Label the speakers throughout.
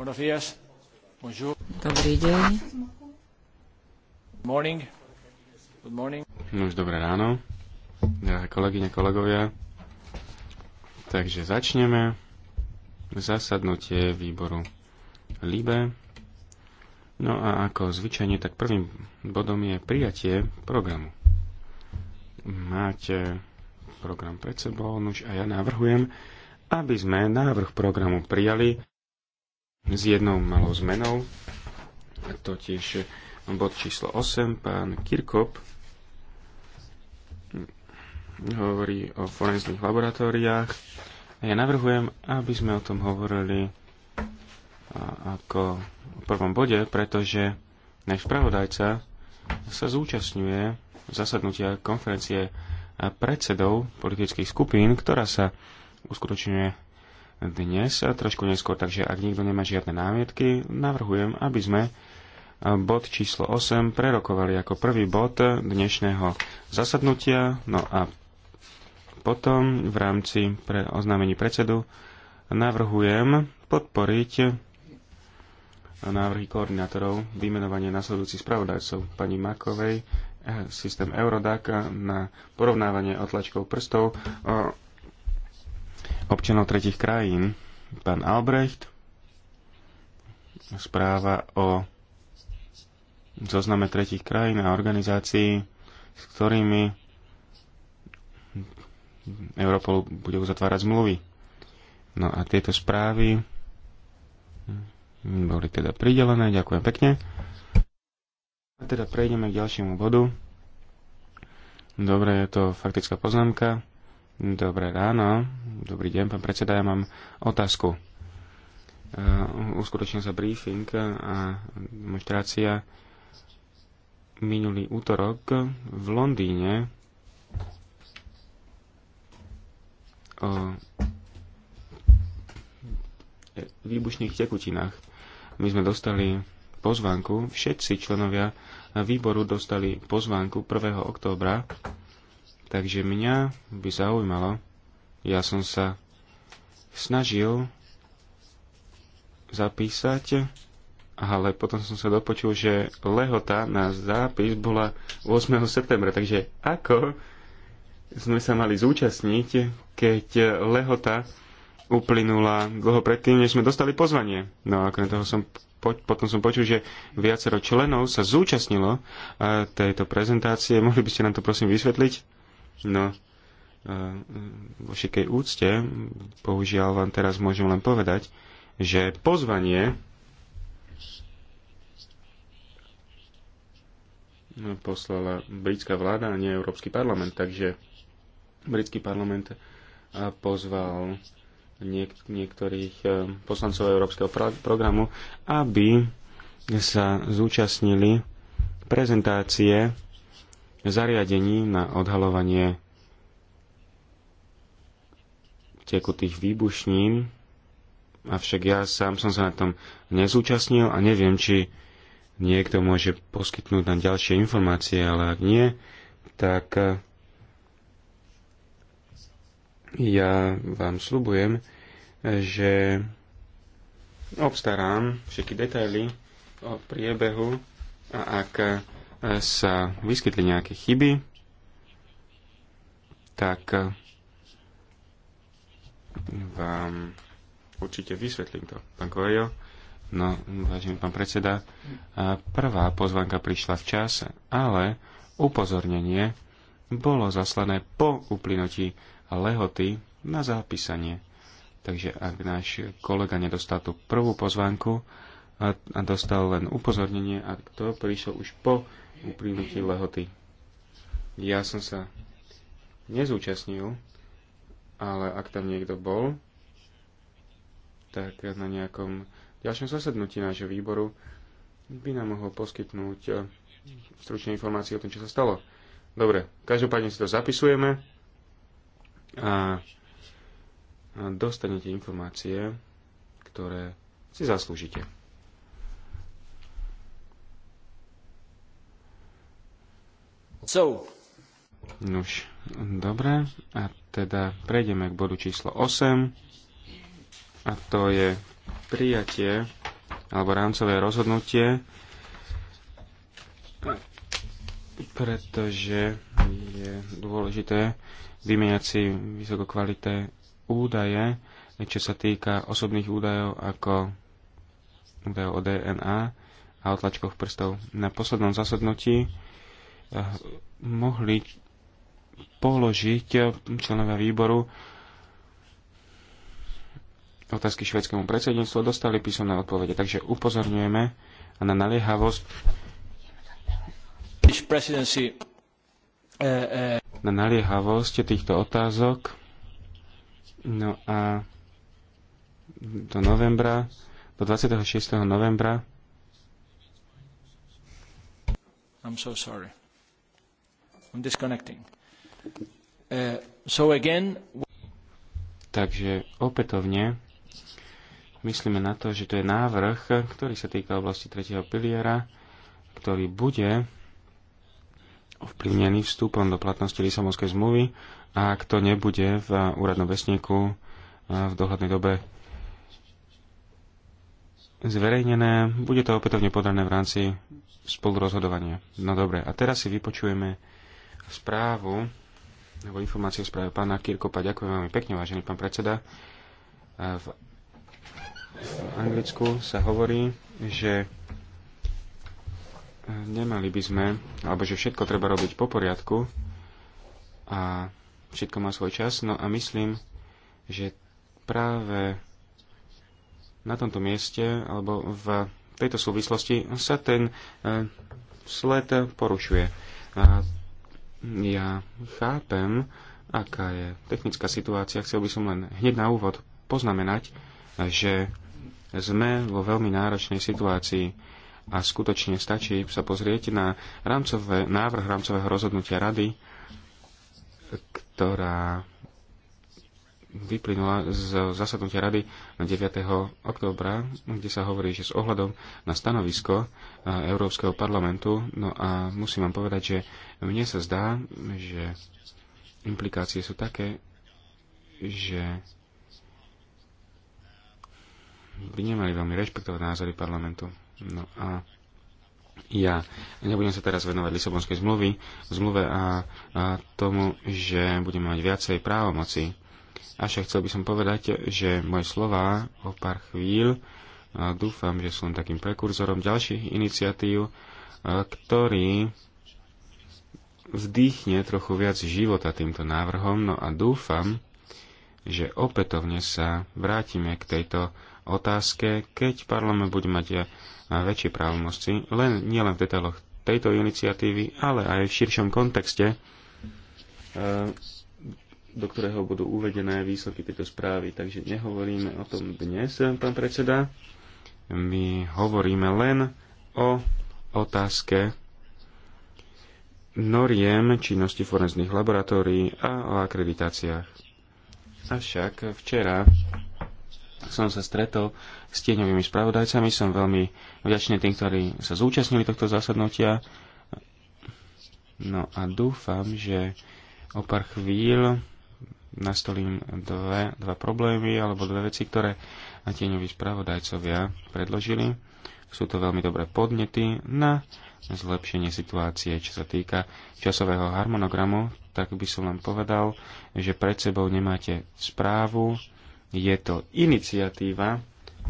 Speaker 1: Dobrý deň. No už dobré ráno. kolegyne, kolegovia. Takže začneme zasadnutie výboru LIBE. No a ako zvyčajne, tak prvým bodom je prijatie programu. Máte program pred sebou, nuž a ja navrhujem, aby sme návrh programu prijali s jednou malou zmenou, a totiž bod číslo 8, pán Kirkop hovorí o forenzných laboratóriách. a Ja navrhujem, aby sme o tom hovorili ako v prvom bode, pretože náš spravodajca sa zúčastňuje zasadnutia konferencie predsedov politických skupín, ktorá sa uskutočňuje dnes, trošku neskôr, takže ak nikto nemá žiadne námietky, navrhujem, aby sme bod číslo 8 prerokovali ako prvý bod dnešného zasadnutia. No a potom v rámci pre oznámení predsedu navrhujem podporiť návrhy koordinátorov vymenovanie nasledujúcich spravodajcov pani Makovej, e, systém Eurodaka na porovnávanie otlačkov prstov občanov tretich krajín. Pán Albrecht, správa o zozname tretich krajín a organizácií, s ktorými Europol bude uzatvárať zmluvy. No a tieto správy boli teda pridelené, ďakujem pekne. A teda prejdeme k ďalšiemu bodu. Dobre, je to faktická poznámka. Dobré ráno. Dobrý deň, pán predseda. Ja mám otázku. E, uskutočnil sa briefing a demonstrácia minulý útorok v Londýne o výbušných tekutinách. My sme dostali pozvánku, všetci členovia výboru dostali pozvánku 1. októbra Takže mňa by zaujímalo, ja som sa snažil zapísať, ale potom som sa dopočul, že lehota na zápis bola 8. septembra. Takže ako sme sa mali zúčastniť, keď lehota uplynula dlho predtým, než sme dostali pozvanie. No a okrem toho som po, potom som počul, že viacero členov sa zúčastnilo tejto prezentácie. Mohli by ste nám to prosím vysvetliť? No, vo všetkej úcte, bohužiaľ vám teraz môžem len povedať, že pozvanie no, poslala britská vláda a nie Európsky parlament, takže britský parlament pozval niek- niektorých poslancov Európskeho programu, aby sa zúčastnili prezentácie zariadení na odhalovanie tekutých výbušnín, avšak ja sám som sa na tom nezúčastnil a neviem, či niekto môže poskytnúť nám ďalšie informácie, ale ak nie, tak eh, ja vám slubujem, že obstarám všetky detaily o priebehu a ak sa vyskytli nejaké chyby, tak vám určite vysvetlím to, pán Kojo. No, vážený pán predseda, prvá pozvanka prišla v čase, ale upozornenie bolo zaslané po uplynutí lehoty na zapísanie. Takže ak náš kolega nedostal tú prvú pozvánku a dostal len upozornenie, a to prišlo už po uplývnutí lehoty. Ja som sa nezúčastnil, ale ak tam niekto bol, tak na nejakom ďalšom zasadnutí nášho výboru by nám mohol poskytnúť eh, stručné informácie o tom, čo sa stalo. Dobre, každopádne si to zapisujeme a dostanete informácie, ktoré si zaslúžite. Nuž, dobre. A teda prejdeme k bodu číslo 8. A to je prijatie alebo rámcové rozhodnutie, pretože je dôležité vymeniať si vysokokvalité údaje, čo sa týka osobných údajov ako údajov o DNA a otlačkov prstov. Na poslednom zasadnutí mohli položiť členovia výboru otázky švedskému predsedníctvu a dostali písomné odpovede. Takže upozorňujeme na naliehavosť eh, eh. na naliehavosť týchto otázok. No a do novembra, do 26. novembra I'm so sorry. Uh, Takže opätovne myslíme na to, že to je návrh, ktorý sa týka oblasti tretieho piliera, ktorý bude ovplyvnený vstupom do platnosti Lisabonskej zmluvy a ak to nebude v úradnom vesníku eh, v dohľadnej dobe zverejnené, bude to opätovne podané v rámci spolurozhodovania. No dobre, a teraz si vypočujeme správu, alebo informáciu o správe pána Kirkopa. Ďakujem veľmi pekne, vážený pán predseda. V, v Anglicku sa hovorí, že nemali by sme, alebo že všetko treba robiť po poriadku a všetko má svoj čas. No a myslím, že práve na tomto mieste, alebo v tejto súvislosti sa ten eh, sled porušuje. A ja chápem, aká je technická situácia. Chcel by som len hneď na úvod poznamenať, že sme vo veľmi náročnej situácii a skutočne stačí sa pozrieť na rámcové, návrh rámcového rozhodnutia rady, ktorá vyplynula z zasadnutia rady 9. októbra, kde sa hovorí, že s ohľadom na stanovisko e, Európskeho parlamentu, no a musím vám povedať, že mne sa zdá, že implikácie sú také, že by nemali veľmi rešpektovať názory parlamentu. No a ja nebudem sa teraz venovať Lisabonskej zmluvy, zmluve a, a tomu, že budeme mať viacej právomoci Avšak chcel by som povedať, že moje slova o pár chvíľ dúfam, že som takým prekurzorom ďalších iniciatív, ktorý vzdýchne trochu viac života týmto návrhom, no a dúfam, že opätovne sa vrátime k tejto otázke, keď parlament bude mať väčšie právomoci, len, nielen v detailoch tejto iniciatívy, ale aj v širšom kontexte do ktorého budú uvedené výsledky tejto správy. Takže nehovoríme o tom dnes, pán predseda. My hovoríme len o otázke noriem činnosti forenzných laboratórií a o akreditáciách. Avšak včera som sa stretol s tieňovými spravodajcami, som veľmi vďačný tým, ktorí sa zúčastnili tohto zasadnutia. No a dúfam, že o pár chvíľ nastolím dve, dva problémy alebo dve veci, ktoré tieňoví spravodajcovia predložili. Sú to veľmi dobré podnety na zlepšenie situácie, čo sa týka časového harmonogramu, tak by som vám povedal, že pred sebou nemáte správu, je to iniciatíva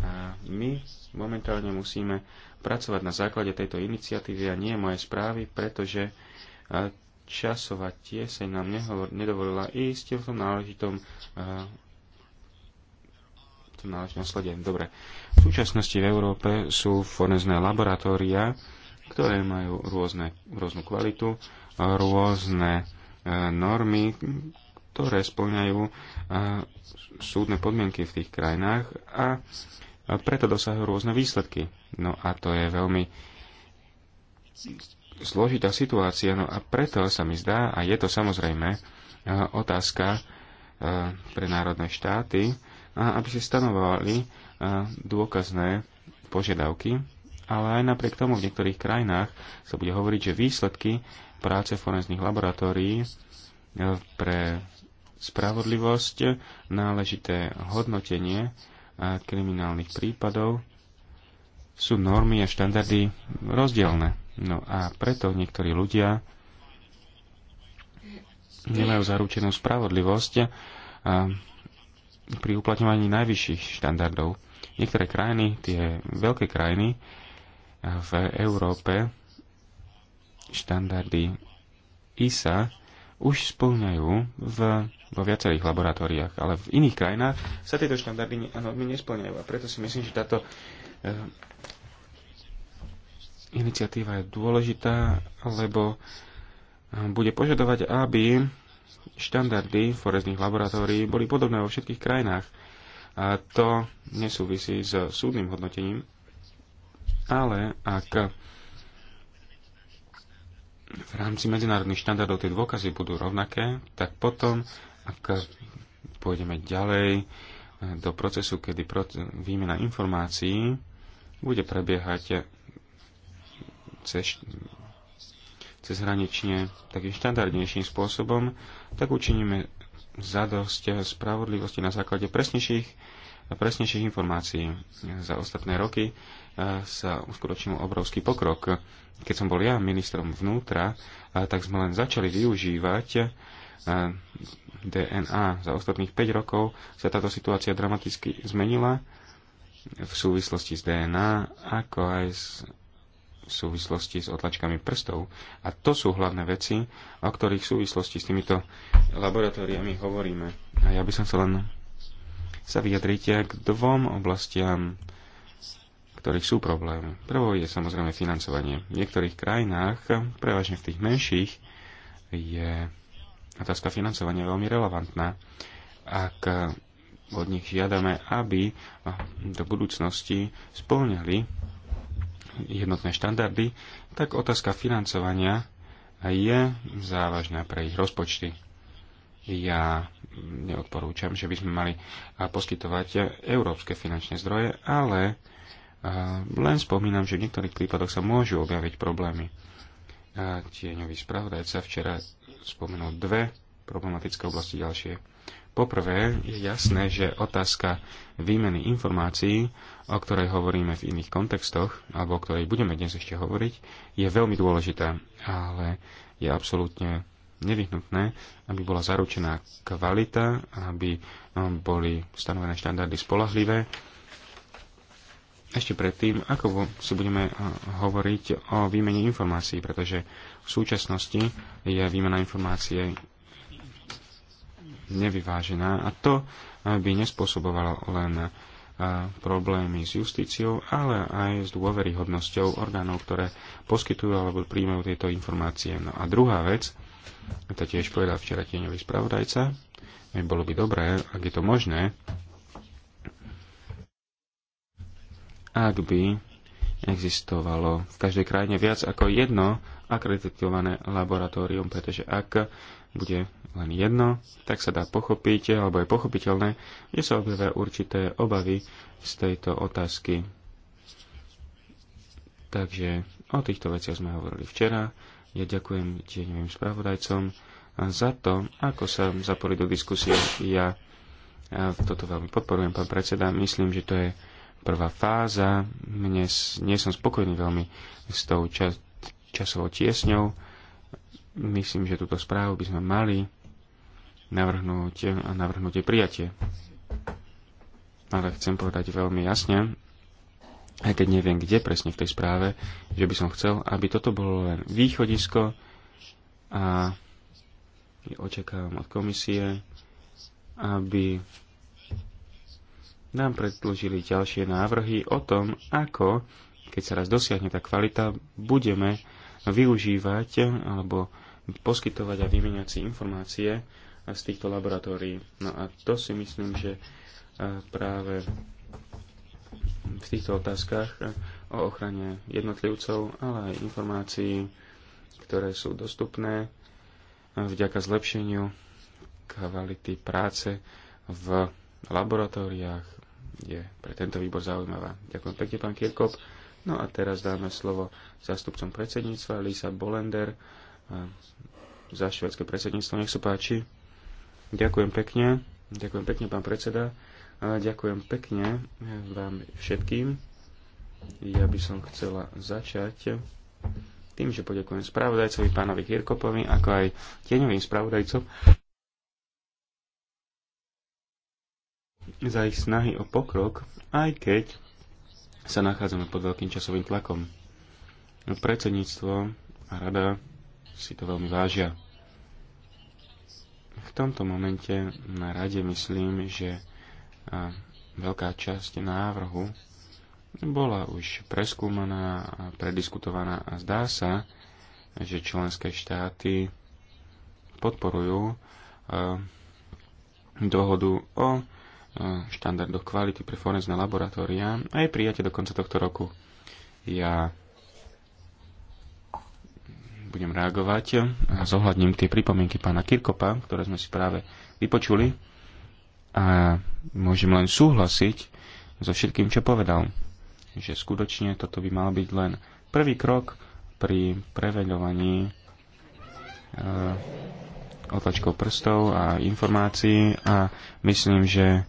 Speaker 1: a my momentálne musíme pracovať na základe tejto iniciatívy a nie moje správy, pretože časová tieseň nám nehovor, nedovolila ísť v tom náležitom uh, v tom náležitom slede. Dobre. V súčasnosti v Európe sú forenzné laboratória, ktoré majú rôzne, rôznu kvalitu, rôzne eh, normy, ktoré splňajú eh, súdne podmienky v tých krajinách a preto dosahujú rôzne výsledky. No a to je veľmi zložitá situácia, no a preto sa mi zdá, a je to samozrejme e, otázka e, pre národné štáty, aby si stanovali e, dôkazné požiadavky, ale aj napriek tomu v niektorých krajinách sa bude hovoriť, že výsledky práce forenzných laboratórií pre spravodlivosť, náležité hodnotenie kriminálnych prípadov sú normy a štandardy rozdielne. No a preto niektorí ľudia nemajú zaručenú spravodlivosť pri uplatňovaní najvyšších štandardov. Niektoré krajiny, tie veľké krajiny v Európe, štandardy ISA už splňajú v, vo viacerých laboratóriách, ale v iných krajinách sa tieto štandardy nesplňajú. A preto si myslím, že táto e, Iniciatíva je dôležitá, lebo eh, bude požadovať, aby štandardy forezných laboratórií boli podobné vo všetkých krajinách. A to nesúvisí s súdnym hodnotením, ale ak v rámci medzinárodných štandardov tie dôkazy budú rovnaké, tak potom, ak pôjdeme ďalej eh, do procesu, kedy výmena informácií bude prebiehať cez, hranične takým štandardnejším spôsobom, tak učiníme zadosť spravodlivosti na základe presnejších, presnejších informácií. Za ostatné roky eh, sa uskutočnil obrovský pokrok. Keď som bol ja ministrom vnútra, eh, tak sme len začali využívať eh, DNA. Za ostatných 5 rokov sa táto situácia dramaticky zmenila v súvislosti s DNA, ako aj s v súvislosti s otlačkami prstov. A to sú hlavné veci, o ktorých v súvislosti s týmito laboratóriami hovoríme. A ja by som sa len sa vyjadriť k dvom oblastiam, ktorých sú problémy. Prvou je samozrejme financovanie. V niektorých krajinách, prevažne v tých menších, je otázka financovania veľmi relevantná. Ak od nich žiadame, aby do budúcnosti splňali jednotné štandardy, tak otázka financovania je závažná pre ich rozpočty. Ja neodporúčam, že by sme mali poskytovať európske finančné zdroje, ale len spomínam, že v niektorých prípadoch sa môžu objaviť problémy. Tieňový spravodajca včera spomenul dve problematické oblasti ďalšie. Poprvé je jasné, že otázka výmeny informácií o ktorej hovoríme v iných kontextoch, alebo o ktorej budeme dnes ešte hovoriť, je veľmi dôležitá, ale je absolútne nevyhnutné, aby bola zaručená kvalita, aby no, boli stanovené štandardy spolahlivé. Ešte predtým, ako si budeme eh, hovoriť o výmene informácií, pretože v súčasnosti je výmena informácie nevyvážená a to eh, by nespôsobovalo len a problémy s justíciou, ale aj s dôveryhodnosťou orgánov, ktoré poskytujú alebo príjmajú tieto informácie. No a druhá vec, to tiež povedal včera tieňový spravodajca, bolo by dobré, ak je to možné, ak by existovalo v každej krajine viac ako jedno akreditované laboratórium, pretože ak bude len jedno, tak sa dá pochopiť, alebo je pochopiteľné, že sa objavia určité obavy z tejto otázky. Takže o týchto veciach sme hovorili včera. Ja ďakujem tieňovým spravodajcom za to, ako sa zapojili do diskusie. Ja, ja e, toto veľmi podporujem, pán predseda. Myslím, že to je Prvá fáza, mne, nie som spokojný veľmi s tou čas, časovou tiesňou. Myslím, že túto správu by sme mali navrhnúť a navrhnúť jej prijatie. Ale chcem povedať veľmi jasne, aj keď neviem, kde presne v tej správe, že by som chcel, aby toto bolo len východisko a očakávam od komisie, aby nám predložili ďalšie návrhy o tom, ako, keď sa raz dosiahne tá kvalita, budeme využívať alebo poskytovať a vymeniať si informácie z týchto laboratórií. No a to si myslím, že e, práve v týchto otázkach e, o ochrane jednotlivcov, ale aj informácií, ktoré sú dostupné e, vďaka zlepšeniu kvality práce v laboratóriách, je pre tento výbor zaujímavá. Ďakujem pekne, pán Kirkop. No a teraz dáme slovo zástupcom predsedníctva Lisa Bolender eh, za švedské predsedníctvo. Nech sa páči. Ďakujem pekne. Ďakujem pekne, pán predseda. A ďakujem pekne eh, vám všetkým. Ja by som chcela začať tým, že poďakujem spravodajcovi, pánovi Kirkopovi, ako aj tieňovým spravodajcom za ich snahy o pokrok, aj keď sa nachádzame pod veľkým časovým tlakom. No, predsedníctvo a rada si to veľmi vážia. V tomto momente na rade myslím, že veľká časť návrhu bola už preskúmaná a prediskutovaná a zdá sa, že členské štáty podporujú dohodu o štandardoch kvality pre forenzné laboratória a je prijatie do konca tohto roku. Ja budem reagovať a zohľadním tie pripomienky pána Kirkopa, ktoré sme si práve vypočuli a môžem len súhlasiť so všetkým, čo povedal, že skutočne toto by mal byť len prvý krok pri preveľovaní e, otlačkov prstov a informácií a myslím, že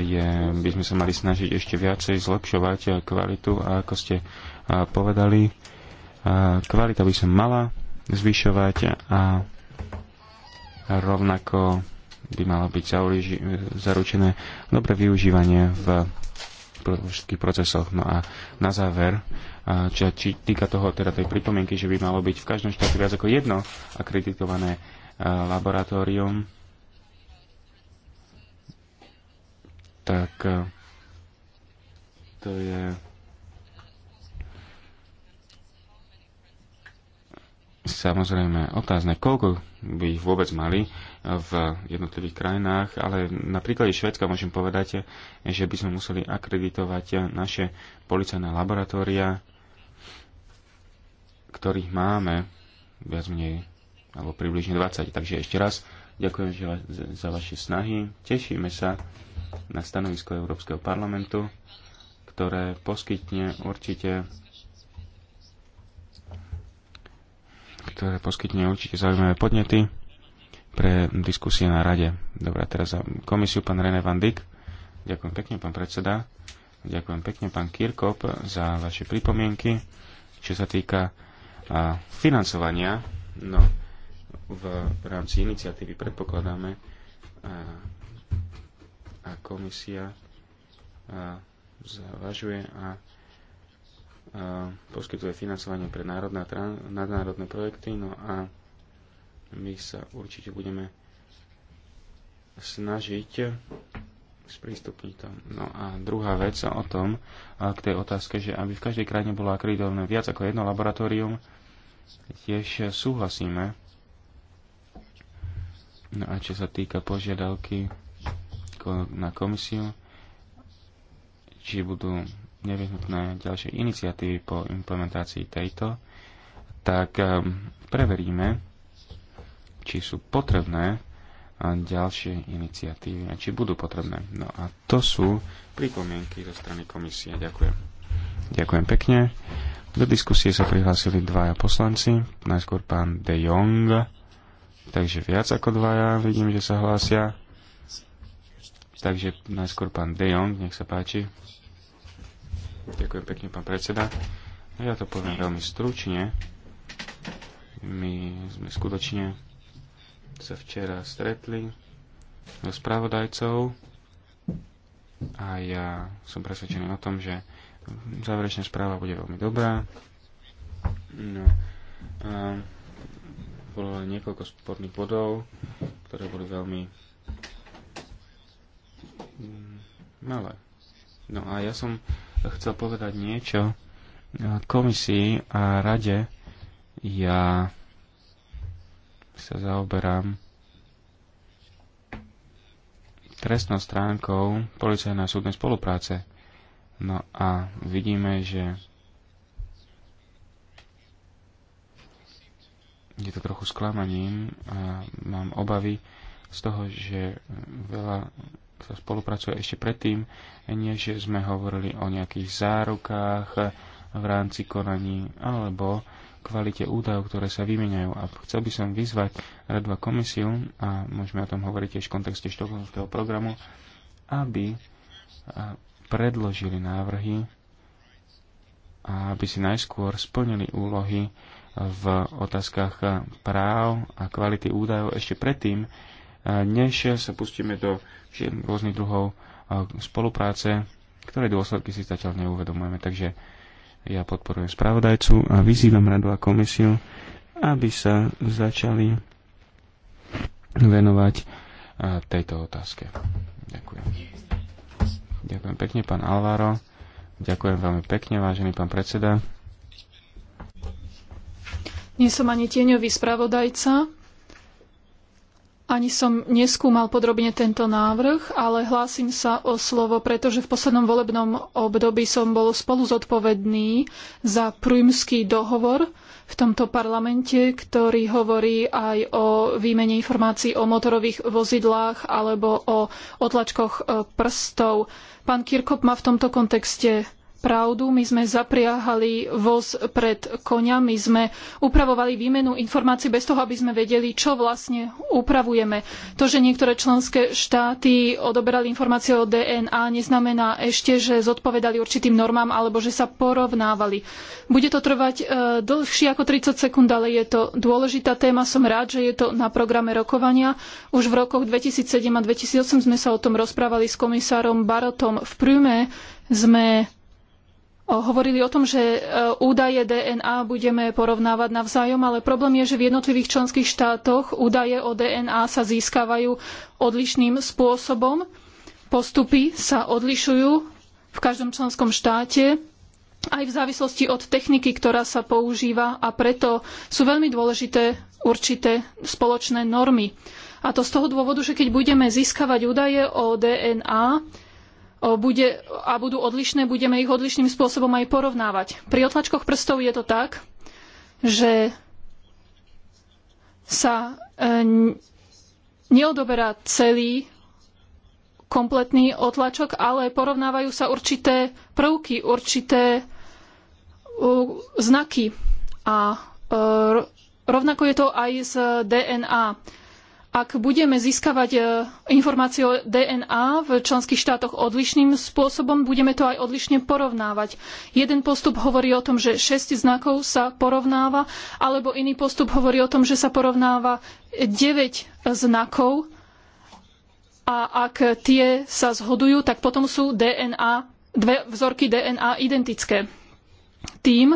Speaker 1: je, by sme sa mali snažiť ešte viacej zlepšovať eh, kvalitu a ako ste eh, povedali, eh, kvalita by sa mala zvyšovať a rovnako by malo byť zaručené dobre využívanie v všetkých procesoch. No a na záver, čo či týka toho, teda tej pripomienky, že by malo byť v každom štáte viac ako jedno akreditované laboratórium, tak eh, to je samozrejme otázne, koľko by ich vôbec mali eh, v jednotlivých krajinách, ale na príklade Švedska môžem povedať, že by sme museli akreditovať eh, naše policajné laboratória, ktorých máme viac menej alebo približne 20. Takže ešte raz ďakujem za vaše snahy, tešíme sa na stanovisko Európskeho parlamentu, ktoré poskytne určite ktoré poskytne určite zaujímavé podnety pre diskusie na rade. Dobre, teraz za komisiu pán René Van Dijk. Ďakujem pekne, pán predseda. Ďakujem pekne, pán Kirkop, za vaše pripomienky. Čo sa týka a, financovania, no, v rámci iniciatívy predpokladáme a, a komisia a zvažuje a, a poskytuje financovanie pre národné a nadnárodné projekty. No a my sa určite budeme snažiť sprístupniť to. No a druhá vec o tom, k tej otázke, že aby v každej krajine bolo akreditované viac ako jedno laboratórium, tiež súhlasíme. No a čo sa týka požiadavky na komisiu, či budú nevyhnutné ďalšie iniciatívy po implementácii tejto, tak ehm, preveríme, či sú potrebné ďalšie iniciatívy a či budú potrebné. No a to sú pripomienky zo strany komisie. Ďakujem. Ďakujem pekne. Do diskusie sa prihlásili dvaja poslanci, najskôr pán De Jong, takže viac ako dvaja, vidím, že sa hlásia. Takže najskôr pán De Jong, nech sa páči. Ďakujem pekne, pán predseda. Ja to poviem veľmi stručne. My sme skutočne sa včera stretli so spravodajcov a ja som presvedčený o tom, že záverečná správa bude veľmi dobrá. No, a bolo niekoľko sporných bodov, ktoré boli veľmi malé. Mm, no a ja som chcel povedať niečo komisii a rade. Ja sa zaoberám trestnou stránkou policajnej súdnej spolupráce. No a vidíme, že je to trochu sklamaním a mám obavy z toho, že veľa sa spolupracuje ešte predtým, než sme hovorili o nejakých zárukách v rámci konaní alebo kvalite údajov, ktoré sa vymeniajú. A chcel by som vyzvať Radu komisiu, a môžeme o tom hovoriť tiež v kontexte štokholmského programu, aby predložili návrhy a aby si najskôr splnili úlohy v otázkach práv a kvality údajov ešte predtým, než sa pustíme do rôznych druhov spolupráce, ktoré dôsledky si zatiaľ neuvedomujeme. Takže ja podporujem spravodajcu a vyzývam radu a komisiu, aby sa začali venovať tejto otázke. Ďakujem. Ďakujem pekne, pán Alvaro. Ďakujem veľmi pekne, vážený pán predseda.
Speaker 2: Nie som ani tieňový spravodajca, ani som neskúmal podrobne tento návrh, ale hlásim sa o slovo, pretože v poslednom volebnom období som bol spolu zodpovedný za prúmsky dohovor v tomto parlamente, ktorý hovorí aj o výmene informácií o motorových vozidlách alebo o otlačkoch e, prstov. Pán Kirkop ma v tomto kontexte pravdu. My sme zapriahali voz pred konia, my sme upravovali výmenu informácií bez toho, aby sme vedeli, čo vlastne upravujeme. To, že niektoré členské štáty odoberali informácie o DNA, neznamená ešte, že zodpovedali určitým normám alebo že sa porovnávali. Bude to trvať e, dlhšie ako 30 sekúnd, ale je to dôležitá téma. Som rád, že je to na programe rokovania. Už v rokoch 2007 a 2008 sme sa o tom rozprávali s komisárom Barotom v Prüme. Sme hovorili o tom, že e, údaje DNA budeme porovnávať navzájom, ale problém je, že v jednotlivých členských štátoch údaje o DNA sa získavajú odlišným spôsobom. Postupy sa odlišujú v každom členskom štáte aj v závislosti od techniky, ktorá sa používa a preto sú veľmi dôležité určité spoločné normy. A to z toho dôvodu, že keď budeme získavať údaje o DNA, bude, a budú odlišné, budeme ich odlišným spôsobom aj porovnávať. Pri otlačkoch prstov je to tak, že sa e, neodoberá celý kompletný otlačok, ale porovnávajú sa určité prvky, určité znaky. A e, rovnako je to aj z DNA. Ak budeme získavať e, informácie o DNA v členských štátoch odlišným spôsobom, budeme to aj odlišne porovnávať. Jeden postup hovorí o tom, že 6 znakov sa porovnáva, alebo iný postup hovorí o tom, že sa porovnáva 9 znakov a ak tie sa zhodujú, tak potom sú DNA, dve vzorky DNA identické. Tým,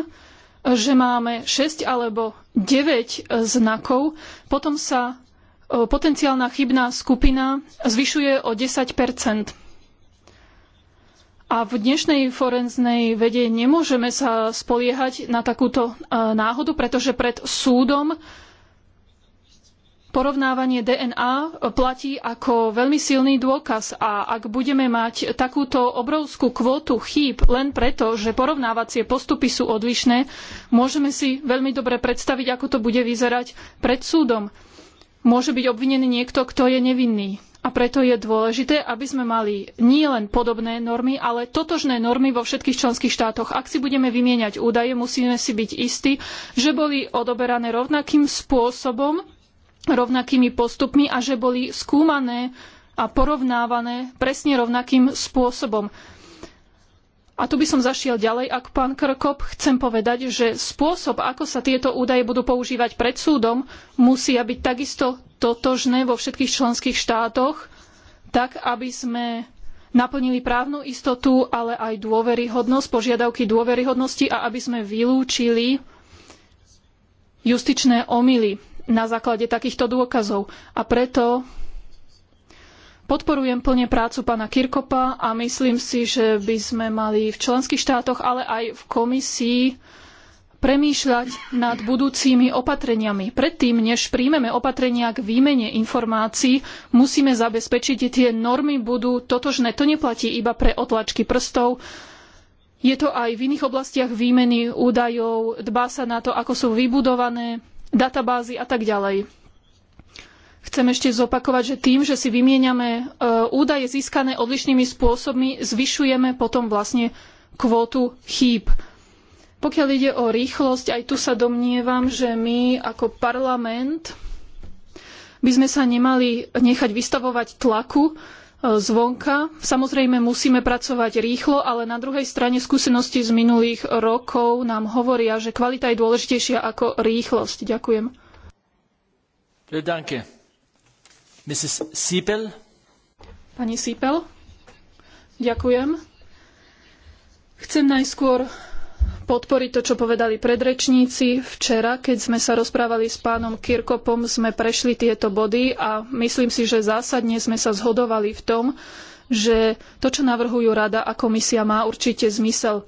Speaker 2: že máme 6 alebo 9 znakov, potom sa E, potenciálna chybná skupina zvyšuje o 10 a v dnešnej forenznej vede nemôžeme sa spoliehať na takúto e, náhodu, pretože pred súdom porovnávanie DNA platí ako veľmi silný dôkaz a ak budeme mať takúto obrovskú kvótu chýb len preto, že porovnávacie postupy sú odlišné, môžeme si veľmi dobre predstaviť, ako to bude vyzerať pred súdom môže byť obvinený niekto, kto je nevinný. A preto je dôležité, aby sme mali nielen podobné normy, ale totožné normy vo všetkých členských štátoch. Ak si budeme vymieňať údaje, musíme si byť istí, že boli odoberané rovnakým spôsobom, rovnakými postupmi a že boli skúmané a porovnávané presne rovnakým spôsobom. A tu by som zašiel ďalej, ak pán Krkop, chcem povedať, že spôsob, ako sa tieto údaje budú používať pred súdom, musia byť takisto totožné vo všetkých členských štátoch, tak aby sme naplnili právnu istotu, ale aj dôveryhodnosť, požiadavky dôveryhodnosti a aby sme vylúčili justičné omyly na základe takýchto dôkazov. A preto Podporujem plne prácu pána Kirkopa a myslím si, že by sme mali v členských štátoch, ale aj v komisii premýšľať nad budúcimi opatreniami. Predtým, než príjmeme opatrenia k výmene informácií, musíme zabezpečiť, že tie normy budú totožné. To neplatí iba pre otlačky prstov. Je to aj v iných oblastiach výmeny údajov, dbá sa na to, ako sú vybudované databázy a tak ďalej. Chcem ešte zopakovať, že tým, že si vymieňame e, údaje získané odlišnými spôsobmi, zvyšujeme potom vlastne kvótu chýb. Pokiaľ ide o rýchlosť, aj tu sa domnievam, že my ako parlament by sme sa nemali nechať vystavovať tlaku e, zvonka. Samozrejme musíme pracovať rýchlo, ale na druhej strane skúsenosti z minulých rokov nám hovoria, že kvalita je dôležitejšia ako rýchlosť. Ďakujem.
Speaker 1: Ďakujem. Mrs. Siepel.
Speaker 2: Pani Siepel, ďakujem. Chcem najskôr podporiť to, čo povedali predrečníci. Včera, keď sme sa rozprávali s pánom Kirkopom, sme prešli tieto body a myslím si, že zásadne sme sa zhodovali v tom, že to, čo navrhujú Rada a Komisia, má určite zmysel.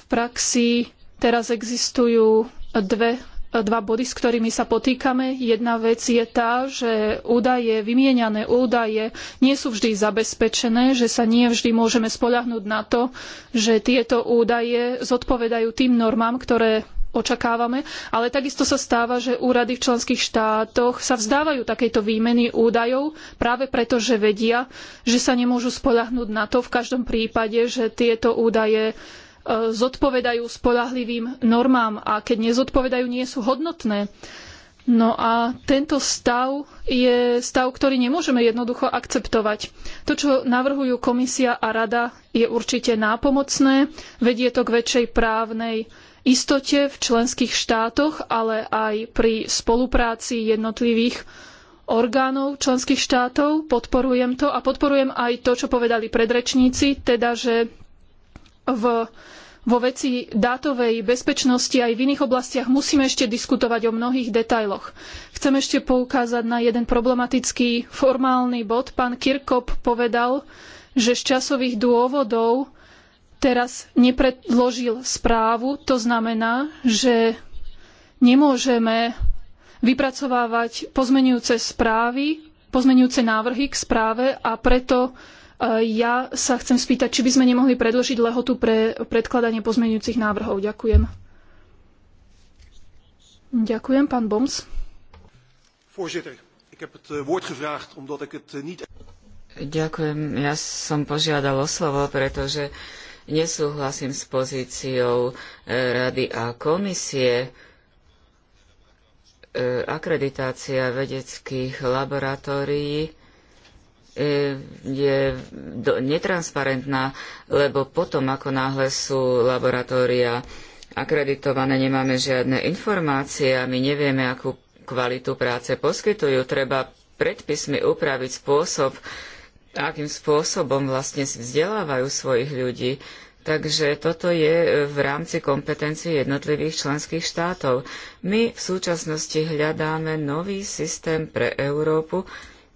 Speaker 2: V praxi teraz existujú dve dva body, s ktorými sa potýkame. Jedna vec je tá, že údaje, vymieňané údaje nie sú vždy zabezpečené, že sa nie vždy môžeme spoľahnúť na to, že tieto údaje zodpovedajú tým normám, ktoré očakávame, ale takisto sa stáva, že úrady v členských štátoch sa vzdávajú takejto výmeny údajov práve preto, že vedia, že sa nemôžu spoľahnúť na to v každom prípade, že tieto údaje E, zodpovedajú spolahlivým normám a keď nezodpovedajú, nie sú hodnotné. No a tento stav je stav, ktorý nemôžeme jednoducho akceptovať. To, čo navrhujú komisia a rada, je určite nápomocné, vedie to k väčšej právnej istote v členských štátoch, ale aj pri spolupráci jednotlivých orgánov členských štátov. Podporujem to a podporujem aj to, čo povedali predrečníci, teda, že v, vo veci dátovej bezpečnosti aj v iných oblastiach musíme ešte diskutovať o mnohých detailoch. Chcem ešte poukázať na jeden problematický formálny bod. Pán Kirkop povedal, že z časových dôvodov teraz nepredložil správu. To znamená, že nemôžeme vypracovávať pozmenujúce správy, pozmenujúce návrhy k správe a preto ja sa chcem spýtať, či by sme nemohli predložiť lehotu pre predkladanie pozmeňujúcich návrhov. Ďakujem. Ďakujem, pán Boms. Voorzitter, ik heb het eh, woord gevraagd omdat ik het eh, niet...
Speaker 3: Ďakujem, ja som požiadal o slovo, pretože nesúhlasím s pozíciou eh, rady a komisie. Akreditácia vedeckých laboratórií E, je netransparentná, lebo potom, ako náhle sú laboratória akreditované, nemáme žiadne informácie a my nevieme, akú kvalitu práce poskytujú. Treba predpismi upraviť spôsob, akým spôsobom vlastne vzdelávajú svojich ľudí. Takže toto je v rámci kompetencií jednotlivých členských štátov. My v súčasnosti hľadáme nový systém pre Európu,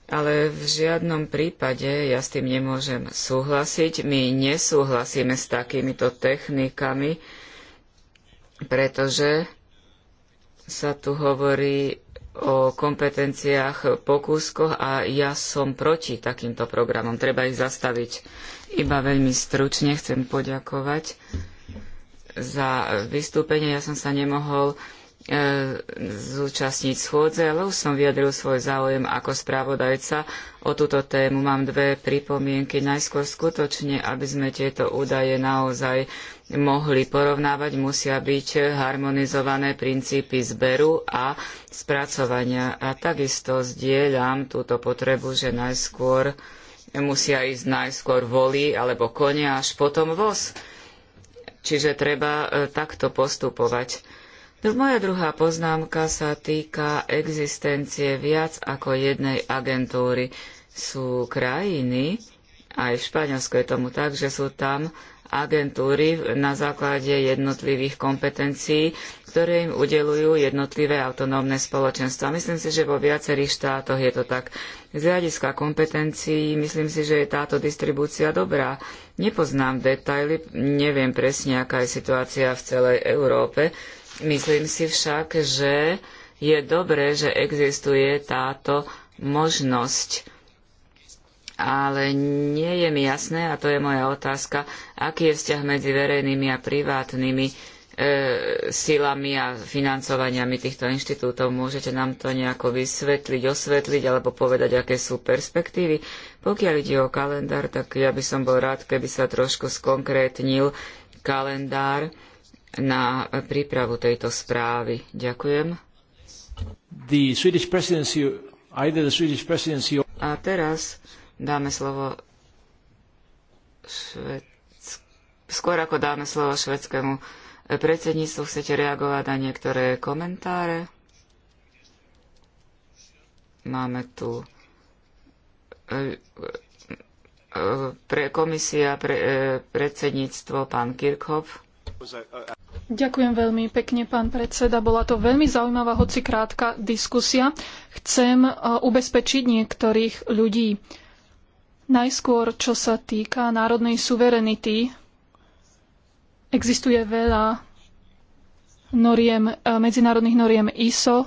Speaker 3: ale v žiadnom prípade ja s tým nemôžem súhlasiť. My nesúhlasíme s takýmito technikami, pretože sa tu hovorí o kompetenciách, pokúskoch a ja som proti takýmto programom. Treba ich zastaviť. Iba veľmi stručne chcem poďakovať za vystúpenie. Ja som sa nemohol E, zúčastniť schôdze, ale už som vyjadril svoj záujem ako spravodajca. O túto tému mám dve pripomienky. Najskôr skutočne, aby sme tieto údaje naozaj mohli porovnávať, musia byť harmonizované princípy zberu a spracovania. A takisto zdieľam túto potrebu, že najskôr musia ísť najskôr voli alebo konia, až potom voz. Čiže treba e, takto postupovať moja druhá poznámka sa týka existencie viac ako jednej agentúry. Sú krajiny, aj v Španielsku je tomu tak, že sú tam agentúry na základe jednotlivých kompetencií, ktoré im udelujú jednotlivé autonómne spoločenstva. Myslím si, že vo viacerých štátoch je to tak. Z hľadiska kompetencií myslím si, že je táto distribúcia dobrá. Nepoznám detaily, neviem presne, aká je situácia v celej Európe, Myslím si však, že je dobré, že existuje táto možnosť. Ale nie je mi jasné, a to je moja otázka, aký je vzťah medzi verejnými a privátnymi e, silami a financovaniami týchto inštitútov. Môžete nám to nejako vysvetliť, osvetliť alebo povedať, aké sú perspektívy. Pokiaľ ide o kalendár, tak ja by som bol rád, keby sa trošku skonkrétnil kalendár na prípravu tejto správy. Ďakujem. A teraz dáme slovo švedsk... skôr ako dáme slovo švedskému predsedníctvu, chcete reagovať na niektoré komentáre? Máme tu e, e, e, pre komisia, pre, predsedníctvo, pán Kirchhoff.
Speaker 2: Ďakujem veľmi pekne, pán predseda. Bola to veľmi zaujímavá, hoci krátka diskusia. Chcem e, ubezpečiť niektorých ľudí. Najskôr, čo sa týka národnej suverenity, existuje veľa noriem, e, medzinárodných noriem ISO,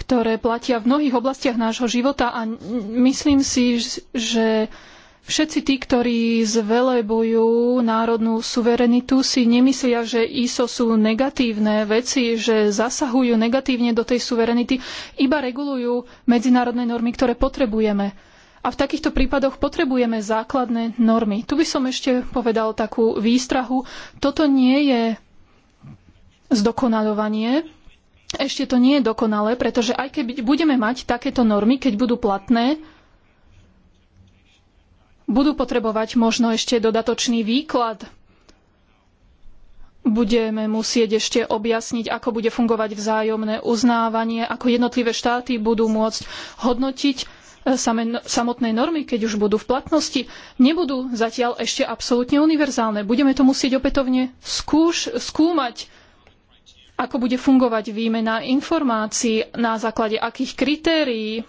Speaker 2: ktoré platia v mnohých oblastiach nášho života a myslím si, že Všetci tí, ktorí zvelebujú národnú suverenitu, si nemyslia, že ISO sú negatívne veci, že zasahujú negatívne do tej suverenity, iba regulujú medzinárodné normy, ktoré potrebujeme. A v takýchto prípadoch potrebujeme základné normy. Tu by som ešte povedal takú výstrahu. Toto nie je zdokonalovanie, ešte to nie je dokonalé, pretože aj keď budeme mať takéto normy, keď budú platné, budú potrebovať možno ešte dodatočný výklad. Budeme musieť ešte objasniť, ako bude fungovať vzájomné uznávanie, ako jednotlivé štáty budú môcť hodnotiť e, no, samotné normy, keď už budú v platnosti, nebudú zatiaľ ešte absolútne univerzálne. Budeme to musieť opätovne skúš, skúmať, ako bude fungovať výmena informácií, na základe akých kritérií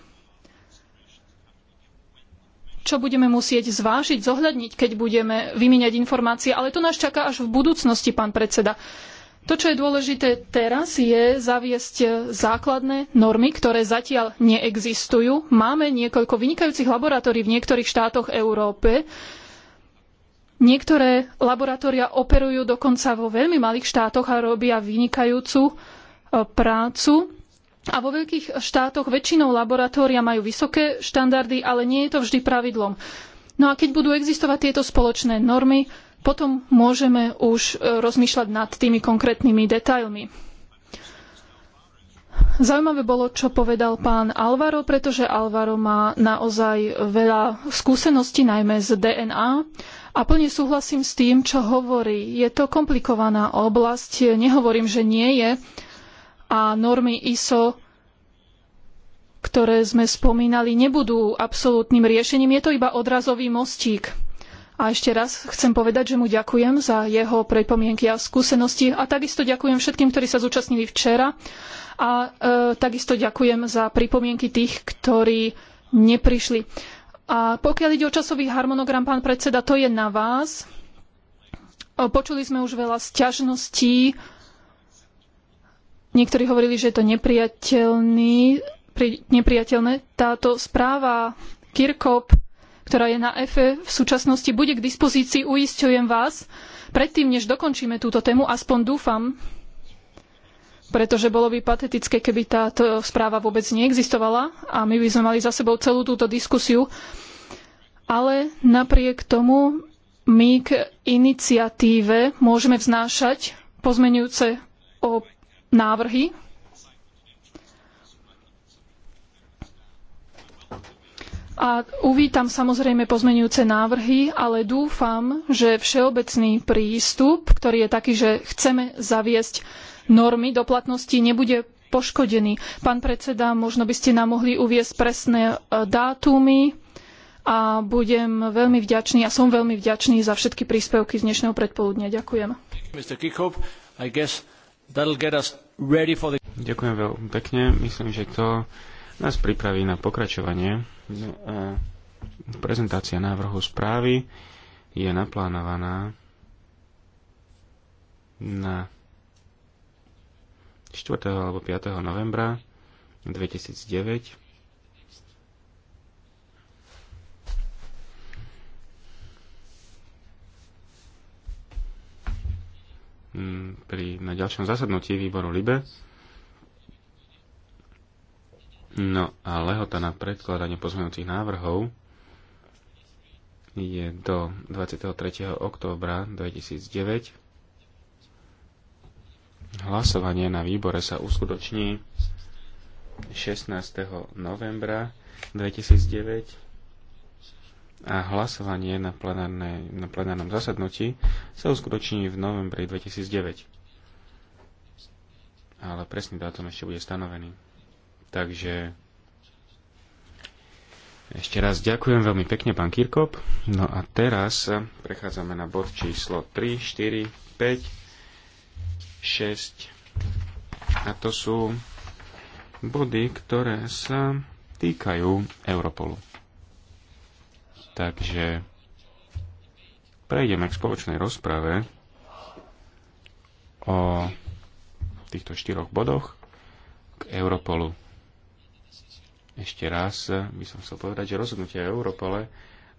Speaker 2: čo budeme musieť zvážiť, zohľadniť, keď budeme vymieňať informácie. Ale to nás čaká až v budúcnosti, pán predseda. To, čo je dôležité teraz, je zaviesť základné normy, ktoré zatiaľ neexistujú. Máme niekoľko vynikajúcich laboratórií v niektorých štátoch Európy. Niektoré laboratória operujú dokonca vo veľmi malých štátoch a robia vynikajúcu eh, prácu. A vo veľkých štátoch väčšinou laboratória majú vysoké štandardy, ale nie je to vždy pravidlom. No a keď budú existovať tieto spoločné normy, potom môžeme už e, rozmýšľať nad tými konkrétnymi detailmi. Zaujímavé bolo, čo povedal pán Alvaro, pretože Alvaro má naozaj veľa skúseností, najmä z DNA. A plne súhlasím s tým, čo hovorí. Je to komplikovaná oblasť. Nehovorím, že nie je a normy ISO, ktoré sme spomínali, nebudú absolútnym riešením. Je to iba odrazový mostík. A ešte raz chcem povedať, že mu ďakujem za jeho pripomienky a skúsenosti a takisto ďakujem všetkým, ktorí sa zúčastnili včera a e, takisto ďakujem za pripomienky tých, ktorí neprišli. A pokiaľ ide o časový harmonogram, pán predseda, to je na vás. E, počuli sme už veľa sťažností Niektorí hovorili, že je to nepriateľný, pri, nepriateľné. Táto správa Kirkop, ktorá je na EFE v súčasnosti, bude k dispozícii, uisťujem vás. Predtým, než dokončíme túto tému, aspoň dúfam, pretože bolo by patetické, keby táto správa vôbec neexistovala a my by sme mali za sebou celú túto diskusiu. Ale napriek tomu my k iniciatíve môžeme vznášať pozmenujúce o návrhy. A uvítam samozrejme pozmenujúce návrhy, ale dúfam, že všeobecný prístup, ktorý je taký, že chceme zaviesť normy do platnosti, nebude poškodený. Pán predseda, možno by ste nám mohli uviesť presné e, dátumy a budem veľmi vďačný a som veľmi vďačný za všetky príspevky z dnešného predpoludnia. Ďakujem.
Speaker 1: That'll get us ready for the... Ďakujem veľmi pekne. Myslím, že to nás pripraví na pokračovanie. No prezentácia návrhu správy je naplánovaná na 4. alebo 5. novembra 2009 pri, na ďalšom zasadnutí výboru LIBE. No a lehota na predkladanie pozmeňujúcich návrhov je do 23. októbra 2009. Hlasovanie na výbore sa uskutoční 16. novembra 2009 a hlasovanie na, plenárne, na plenárnom zasadnutí sa uskutoční v novembri 2009. Ale presný dátum ešte bude stanovený. Takže ešte raz ďakujem veľmi pekne, pán Kirkop. No a teraz prechádzame na bod číslo 3, 4, 5, 6. A to sú body, ktoré sa týkajú Europolu. Takže prejdeme k spoločnej rozprave o týchto štyroch bodoch k Europolu. Ešte raz by som chcel povedať, že rozhodnutie o Europole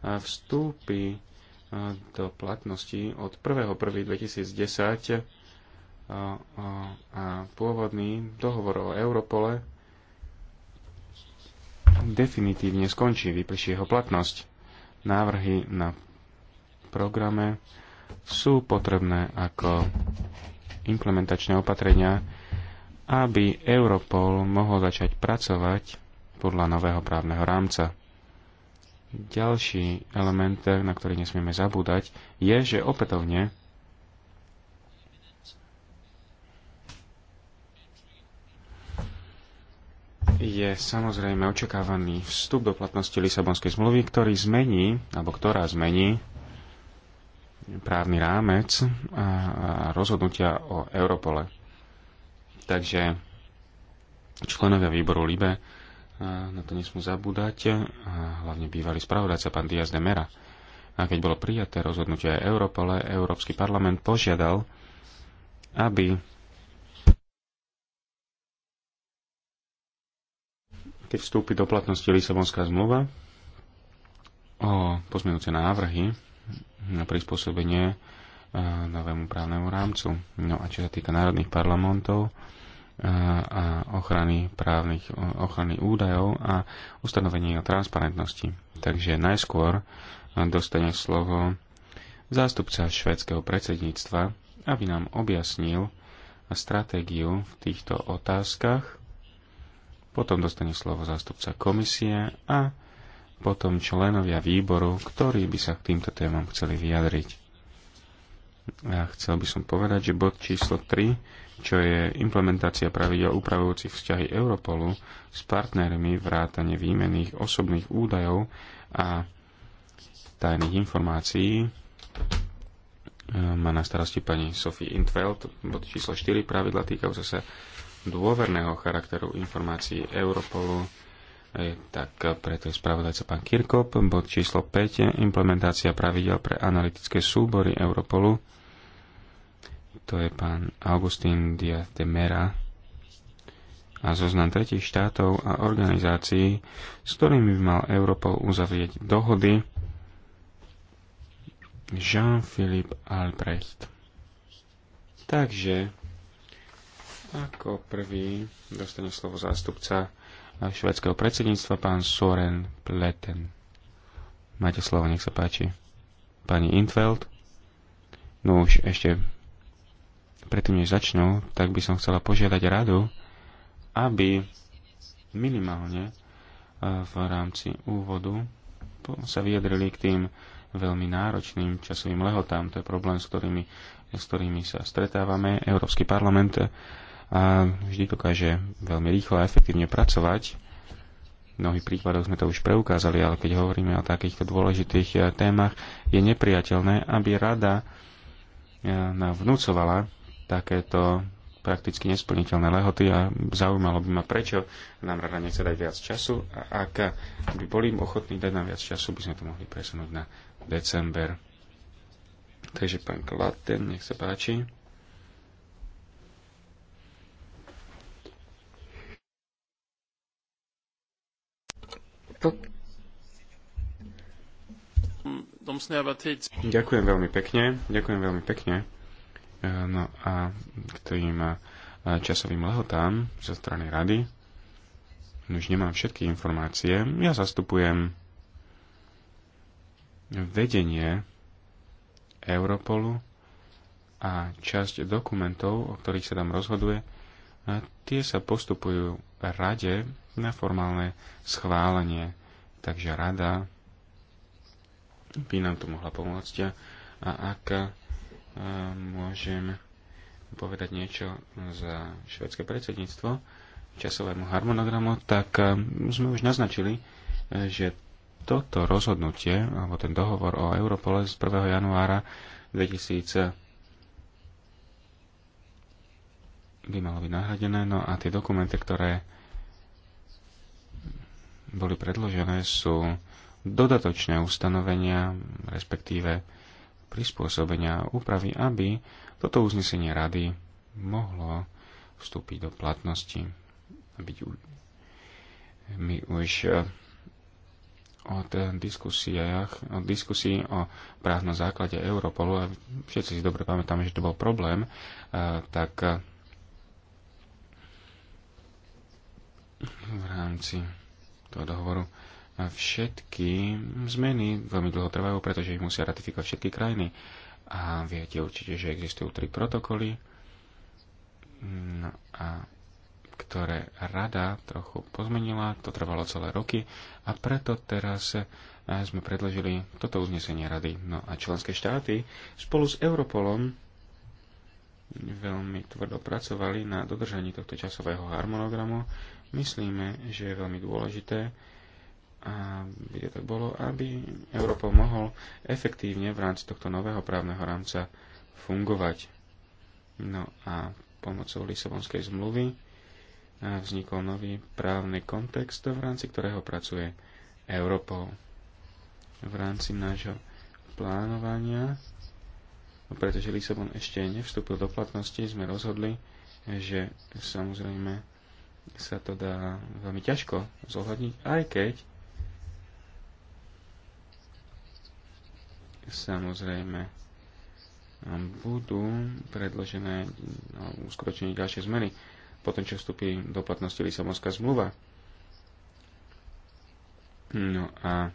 Speaker 1: vstúpi do platnosti od 1.1.2010 a pôvodný dohovor o Europole definitívne skončí, vyplší jeho platnosť návrhy na programe sú potrebné ako implementačné opatrenia, aby Europol mohol začať pracovať podľa nového právneho rámca. Ďalší element, na ktorý nesmieme zabúdať, je, že opätovne je samozrejme očakávaný vstup do platnosti Lisabonskej zmluvy, ktorý zmení, alebo ktorá zmení právny rámec a rozhodnutia o Europole. Takže členovia výboru LIBE na to nesmú zabúdať, hlavne bývalý spravodajca pán Diaz de Mera. A keď bolo prijaté rozhodnutie Europole, Európsky parlament požiadal, aby keď vstúpi do platnosti Lisabonská zmluva o pozmenúce návrhy na prispôsobenie e, novému právnemu rámcu. No a čo sa týka národných parlamentov e, a ochrany právnych, e, ochrany údajov a ustanovení o transparentnosti. Takže najskôr dostane slovo zástupca švedského predsedníctva, aby nám objasnil stratégiu v týchto otázkach potom dostane slovo zástupca komisie a potom členovia výboru, ktorí by sa k týmto témam chceli vyjadriť. Ja chcel by som povedať, že bod číslo 3, čo je implementácia pravidel upravujúcich vzťahy Europolu s partnermi vrátane výmených osobných údajov a tajných informácií, e, má na starosti pani Sophie Intveld, bod číslo 4, pravidla týkajú sa dôverného charakteru informácií Europolu, e, tak preto je spravodajca pán Kirkop, bod číslo 5, implementácia pravidel pre analytické súbory Europolu. To je pán Augustín Diaz de Mera a zoznam tretich štátov a organizácií, s ktorými by mal Europol uzavrieť dohody Jean-Philippe Albrecht. Takže ako prvý dostane slovo zástupca švedského predsedníctva, pán Soren Pleten. Máte slovo, nech sa páči. Pani Infeld. No už ešte predtým, než začnú, tak by som chcela požiadať radu, aby minimálne e, v rámci úvodu sa vyjadrili k tým veľmi náročným časovým lehotám. To je problém, s ktorými, s ktorými sa stretávame. Európsky parlament a vždy dokáže veľmi rýchlo a efektívne pracovať. V mnohých príkladoch sme to už preukázali, ale keď hovoríme o takýchto dôležitých e, témach, je nepriateľné, aby rada e, nám vnúcovala takéto prakticky nesplniteľné lehoty a zaujímalo by ma, prečo nám rada nechce dať viac času a ak by boli ochotní dať nám viac času, by sme to mohli presunúť na december. Takže pán Klaten, nech sa páči. Ďakujem veľmi pekne. Ďakujem veľmi pekne. E, no a k tým e, časovým lehotám zo strany rady. No už nemám všetky informácie. Ja zastupujem vedenie Europolu a časť dokumentov, o ktorých sa tam rozhoduje, tie sa postupujú rade na formálne schválenie. Takže rada by nám tu mohla pomôcť a ak e, môžem povedať niečo za švedské predsedníctvo časovému harmonogramu, tak e, sme už naznačili, že toto rozhodnutie, alebo ten dohovor o Europole z 1. januára 2000 by malo byť nahradené. No a tie dokumenty, ktoré boli predložené, sú dodatočné ustanovenia, respektíve prispôsobenia úpravy, aby toto uznesenie rady mohlo vstúpiť do platnosti. Byť My už e, od diskusiách, od diskusí o právnom základe Europolu, a všetci si dobre pamätáme, že to bol problém, e, tak v rámci toho dohovoru všetky zmeny veľmi dlho trvajú, pretože ich musia ratifikovať všetky krajiny. A viete určite, že existujú tri protokoly, no a ktoré rada trochu pozmenila, to trvalo celé roky a preto teraz eh, sme predložili toto uznesenie rady. No a členské štáty spolu s Europolom veľmi tvrdo pracovali na dodržaní tohto časového harmonogramu. Myslíme, že je veľmi dôležité, aby to tak bolo, aby Europol mohol efektívne v rámci tohto nového právneho rámca fungovať. No a pomocou Lisabonskej zmluvy vznikol nový právny kontext, v rámci ktorého pracuje Europol. V rámci nášho plánovania pretože Lisabon ešte nevstúpil do platnosti, sme rozhodli, že samozrejme sa to dá veľmi ťažko zohľadniť, aj keď samozrejme um, budú predložené no, uskročenie ďalšie zmeny po tom, čo vstúpi do platnosti Lisabonská zmluva. No a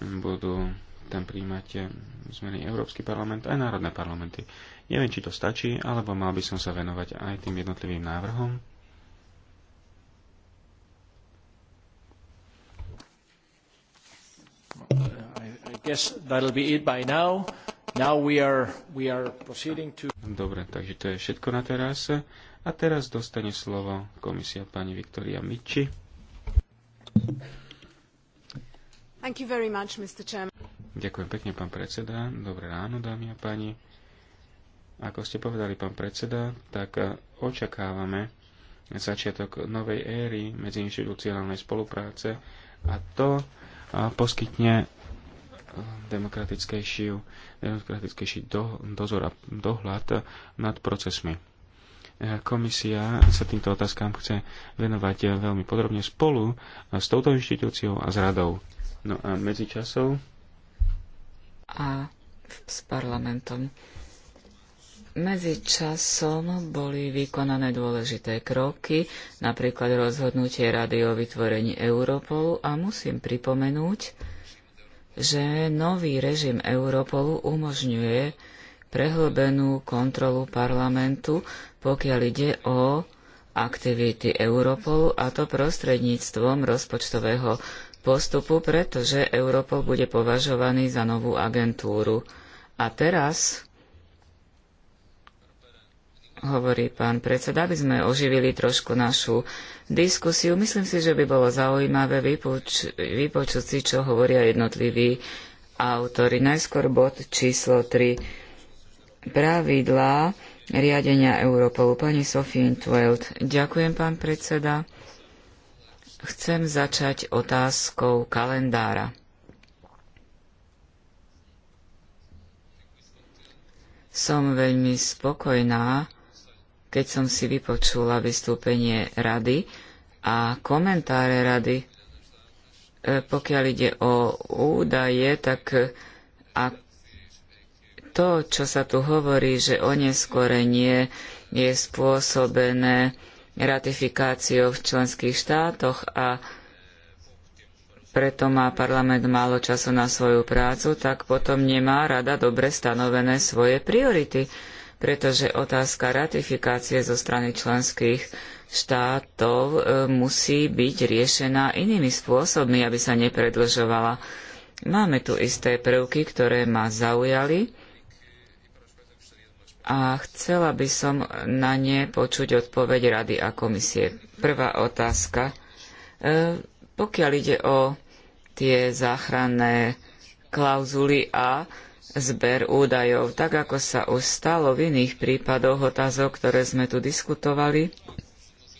Speaker 1: budú tam príjmať zmeny Európsky parlament aj národné parlamenty. Neviem, či to stačí, alebo mal by som sa venovať aj tým jednotlivým návrhom. Dobre, takže to je všetko na teraz. A teraz dostane slovo komisia pani Viktoria Miči.
Speaker 3: Much,
Speaker 1: Ďakujem pekne, pán predseda. Dobré ráno, dámy a páni. Ako ste povedali, pán predseda, tak eh, očakávame začiatok novej éry medzi inštitúciálnej spolupráce a to eh, poskytne eh, demokratickejší, demokratickejší do, dozor a dohľad nad procesmi. Komisia sa týmto otázkam chce venovať veľmi podrobne spolu s touto inštitúciou a s radou. No a medzi časov
Speaker 3: a s parlamentom. Medzi časom boli vykonané dôležité kroky, napríklad rozhodnutie Rady o vytvorení Europolu a musím pripomenúť, že nový režim Europolu umožňuje prehlbenú kontrolu parlamentu, pokiaľ ide o aktivity Europolu a to prostredníctvom rozpočtového postupu, pretože Europol bude považovaný za novú agentúru. A teraz, hovorí pán predseda, aby sme oživili trošku našu diskusiu, myslím si, že by bolo zaujímavé vypoč- vypočuť si, čo hovoria jednotliví autory. Najskôr bod číslo 3. Pravidlá riadenia Europolu. Pani Sofín Twelt. Ďakujem, pán predseda. Chcem začať otázkou kalendára. Som veľmi spokojná, keď som si vypočula vystúpenie rady a komentáre rady. E, pokiaľ ide o údaje, tak e, a to, čo sa tu hovorí, že oneskorenie je spôsobené ratifikáciou v členských štátoch a preto má parlament málo času na svoju prácu, tak potom nemá rada dobre stanovené svoje priority, pretože otázka ratifikácie zo strany členských štátov e, musí byť riešená inými spôsobmi, aby sa nepredlžovala. Máme tu isté prvky, ktoré ma zaujali a chcela by som na ne počuť odpoveď Rady a komisie. Prvá otázka. E, pokiaľ ide o tie záchranné klauzuly a zber údajov, tak ako sa už stalo v iných prípadoch otázok, ktoré sme tu diskutovali,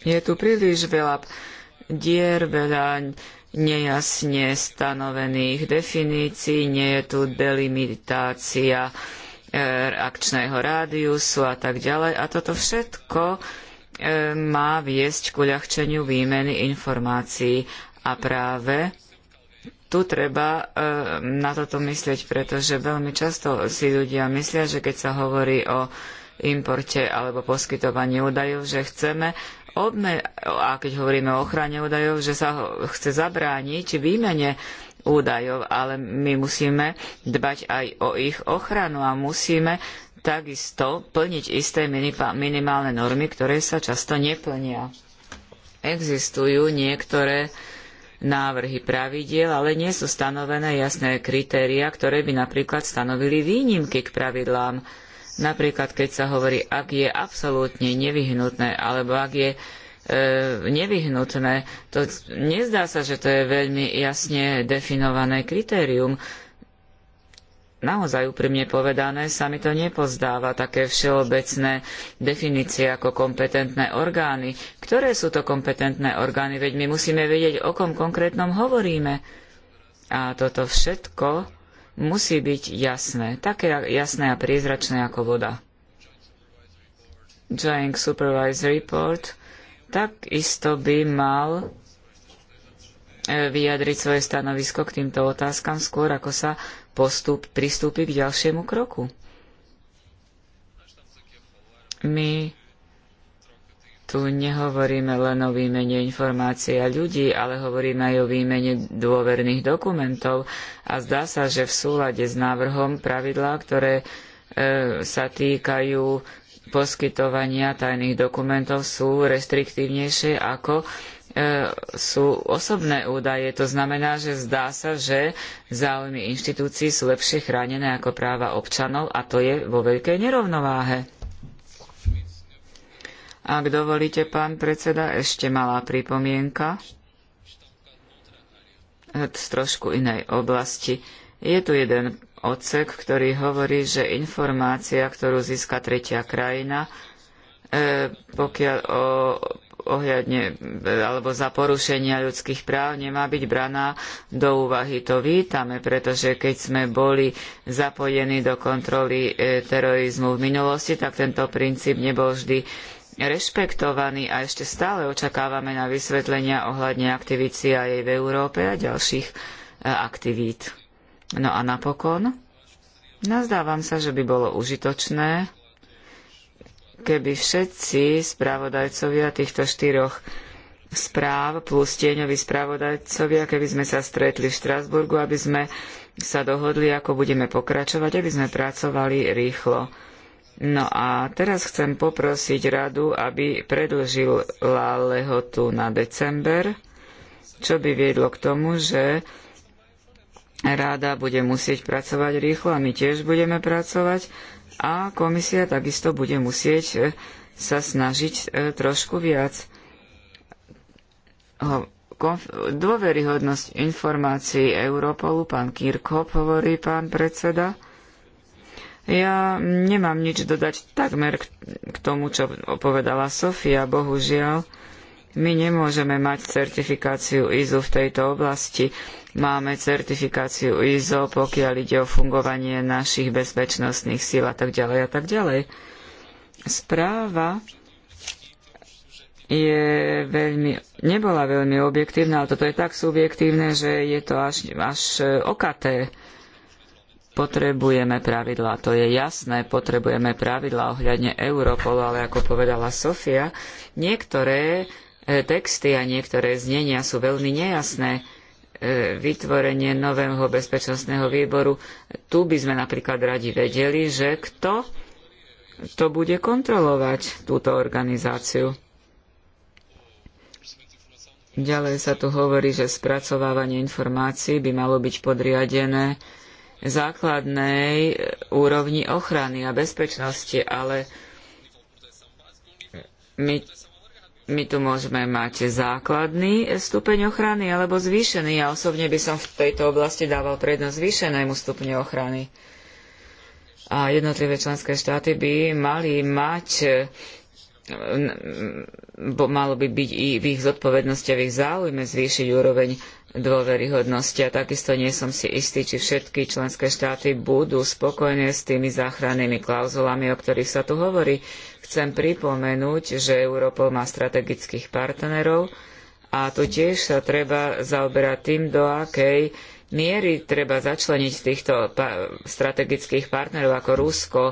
Speaker 3: je tu príliš veľa dier, veľa nejasne stanovených definícií, nie je tu delimitácia Eh, akčného rádiusu a tak ďalej. A toto všetko eh, má viesť k uľahčeniu výmeny informácií. A práve tu treba eh, na toto myslieť, pretože veľmi často si ľudia myslia, že keď sa hovorí o importe alebo poskytovaní údajov, že chceme obme- a keď hovoríme o ochrane údajov, že sa chce zabrániť výmene údajov, ale my musíme dbať aj o ich ochranu a musíme takisto plniť isté minimálne normy, ktoré sa často neplnia. Existujú niektoré návrhy pravidiel, ale nie sú stanovené jasné kritériá, ktoré by napríklad stanovili výnimky k pravidlám. Napríklad, keď sa hovorí, ak je absolútne nevyhnutné, alebo ak je E, nevyhnutné. To, nezdá sa, že to je veľmi jasne definované kritérium. Naozaj úprimne povedané sa mi to nepozdáva také všeobecné definície ako kompetentné orgány. Ktoré sú to kompetentné orgány? Veď my musíme vedieť, o kom konkrétnom hovoríme. A toto všetko musí byť jasné. Také jasné a priezračné ako voda. Joint Supervisory Board takisto by mal e, vyjadriť svoje stanovisko k týmto otázkam skôr, ako sa postup, pristúpi k ďalšiemu kroku. My tu nehovoríme len o výmene informácií a ľudí, ale hovoríme aj o výmene dôverných dokumentov a zdá sa, že v súlade s návrhom pravidlá, ktoré e, sa týkajú poskytovania tajných dokumentov sú restriktívnejšie ako e, sú osobné údaje. To znamená, že zdá sa, že záujmy inštitúcií sú lepšie chránené ako práva občanov a to je vo veľkej nerovnováhe. Ak dovolíte, pán predseda, ešte malá pripomienka e, z trošku inej oblasti. Je tu jeden odsek, ktorý hovorí, že informácia, ktorú získa tretia krajina, e, pokiaľ o, ohľadne e, alebo za porušenia ľudských práv nemá byť braná do úvahy. To vítame, pretože keď sme boli zapojení do kontroly e, terorizmu v minulosti, tak tento princíp nebol vždy rešpektovaný a ešte stále očakávame na vysvetlenia ohľadne aktivít CIA v Európe a ďalších e, aktivít. No a napokon, nazdávam sa, že by bolo užitočné, keby všetci spravodajcovia týchto štyroch správ plus tieňoví spravodajcovia, keby sme sa stretli v Štrasburgu, aby sme sa dohodli, ako budeme pokračovať, aby sme pracovali rýchlo. No a teraz chcem poprosiť radu, aby predlžil lehotu na december, čo by viedlo k tomu, že Ráda bude musieť pracovať rýchlo a my tiež budeme pracovať a komisia takisto bude musieť e, sa snažiť e, trošku viac. Dôveryhodnosť informácií Europolu, pán Kirkhop, hovorí pán predseda. Ja nemám nič dodať takmer k tomu, čo povedala Sofia, bohužiaľ. My nemôžeme mať certifikáciu ISU v tejto oblasti máme certifikáciu ISO, pokiaľ ide o fungovanie našich bezpečnostných síl a tak ďalej a tak ďalej. Správa je veľmi, nebola veľmi objektívna, ale toto je tak subjektívne, že je to až, až e, okaté. Potrebujeme pravidlá, to je jasné, potrebujeme pravidlá ohľadne Europolu, ale ako povedala Sofia, niektoré e, texty a niektoré znenia sú veľmi nejasné. E, vytvorenie nového bezpečnostného výboru. Tu by sme napríklad radi vedeli, že kto to bude kontrolovať túto organizáciu. Ďalej sa tu hovorí, že spracovávanie informácií by malo byť podriadené základnej úrovni ochrany a bezpečnosti, ale my my tu môžeme mať základný stupeň ochrany alebo zvýšený. Ja osobne by som v tejto oblasti dával prednosť zvýšenému stupňu ochrany. A jednotlivé členské štáty by mali mať malo by byť i v ich zodpovednosti a v ich záujme zvýšiť úroveň dôveryhodnosti. A takisto nie som si istý, či všetky členské štáty budú spokojné s tými záchrannými klauzulami, o ktorých sa tu hovorí. Chcem pripomenúť, že Europol má strategických partnerov a tu tiež sa treba zaoberať tým, do akej miery treba začleniť týchto strategických partnerov ako Rusko,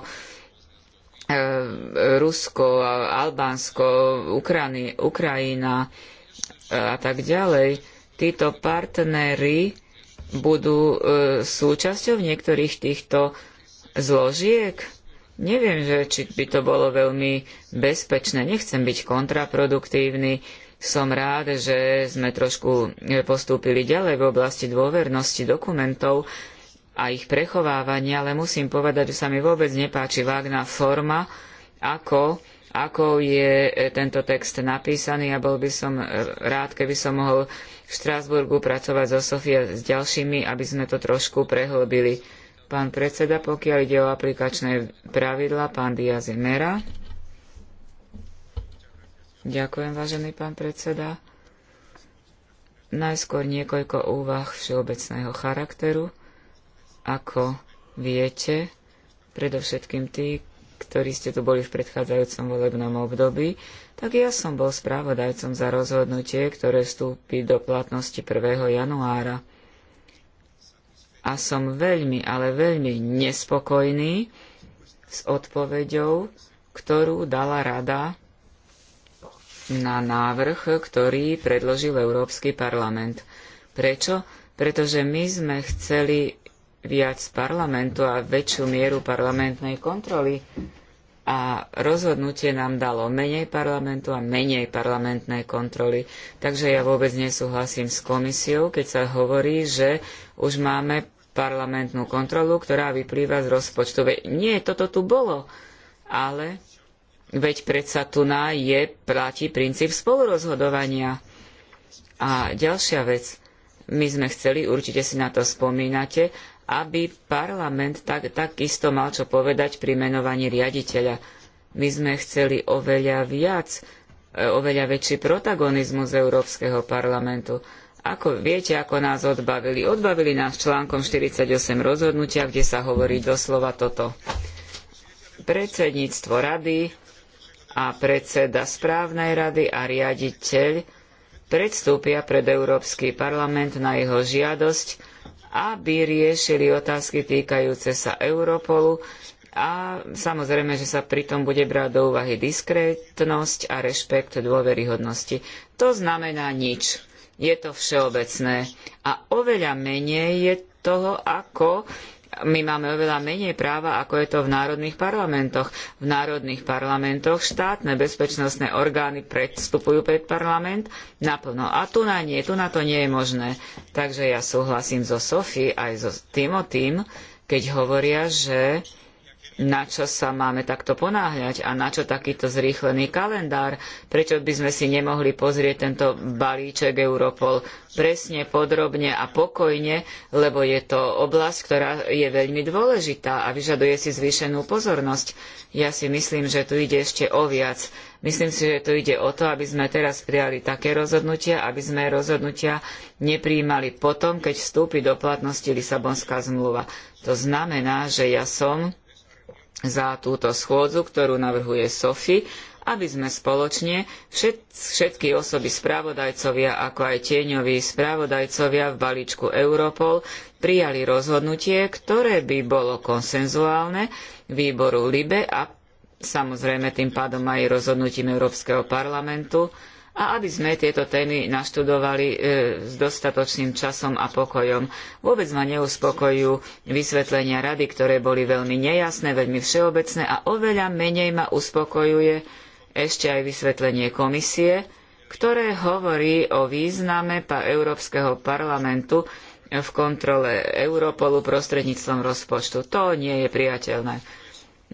Speaker 3: E, Rusko, Albánsko, Ukrajina, Ukrajina e, a tak ďalej, títo partnery budú e, súčasťou niektorých týchto zložiek. Neviem, že či by to bolo veľmi bezpečné. Nechcem byť kontraproduktívny. Som rád, že sme trošku postúpili ďalej v oblasti dôvernosti dokumentov, a ich prechovávanie, ale musím povedať, že sa mi vôbec nepáči vágna forma, ako, ako je e, tento text napísaný a bol by som e, rád, keby som mohol v Štrásburgu pracovať so a s ďalšími, aby sme to trošku prehlbili. Pán predseda, pokiaľ ide o aplikačné pravidla, pán Diaz Mera. Ďakujem, vážený pán predseda. Najskôr niekoľko úvah všeobecného charakteru. Ako viete, predovšetkým tí, ktorí ste tu boli v predchádzajúcom volebnom období, tak ja som bol správodajcom za rozhodnutie, ktoré vstúpi do platnosti 1. januára. A som veľmi, ale veľmi nespokojný s odpoveďou, ktorú dala Rada na návrh, ktorý predložil Európsky parlament. Prečo? Pretože my sme chceli viac parlamentu a väčšiu mieru parlamentnej kontroly. A rozhodnutie nám dalo menej parlamentu a menej parlamentnej kontroly. Takže ja vôbec nesúhlasím s komisiou, keď sa hovorí, že už máme parlamentnú kontrolu, ktorá vyplýva z rozpočtu. Veď nie, toto tu bolo, ale veď predsa tu na je, platí princíp spolurozhodovania. A ďalšia vec, my sme chceli, určite si na to spomínate, aby parlament tak, takisto mal čo povedať pri menovaní riaditeľa. My sme chceli oveľa viac, e, oveľa väčší protagonizmus Európskeho parlamentu. Ako viete, ako nás odbavili? Odbavili nás článkom 48 rozhodnutia, kde sa hovorí doslova toto. Predsedníctvo rady a predseda správnej rady a riaditeľ predstúpia pred Európsky parlament na jeho žiadosť aby riešili otázky týkajúce sa Europolu a samozrejme, že sa pritom bude brať do úvahy diskrétnosť a rešpekt dôveryhodnosti. To znamená nič. Je to všeobecné a oveľa menej je toho, ako my máme oveľa menej práva, ako je to v národných parlamentoch. V národných parlamentoch štátne bezpečnostné orgány predstupujú pred parlament naplno. A tu na nie, tu na to nie je možné. Takže ja súhlasím so Sophie aj so Timotým, keď hovoria, že na čo sa máme takto ponáhľať a na čo takýto zrýchlený kalendár, prečo by sme si nemohli pozrieť tento balíček Europol presne, podrobne a pokojne, lebo je to oblasť, ktorá je veľmi dôležitá a vyžaduje si zvýšenú pozornosť. Ja si myslím, že tu ide ešte o viac. Myslím si, že tu ide o to, aby sme teraz prijali také rozhodnutia, aby sme rozhodnutia neprijímali potom, keď vstúpi do platnosti Lisabonská zmluva. To znamená, že ja som za túto schôdzu, ktorú navrhuje Sofi, aby sme spoločne všet, všetky osoby spravodajcovia, ako aj tieňoví spravodajcovia v balíčku Europol prijali rozhodnutie, ktoré by bolo konsenzuálne výboru LIBE a samozrejme tým pádom aj rozhodnutím Európskeho parlamentu a aby sme tieto témy naštudovali e, s dostatočným časom a pokojom. Vôbec ma neuspokojujú vysvetlenia rady, ktoré boli veľmi nejasné, veľmi všeobecné a oveľa menej ma uspokojuje ešte aj vysvetlenie komisie, ktoré hovorí o význame pa Európskeho parlamentu v kontrole Europolu prostredníctvom rozpočtu. To nie je prijateľné.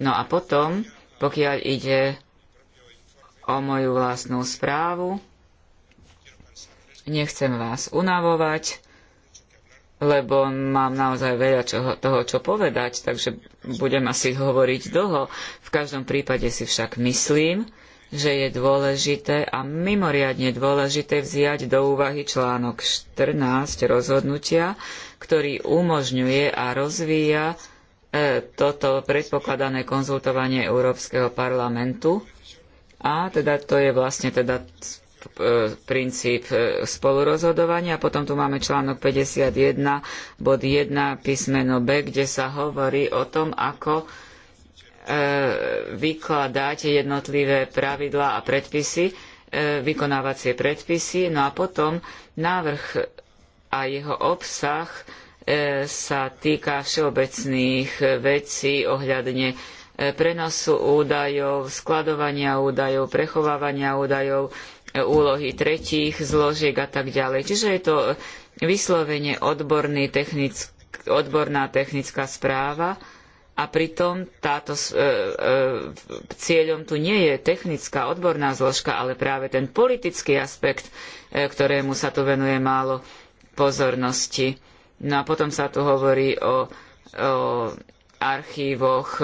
Speaker 3: No a potom, pokiaľ ide o moju vlastnú správu. Nechcem vás unavovať, lebo mám naozaj veľa čoho, toho, čo povedať, takže budem asi hovoriť dlho. V každom prípade si však myslím, že je dôležité a mimoriadne dôležité vziať do úvahy článok 14 rozhodnutia, ktorý umožňuje a rozvíja e, toto predpokladané konzultovanie Európskeho parlamentu a teda to je vlastne teda e, princíp e, spolurozhodovania. a Potom tu máme článok 51, bod 1, písmeno B, kde sa hovorí o tom, ako e, vykladať jednotlivé pravidlá a predpisy, vykonávacie predpisy. No a potom návrh a jeho obsah sa týka všeobecných vecí ohľadne E, prenosu údajov, skladovania údajov, prechovávania údajov, e, úlohy tretích zložiek a tak ďalej. Čiže je to vyslovene odborný, technick, odborná technická správa a pritom táto, e, e, cieľom tu nie je technická odborná zložka, ale práve ten politický aspekt, e, ktorému sa tu venuje málo pozornosti. No a potom sa tu hovorí o, o archívoch,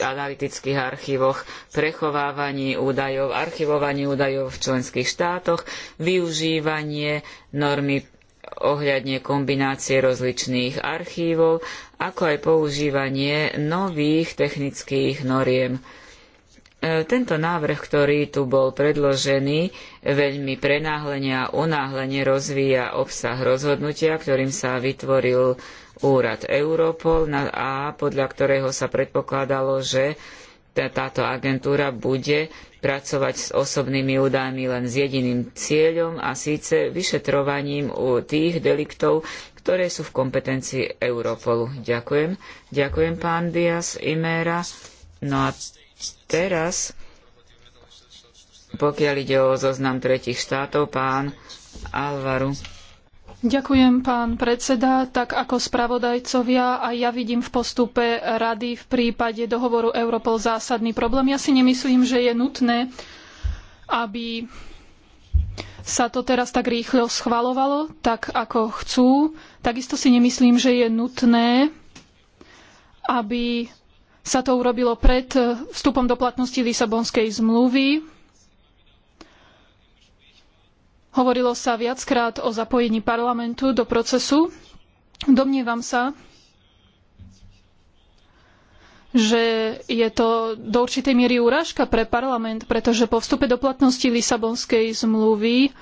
Speaker 3: analytických archívoch, prechovávaní údajov, archivovaní údajov v členských štátoch, využívanie normy ohľadne kombinácie rozličných archívov, ako aj používanie nových technických noriem. E, tento návrh, ktorý tu bol predložený, veľmi prenáhlene a unáhlene rozvíja obsah rozhodnutia, ktorým sa vytvoril úrad Europol a podľa ktorého sa predpokladalo, že táto agentúra bude pracovať s osobnými údajmi len s jediným cieľom a síce vyšetrovaním tých deliktov, ktoré sú v kompetencii Europolu. Ďakujem. Ďakujem pán Dias Imera. No a teraz, pokiaľ ide o zoznam tretich štátov, pán Alvaru.
Speaker 2: Ďakujem, pán predseda. Tak ako spravodajcovia aj ja vidím v postupe rady v prípade dohovoru Europol zásadný problém. Ja si nemyslím, že je nutné, aby sa to teraz tak rýchlo schvalovalo, tak ako chcú. Takisto si nemyslím, že je nutné, aby sa to urobilo pred vstupom do platnosti Lisabonskej zmluvy Hovorilo sa viackrát o zapojení parlamentu do procesu. Domnievam sa, že je to do určitej miery úražka pre parlament, pretože po vstupe do platnosti Lisabonskej zmluvy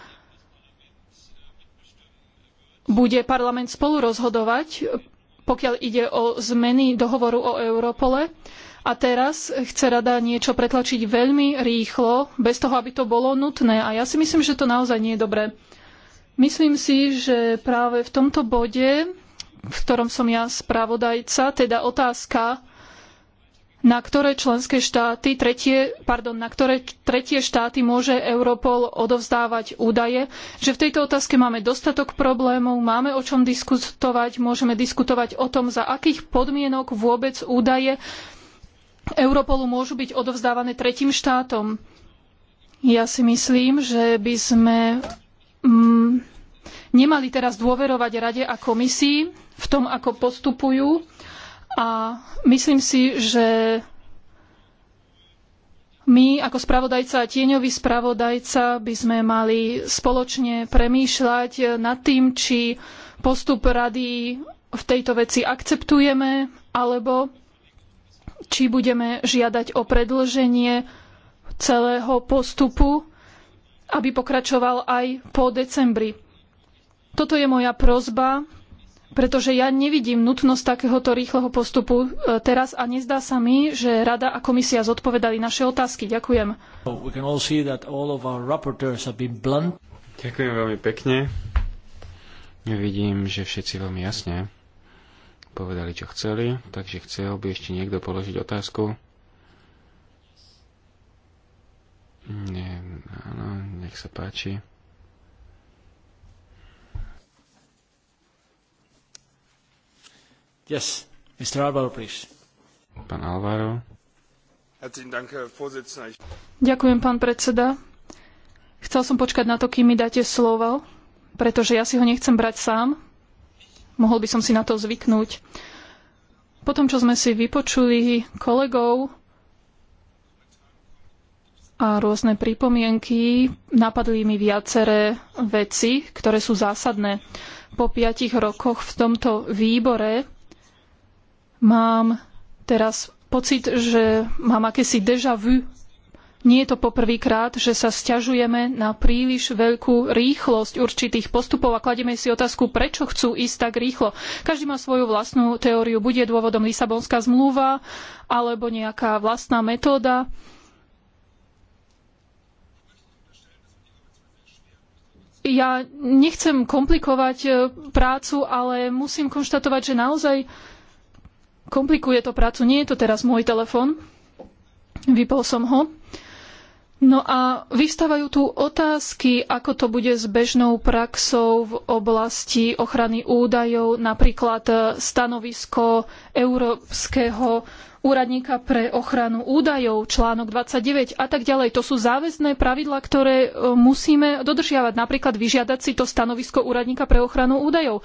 Speaker 2: bude parlament spolurozhodovať, pokiaľ ide o zmeny dohovoru o Europole a teraz chce rada niečo pretlačiť veľmi rýchlo, bez toho, aby to bolo nutné. A ja si myslím, že to naozaj nie je dobré. Myslím si, že práve v tomto bode, v ktorom som ja spravodajca, teda otázka, na ktoré členské štáty, tretie, pardon, na ktoré tretie štáty môže Europol odovzdávať údaje, že v tejto otázke máme dostatok problémov, máme o čom diskutovať, môžeme diskutovať o tom, za akých podmienok vôbec údaje Europolu môžu byť odovzdávané tretím štátom. Ja si myslím, že by sme mm, nemali teraz dôverovať Rade a komisii v tom, ako postupujú. A myslím si, že my ako spravodajca a tieňový spravodajca by sme mali spoločne premýšľať nad tým, či postup rady v tejto veci akceptujeme alebo či budeme žiadať o predĺženie celého postupu, aby pokračoval aj po decembri. Toto je moja prozba, pretože ja nevidím nutnosť takéhoto rýchleho postupu e, teraz a nezdá sa mi, že Rada a Komisia zodpovedali naše otázky. Ďakujem.
Speaker 1: Ďakujem veľmi pekne. Vidím, že všetci veľmi jasne povedali, čo chceli, takže chcel by ešte niekto položiť otázku. Nie, áno, nech sa páči. Yes, Mr. Alvaro, please. Pán Alvaro.
Speaker 2: Ďakujem, pán predseda. Chcel som počkať na to, kým mi dáte slovo, pretože ja si ho nechcem brať sám, Mohol by som si na to zvyknúť. Potom, čo sme si vypočuli kolegov a rôzne pripomienky, napadli mi viaceré veci, ktoré sú zásadné. Po piatich rokoch v tomto výbore mám teraz pocit, že mám akési deja vu nie je to poprvýkrát, že sa sťažujeme na príliš veľkú rýchlosť určitých postupov a kladieme si otázku, prečo chcú ísť tak rýchlo. Každý má svoju vlastnú teóriu. Bude dôvodom Lisabonská zmluva alebo nejaká vlastná metóda. Ja nechcem komplikovať e, prácu, ale musím konštatovať, že naozaj komplikuje to prácu. Nie je to teraz môj telefon. Vypol som ho. No a vystávajú tu otázky, ako to bude s bežnou praxou v oblasti ochrany údajov, napríklad eh, stanovisko Európskeho úradníka pre ochranu údajov, článok 29 a tak ďalej. To sú záväzné pravidlá, ktoré eh, musíme dodržiavať. Napríklad vyžiadať si to stanovisko úradníka pre ochranu údajov.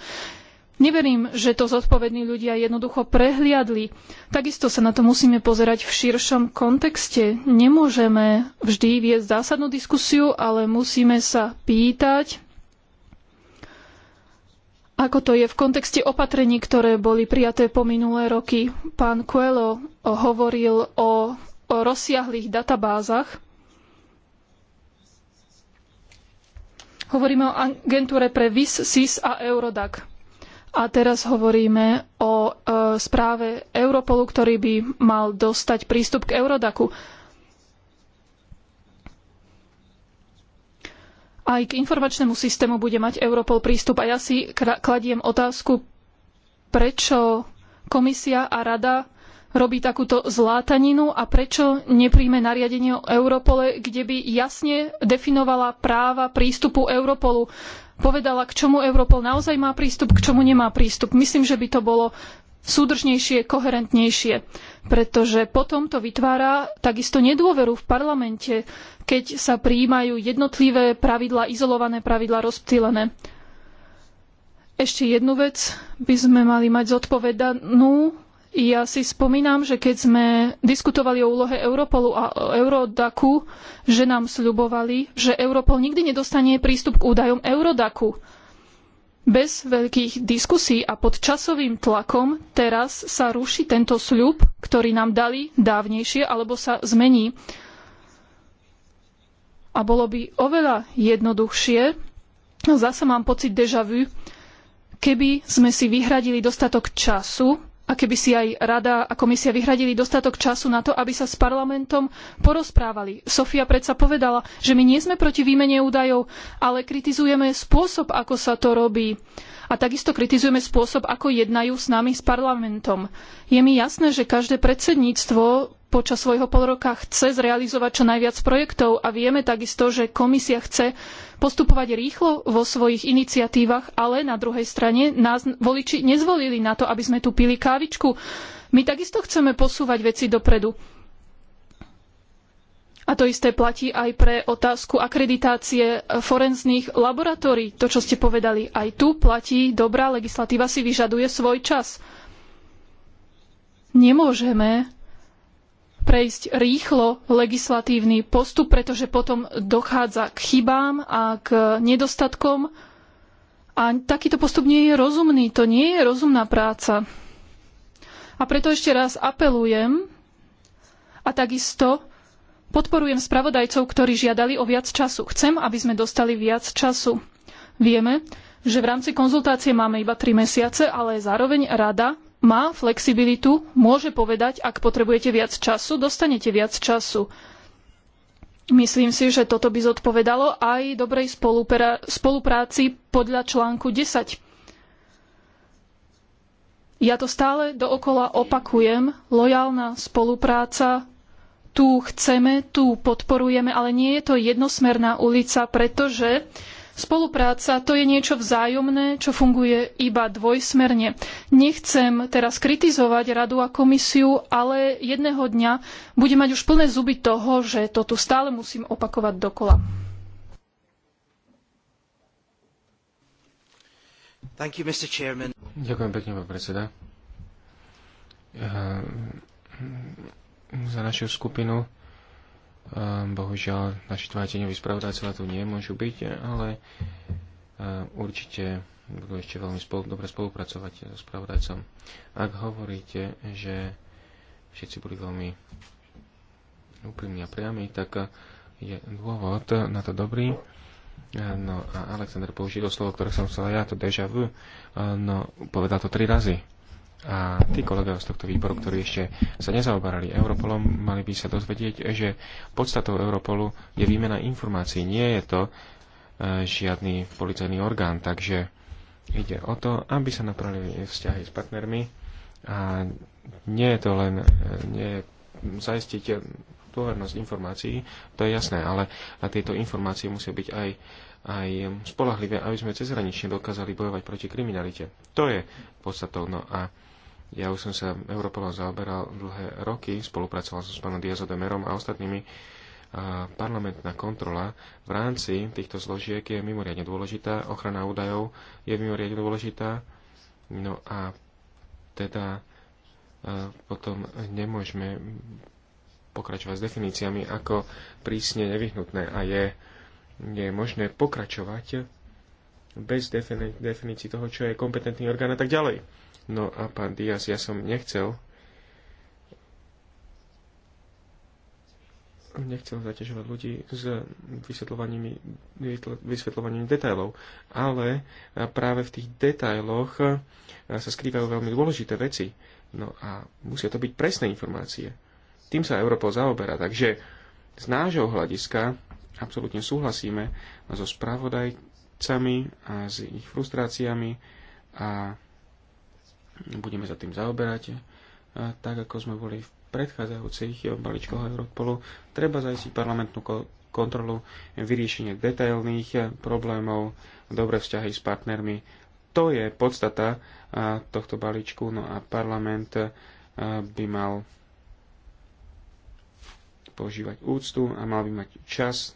Speaker 2: Neverím, že to zodpovední ľudia jednoducho prehliadli. Takisto sa na to musíme pozerať v širšom kontexte. Nemôžeme vždy viesť zásadnú diskusiu, ale musíme sa pýtať, ako to je v kontexte opatrení, ktoré boli prijaté po minulé roky. Pán Coelho hovoril o, o rozsiahlých databázach. Hovoríme o agentúre pre VIS, SIS a Eurodac. A teraz hovoríme o e, správe Europolu, ktorý by mal dostať prístup k Eurodaku. Aj k informačnému systému bude mať Europol prístup. A ja si kladiem otázku, prečo komisia a rada robí takúto zlátaninu a prečo nepríjme nariadenie o Europole, kde by jasne definovala práva prístupu Europolu povedala, k čomu Europol naozaj má prístup, k čomu nemá prístup. Myslím, že by to bolo súdržnejšie, koherentnejšie, pretože potom to vytvára takisto nedôveru v parlamente, keď sa prijímajú jednotlivé pravidlá, izolované pravidlá, rozptýlené. Ešte jednu vec by sme mali mať zodpovedanú ja si spomínam, že keď sme diskutovali o úlohe Europolu a o Eurodaku, že nám sľubovali, že Europol nikdy nedostane prístup k údajom Eurodaku. Bez veľkých diskusí a pod časovým tlakom teraz sa ruší tento sľub, ktorý nám dali dávnejšie, alebo sa zmení. A bolo by oveľa jednoduchšie, zasa mám pocit deja vu, keby sme si vyhradili dostatok času a keby si aj rada a komisia vyhradili dostatok času na to, aby sa s parlamentom porozprávali. Sofia predsa povedala, že my nie sme proti výmene údajov, ale kritizujeme spôsob, ako sa to robí. A takisto kritizujeme spôsob, ako jednajú s nami, s parlamentom. Je mi jasné, že každé predsedníctvo počas svojho roka chce zrealizovať čo najviac projektov a vieme takisto, že komisia chce postupovať rýchlo vo svojich iniciatívach, ale na druhej strane nás voliči nezvolili na to, aby sme tu pili kávičku. My takisto chceme posúvať veci dopredu. A to isté platí aj pre otázku akreditácie forenzných laboratórií. To, čo ste povedali, aj tu platí, dobrá legislatíva si vyžaduje svoj čas. Nemôžeme prejsť rýchlo legislatívny postup, pretože potom dochádza k chybám a k nedostatkom. A takýto postup nie je rozumný, to nie je rozumná práca. A preto ešte raz apelujem a takisto Podporujem spravodajcov, ktorí žiadali o viac času. Chcem, aby sme dostali viac času. Vieme, že v rámci konzultácie máme iba tri mesiace, ale zároveň rada má flexibilitu, môže povedať, ak potrebujete viac času, dostanete viac času. Myslím si, že toto by zodpovedalo aj dobrej spolupráci podľa článku 10. Ja to stále dookola opakujem. Lojálna spolupráca tu chceme, tu podporujeme, ale nie je to jednosmerná ulica, pretože spolupráca to je niečo vzájomné, čo funguje iba dvojsmerne. Nechcem teraz kritizovať radu a komisiu, ale jedného dňa budem mať už plné zuby toho, že to tu stále musím opakovať dokola.
Speaker 1: You, Ďakujem pekne, pán predseda za našu skupinu. Ehm, bohužiaľ, naši dva tieňoví spravodajcovia tu nemôžu byť, ale ehm, určite budú ešte veľmi spolu, dobre spolupracovať so spravodajcom. Ak hovoríte, že všetci boli veľmi úprimní a priami, tak eh, je dôvod na to dobrý. Eh, no a Alexander použil slovo, ktoré som chcel ja, to deja vu. Eh, no, povedal to tri razy a tí kolegovia z tohto výboru, ktorí ešte sa nezaoberali Europolom, mali by sa dozvedieť, že podstatou Europolu je výmena informácií. Nie je to e, žiadny policajný orgán, takže ide o to, aby sa napravili vzťahy s partnermi a nie je to len e, nie je zaistiť dôvernosť informácií, to je jasné, ale na tieto informácie musia byť aj, aj spolahlivé, aby sme cezhranične dokázali bojovať proti kriminalite. To je podstatou. No a ja už som sa Europolom zaoberal dlhé roky, spolupracoval som s pánom Diazodemerom a ostatnými. A parlamentná kontrola v rámci týchto zložiek je mimoriadne dôležitá, ochrana údajov je mimoriadne dôležitá, no a teda e, potom nemôžeme pokračovať s definíciami ako prísne nevyhnutné a je, je možné pokračovať bez definícií toho, čo je kompetentný orgán a tak ďalej. No a pán Díaz, ja som nechcel nechcel zaťažovať ľudí s vysvetľovaním, vysvetľovaním detajlov, ale práve v tých detajloch eh, sa skrývajú veľmi dôležité veci. No a musia to byť presné informácie. Tým sa Európol zaoberá. Takže z nášho hľadiska absolútne súhlasíme so spravodajcami a s ich frustráciami a budeme sa tým zaoberať. A tak ako sme boli v predchádzajúcich balíčkoch Europolu, treba zajistiť parlamentnú kontrolu, vyriešenie detailných problémov, dobré vzťahy s partnermi. To je podstata tohto balíčku, no a parlament by mal používať úctu a mal by mať čas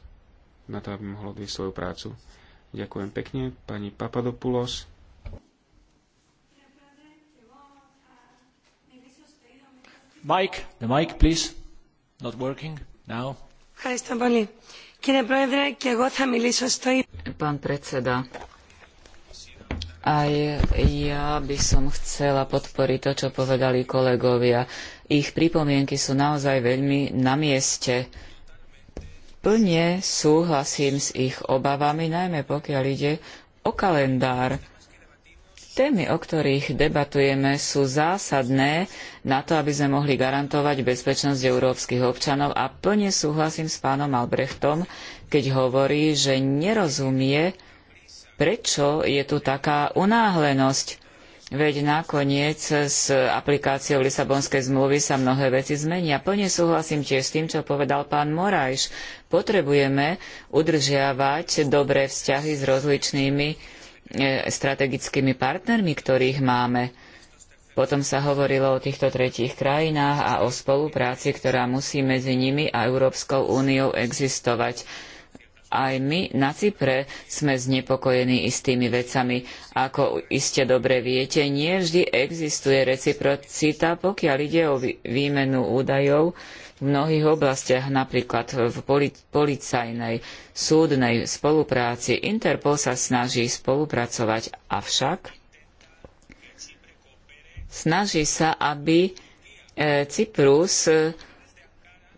Speaker 1: na to, aby mohol odviesť svoju prácu. Ďakujem pekne, pani Papadopoulos. Mike, the mic, please. Not working
Speaker 3: now. Ευχαριστώ πολύ. Κύριε Πρόεδρε, και εγώ θα μιλήσω στο... Pán predseda, aj ja by som chcela podporiť to, čo povedali kolegovia. Ich pripomienky sú naozaj veľmi na mieste. Plne súhlasím s ich obavami, najmä pokiaľ ide o kalendár. Témy, o ktorých debatujeme, sú zásadné na to, aby sme mohli garantovať bezpečnosť európskych občanov a plne súhlasím s pánom Albrechtom, keď hovorí, že nerozumie, prečo je tu taká unáhlenosť. Veď nakoniec s aplikáciou Lisabonskej zmluvy sa mnohé veci zmenia. Plne súhlasím tiež s tým, čo povedal pán Morajš. Potrebujeme udržiavať dobré vzťahy s rozličnými E, strategickými partnermi, ktorých máme. Potom sa hovorilo o týchto tretích krajinách a o spolupráci, ktorá musí medzi nimi a Európskou úniou existovať. Aj my na Cypre sme znepokojení istými vecami. Ako iste dobre viete, nie vždy existuje reciprocita, pokiaľ ide o výmenu údajov v mnohých oblastiach, napríklad v policajnej, súdnej spolupráci. Interpol sa snaží spolupracovať, avšak snaží sa, aby e, Cyprus e,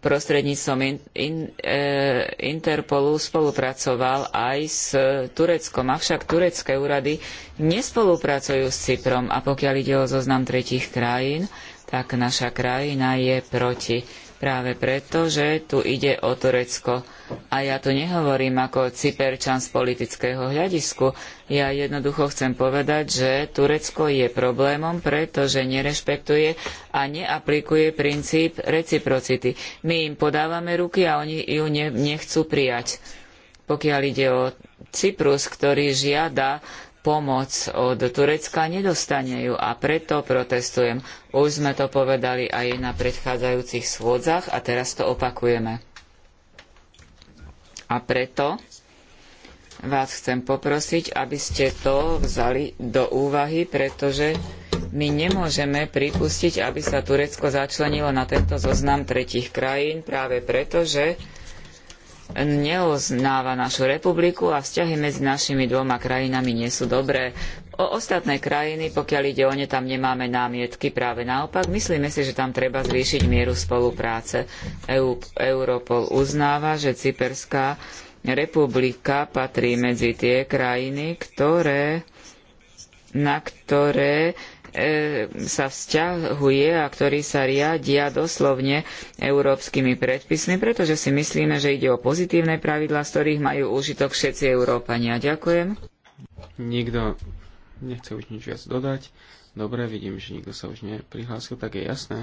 Speaker 3: prostredníctvom in, in, e, Interpolu spolupracoval aj s Tureckom, avšak turecké úrady nespolupracujú s Cyprom a pokiaľ ide o zoznam tretích krajín, tak naša krajina je proti práve preto, že tu ide o Turecko. A ja tu nehovorím ako cyperčan z politického hľadisku. Ja jednoducho chcem povedať, že Turecko je problémom, pretože nerešpektuje a neaplikuje princíp reciprocity. My im podávame ruky a oni ju nechcú prijať. Pokiaľ ide o Cyprus, ktorý žiada pomoc od Turecka, nedostane ju a preto protestujem. Už sme to povedali aj na predchádzajúcich schôdzach a teraz to opakujeme. A preto vás chcem poprosiť, aby ste to vzali do úvahy, pretože my nemôžeme pripustiť, aby sa Turecko začlenilo na tento zoznam tretích krajín práve preto, že neuznáva našu republiku a vzťahy medzi našimi dvoma krajinami nie sú dobré. O ostatné krajiny, pokiaľ ide o ne, tam nemáme námietky, práve naopak. Myslíme si, že tam treba zvýšiť mieru spolupráce. EU, Europol uznáva, že Cyperská republika patrí medzi tie krajiny, ktoré, na ktoré E, sa vzťahuje a ktorí sa riadia doslovne európskymi predpismi, pretože si myslíme, že ide o pozitívne pravidlá, z ktorých majú úžitok všetci Európania. Ďakujem.
Speaker 1: Nikto nechce už nič viac dodať. Dobre, vidím, že nikto sa už neprihlásil, tak je jasné,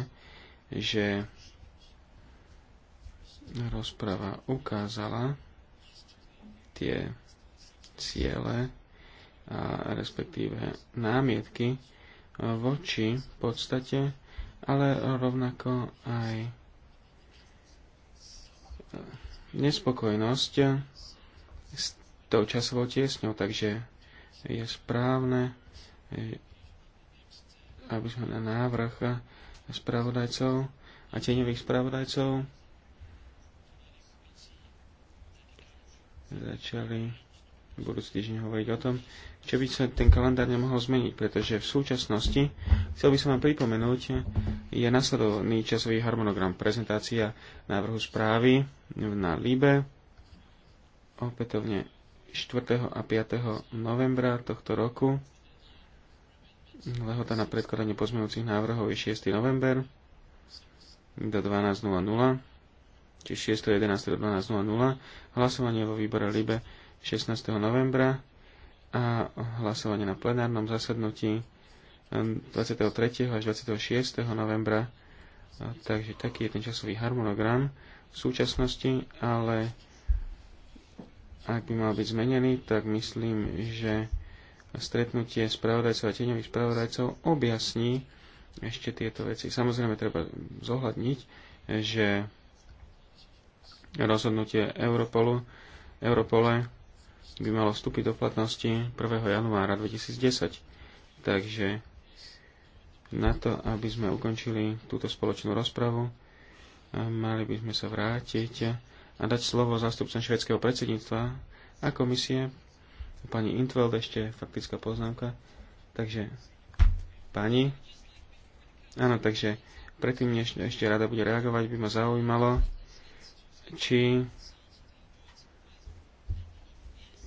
Speaker 1: že rozpráva ukázala tie ciele a respektíve námietky, voči v podstate, ale rovnako aj nespokojnosť s tou časovou tiesňou, takže je správne, e, aby sme na návrh spravodajcov a tieňových spravodajcov začali budúci týždeň hovoriť o tom, čo by sa ten kalendár nemohol zmeniť, pretože v súčasnosti, chcel by som vám pripomenúť, je nasledovný časový harmonogram prezentácia návrhu správy na Libe opätovne 4. a 5. novembra tohto roku. Lehota na predkladanie pozmenujúcich návrhov je 6. november do 12.00, či 6.11. do 12.00. Hlasovanie vo výbore Libe 16. novembra a hlasovanie na plenárnom zasadnutí 23. až 26. novembra. Takže taký je ten časový harmonogram v súčasnosti, ale ak by mal byť zmenený, tak myslím, že stretnutie spravodajcov a tieňových spravodajcov objasní ešte tieto veci. Samozrejme treba zohľadniť, že rozhodnutie Europolu, Europole by malo vstúpiť do platnosti 1. januára 2010. Takže na to, aby sme ukončili túto spoločnú rozpravu, mali by sme sa vrátiť a dať slovo zástupcom švedského predsedníctva a komisie. Pani Intveld, ešte faktická poznámka. Takže, pani. Áno, takže predtým, než ešte rada bude reagovať, by ma zaujímalo, či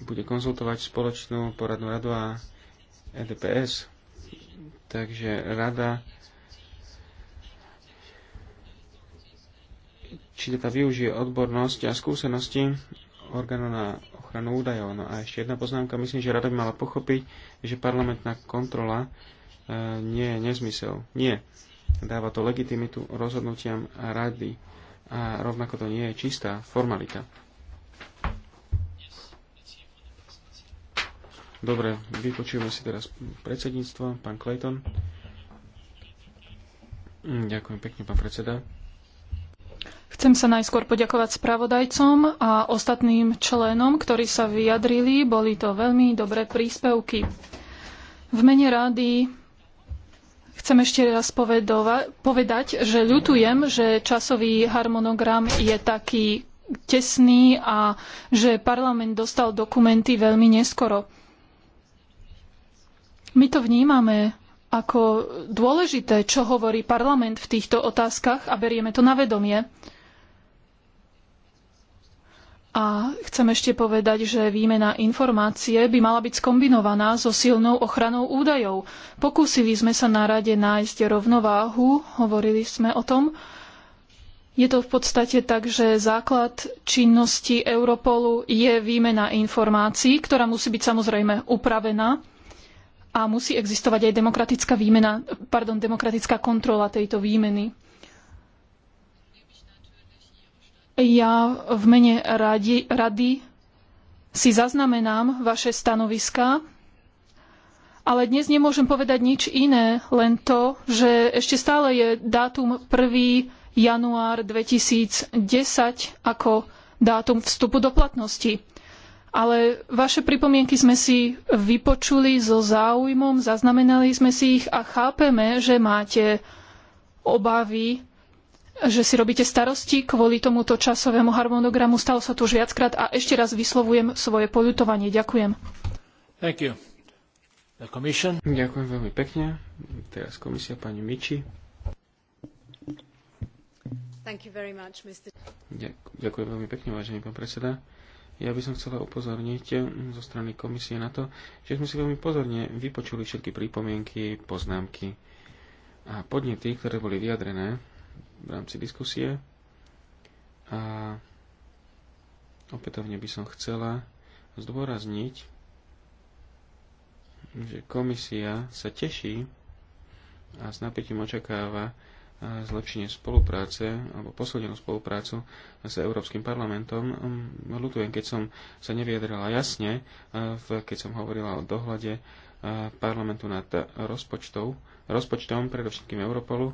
Speaker 1: bude konzultovať spoločnú poradnú radu a EDPS. Takže rada či teda využije odbornosť a skúsenosti orgánu na ochranu údajov. No a ešte jedna poznámka. Myslím, že rada by mala pochopiť, že parlamentná kontrola e, nie je nezmysel. Nie. Dáva to legitimitu rozhodnutiam a rady. A rovnako to nie je čistá formalita. Dobre, vypočujeme si teraz predsedníctvo, pán Clayton. Mm, ďakujem pekne, pán predseda.
Speaker 2: Chcem sa najskôr poďakovať spravodajcom a ostatným členom, ktorí sa vyjadrili. Boli to veľmi dobré príspevky. V mene rady chcem ešte raz povedať, že ľutujem, že časový harmonogram je taký tesný a že parlament dostal dokumenty veľmi neskoro. My to vnímame ako dôležité, čo hovorí parlament v týchto otázkach a berieme to na vedomie. A chcem ešte povedať, že výmena informácie by mala byť skombinovaná so silnou ochranou údajov. Pokúsili sme sa na rade nájsť rovnováhu, hovorili sme o tom. Je to v podstate tak, že základ činnosti Europolu je výmena informácií, ktorá musí byť samozrejme upravená a musí existovať aj demokratická výmena, pardon, demokratická kontrola tejto výmeny. Ja v mene rady si zaznamenám vaše stanoviská, ale dnes nemôžem povedať nič iné, len to, že ešte stále je dátum 1. január 2010 ako dátum vstupu do platnosti. Ale vaše pripomienky sme si vypočuli so záujmom, zaznamenali sme si ich a chápeme, že máte obavy, že si robíte starosti kvôli tomuto časovému harmonogramu. Stalo sa to už viackrát a ešte raz vyslovujem svoje poľutovanie. Ďakujem.
Speaker 1: Ďakujem veľmi pekne. Teraz komisia pani Miči.
Speaker 3: Much,
Speaker 1: Ďakujem veľmi pekne, vážený pán predseda. Ja by som chcela upozorniť eh, zo strany komisie na to, že sme si veľmi pozorne vypočuli všetky prípomienky, poznámky a podnety, ktoré boli vyjadrené v rámci diskusie. A opätovne by som chcela zdôrazniť, že komisia sa teší a s napätím očakáva zlepšenie spolupráce alebo posilnenú spoluprácu s Európskym parlamentom. Mm, ľutujem, keď som sa nevyjadrila jasne, keď som hovorila o dohľade parlamentu nad rozpočtov, rozpočtom, predovšetkým Europolu.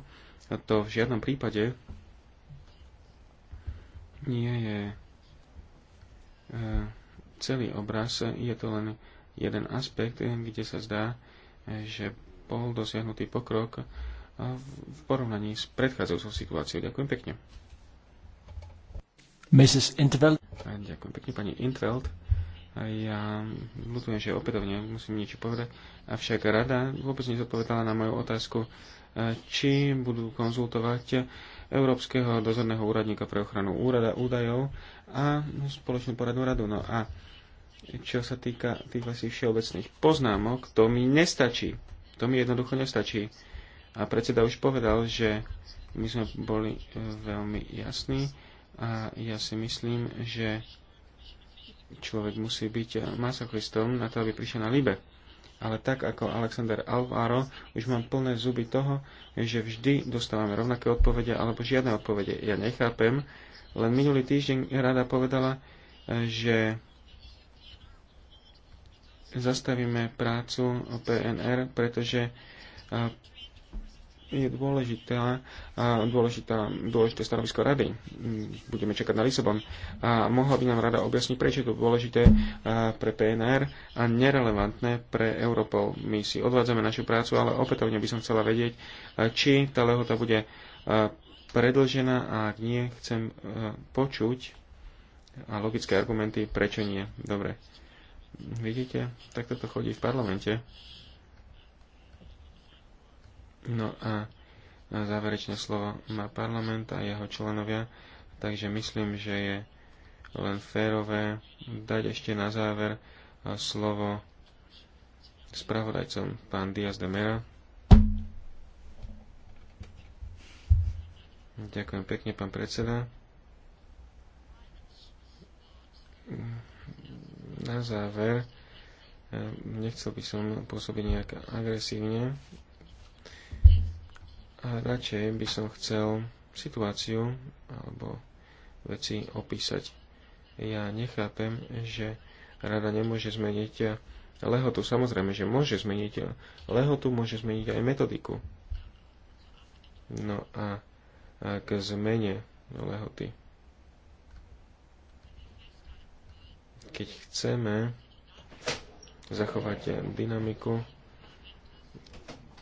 Speaker 1: To v žiadnom prípade nie je e, celý obraz, je to len jeden aspekt, kde sa zdá, e, že bol dosiahnutý pokrok v porovnaní s predchádzajúcou situáciou. Ďakujem pekne. Mrs. Intveld. Ďakujem pekne, pani Intveld. Ja ľutujem, že opätovne musím niečo povedať, avšak rada vôbec nezodpovedala na moju otázku, e, či budú konzultovať Európskeho dozorného úradníka pre ochranu úrada údajov a spoločnú poradnú radu. No a čo sa týka tých vlastných všeobecných poznámok, to mi nestačí. To mi jednoducho nestačí a predseda už povedal, že my sme boli e, veľmi jasní a ja si myslím, že človek musí byť e, masochistom na to, aby prišiel na Libe. Ale tak ako Alexander Alvaro, už mám plné zuby toho, že vždy dostávame rovnaké odpovede alebo žiadne odpovede. Ja nechápem, len minulý týždeň rada povedala, e, že zastavíme prácu PNR, pretože je dôležitá, dôležitá, dôležité stanovisko rady. Budeme čakať na Lisabon. A mohla by nám rada objasniť, prečo je to dôležité pre PNR a nerelevantné pre Europol. My si odvádzame našu prácu, ale opätovne by som chcela vedieť, či tá lehota bude predlžená a ak nie, chcem počuť a logické argumenty, prečo nie. Dobre. Vidíte, takto to chodí v parlamente. No a záverečné slovo má parlament a jeho členovia, takže myslím, že je len férové dať ešte na záver e, slovo spravodajcom pán Diaz de Mera. Ďakujem pekne, pán predseda. Na záver, e, nechcel by som pôsobiť nejak agresívne, ale radšej by som chcel situáciu alebo veci opísať. Ja nechápem, že rada nemôže zmeniť lehotu. Samozrejme, že môže zmeniť lehotu, môže zmeniť aj metodiku. No a k zmene lehoty. Keď chceme zachovať dynamiku,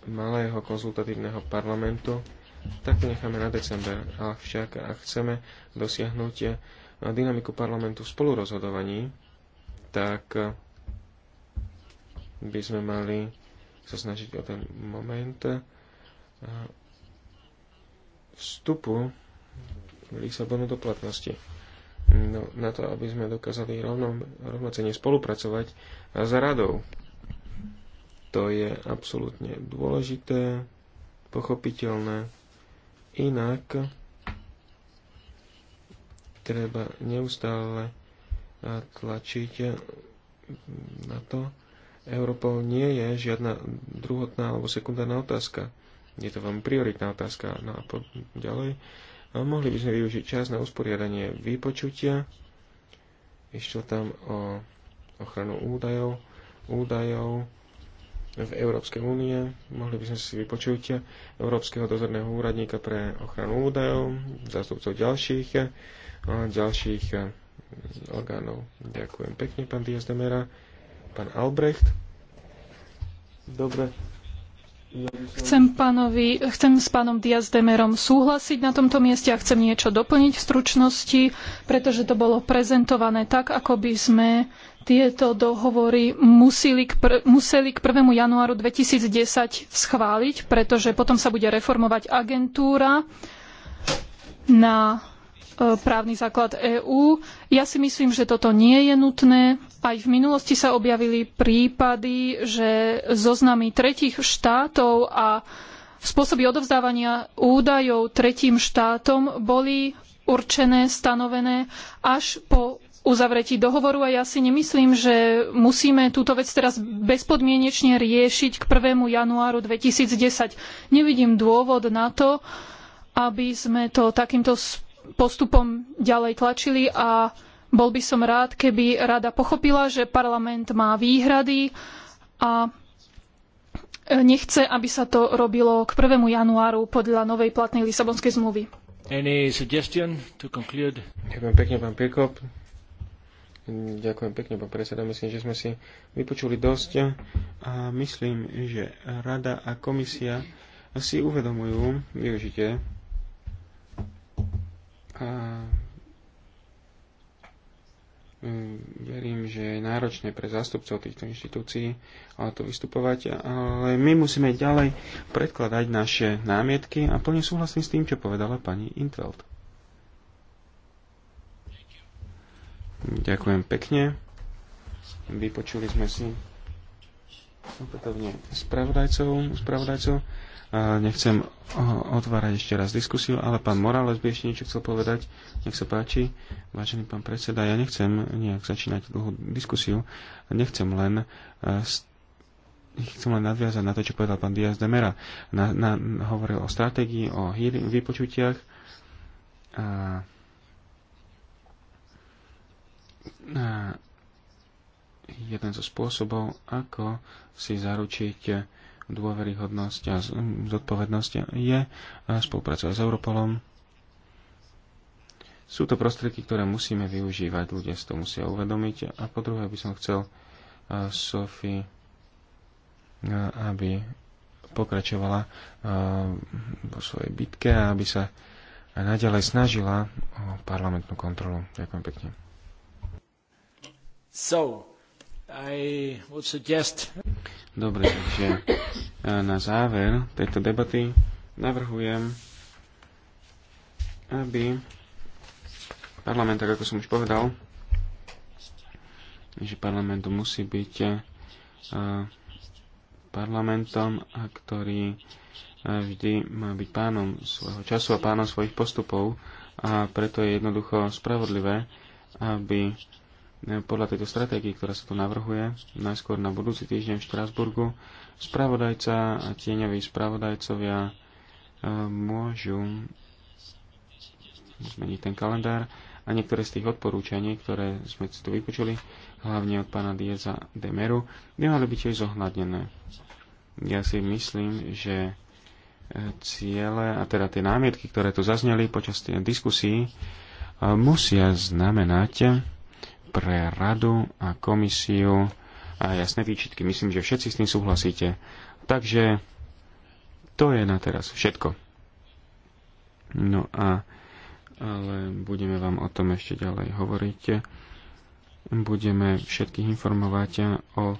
Speaker 1: malého konzultatívneho parlamentu, tak to necháme na december. A však ak chceme dosiahnuť eh, dynamiku parlamentu v spolurozhodovaní, tak eh, by sme mali sa snažiť o ten moment eh, vstupu Lisabonu do platnosti. No, na to, aby sme dokázali rovno, rovnocene spolupracovať s radou. To je absolútne dôležité, pochopiteľné. Inak treba neustále tlačiť na to. Europol nie je žiadna druhotná alebo sekundárna otázka. Je to veľmi prioritná otázka. No a po, ďalej. A mohli by sme využiť čas na usporiadanie vypočutia. Išlo tam o ochranu údajov, údajov, v Európskej únie. Mohli by sme si vypočuť Európskeho dozorného úradníka pre ochranu údajov, zástupcov ďalších, ďalších e, orgánov. Ďakujem pekne, pán Diazdemera, pán Albrecht. Dobre. Chcem,
Speaker 2: pánovi, chcem s pánom Diaz Demerom súhlasiť na tomto mieste a chcem niečo doplniť v stručnosti, pretože to bolo prezentované tak, ako by sme tieto dohovory museli k, pr- museli k 1. januáru 2010 schváliť, pretože potom sa bude reformovať agentúra na e, právny základ EÚ. Ja si myslím, že toto nie je nutné. Aj v minulosti sa objavili prípady, že zoznamy tretich štátov a spôsoby odovzdávania údajov tretím štátom boli určené, stanovené až po uzavretí dohovoru a ja si nemyslím, že musíme túto vec teraz bezpodmienečne riešiť k 1. januáru 2010. Nevidím dôvod na to, aby sme to takýmto postupom ďalej tlačili a bol by som rád, keby rada pochopila, že parlament má výhrady a e, nechce, aby sa to robilo k 1. januáru podľa novej platnej Lisabonskej zmluvy.
Speaker 1: Any suggestion to conclude? Ďakujem pekne, pán Ďakujem pekne, pán predseda. Myslím, že sme si vypočuli dosť a myslím, že rada a komisia si uvedomujú využite. a mm, verím, že je náročné pre zástupcov týchto inštitúcií ale to vystupovať, ale my musíme ďalej predkladať naše námietky a plne súhlasím s tým, čo povedala pani Intveld. Ďakujem pekne. Vypočuli sme si opätovne spravodajcov. spravodajcov. Nechcem otvárať ešte raz diskusiu, ale pán Morales by ešte niečo chcel povedať. Nech sa páči. Vážený pán predseda, ja nechcem nejak začínať dlhú diskusiu. Nechcem len e, chcem len nadviazať na to, čo povedal pán Diaz Demera. Mera. Na, na, hovoril o stratégii, o vypočutiach. A jeden zo spôsobov, ako si zaručiť dôveryhodnosť a zodpovednosť je eh, spolupracovať s Europolom. Sú to prostriedky, ktoré musíme využívať, ľudia si to musia uvedomiť. A po druhé by som chcel eh, Sofi, eh, aby pokračovala vo svojej bitke a aby sa naďalej snažila o parlamentnú kontrolu. Ďakujem pekne. So, I would suggest... Dobre, takže e, na záver tejto debaty navrhujem, aby parlament, tak ako som už povedal, že parlament musí byť e, parlamentom, ktorý e, vždy má byť pánom svojho času a pánom svojich postupov a preto je jednoducho spravodlivé, aby podľa tejto stratégie, ktorá sa tu navrhuje, najskôr na budúci týždeň v Štrásburgu, spravodajca a tieňoví spravodajcovia e, môžu zmeniť ten kalendár a niektoré z tých odporúčaní, ktoré sme si tu vypočuli, hlavne od pána Dieza Demeru, by mali byť tiež zohľadnené. Ja si myslím, že e, ciele a teda tie námietky, ktoré tu zazneli počas tej diskusí, e, musia znamenať, pre radu a komisiu a jasné výčitky. Myslím, že všetci s tým súhlasíte. Takže to je na teraz všetko. No a ale budeme vám o tom ešte ďalej hovoriť. Budeme všetkých informovať o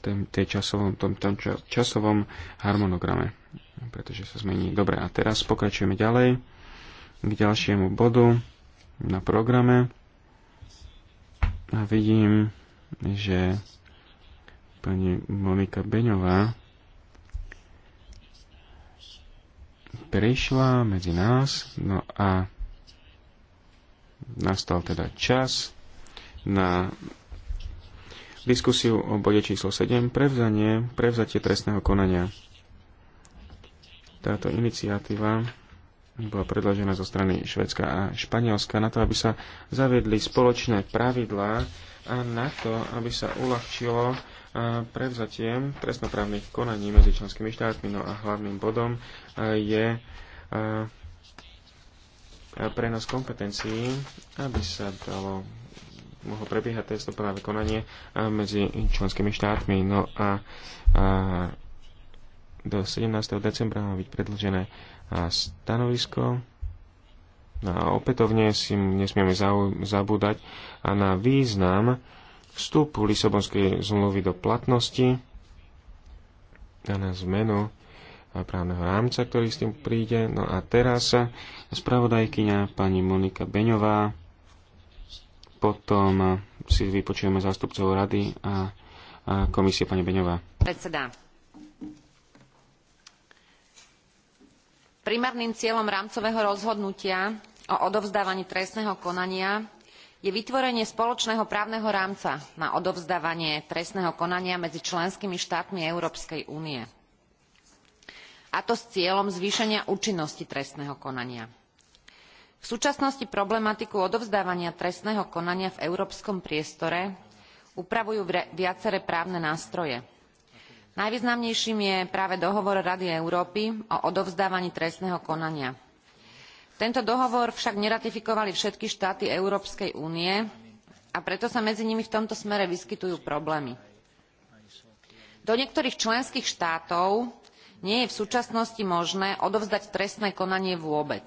Speaker 1: tém, tej časovom, tom, tom časovom harmonograme, pretože sa zmení. Dobre, a teraz pokračujeme ďalej k ďalšiemu bodu na programe. A vidím, že pani Monika Beňová prišla medzi nás, no a nastal teda čas na diskusiu o bode číslo 7, prevzanie, prevzatie trestného konania. Táto iniciatíva bola predložená zo strany Švedska a Španielska na to, aby sa zaviedli spoločné pravidlá a na to, aby sa uľahčilo prevzatie trestnoprávnych konaní medzi členskými štátmi. No a hlavným bodom je prenos kompetencií, aby sa dalo mohlo prebiehať trestnoprávne konanie medzi členskými štátmi. No a, a do 17. decembra má byť predlžené a stanovisko. A no, opätovne si nesmieme zabúdať a na význam vstupu Lisabonskej zmluvy do platnosti a na zmenu právneho rámca, ktorý s tým príde. No a teraz spravodajkyňa pani Monika Beňová, potom si vypočujeme zástupcov rady a, a komisie pani Beňová.
Speaker 4: Predseda primárnym cieľom rámcového rozhodnutia o odovzdávaní trestného konania je vytvorenie spoločného právneho rámca na odovzdávanie trestného konania medzi členskými štátmi európskej únie a to s cieľom zvýšenia účinnosti trestného konania. v súčasnosti problematiku odovzdávania trestného konania v európskom priestore upravujú viaceré právne nástroje Najvýznamnejším je práve dohovor Rady Európy o odovzdávaní trestného konania. Tento dohovor však neratifikovali všetky štáty Európskej únie a preto sa medzi nimi v tomto smere vyskytujú problémy. Do niektorých členských štátov nie je v súčasnosti možné odovzdať trestné konanie vôbec.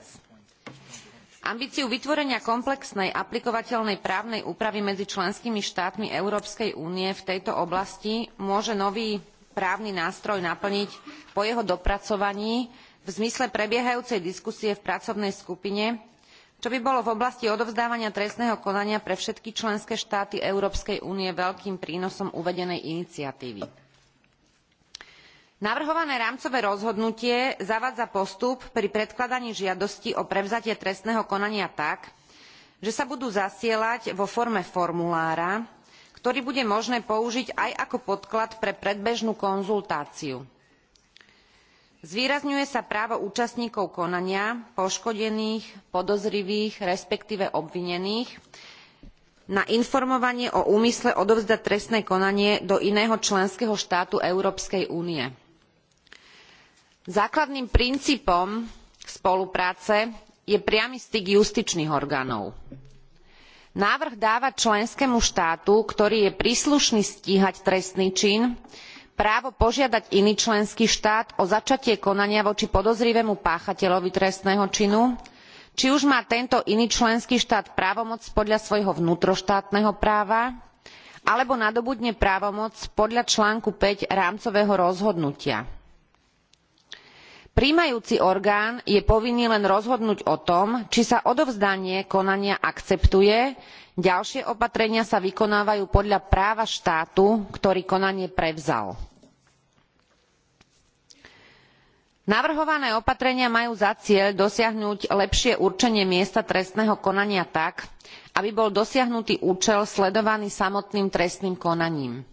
Speaker 4: Ambíciu vytvorenia komplexnej aplikovateľnej právnej úpravy medzi členskými štátmi Európskej únie v tejto oblasti môže nový právny nástroj naplniť po jeho dopracovaní v zmysle prebiehajúcej diskusie v pracovnej skupine čo by bolo v oblasti odovzdávania trestného konania pre všetky členské štáty európskej únie veľkým prínosom uvedenej iniciatívy. navrhované rámcové rozhodnutie zavádza postup pri predkladaní žiadosti o prevzatie trestného konania tak že sa budú zasielať vo forme formulára ktorý bude možné použiť aj ako podklad pre predbežnú konzultáciu. Zvýrazňuje sa právo účastníkov konania, poškodených, podozrivých, respektíve obvinených, na informovanie o úmysle odovzdať trestné konanie do iného členského štátu Európskej únie. Základným princípom spolupráce je priamy styk justičných orgánov návrh dáva členskému štátu ktorý je príslušný stíhať trestný čin právo požiadať iný členský štát o začatie konania voči podozrivému páchateľovi trestného činu či už má tento iný členský štát právomoc podľa svojho vnútroštátneho práva alebo nadobudne právomoc podľa článku five rámcového rozhodnutia prijímajúci orgán je povinný len rozhodnúť o tom či sa odovzdanie konania akceptuje ďalšie opatrenia sa vykonávajú podľa práva štátu ktorý konanie prevzal. navrhované opatrenia majú za cieľ dosiahnuť lepšie určenie miesta trestného konania tak aby bol dosiahnutý účel sledovaný samotným trestným konaním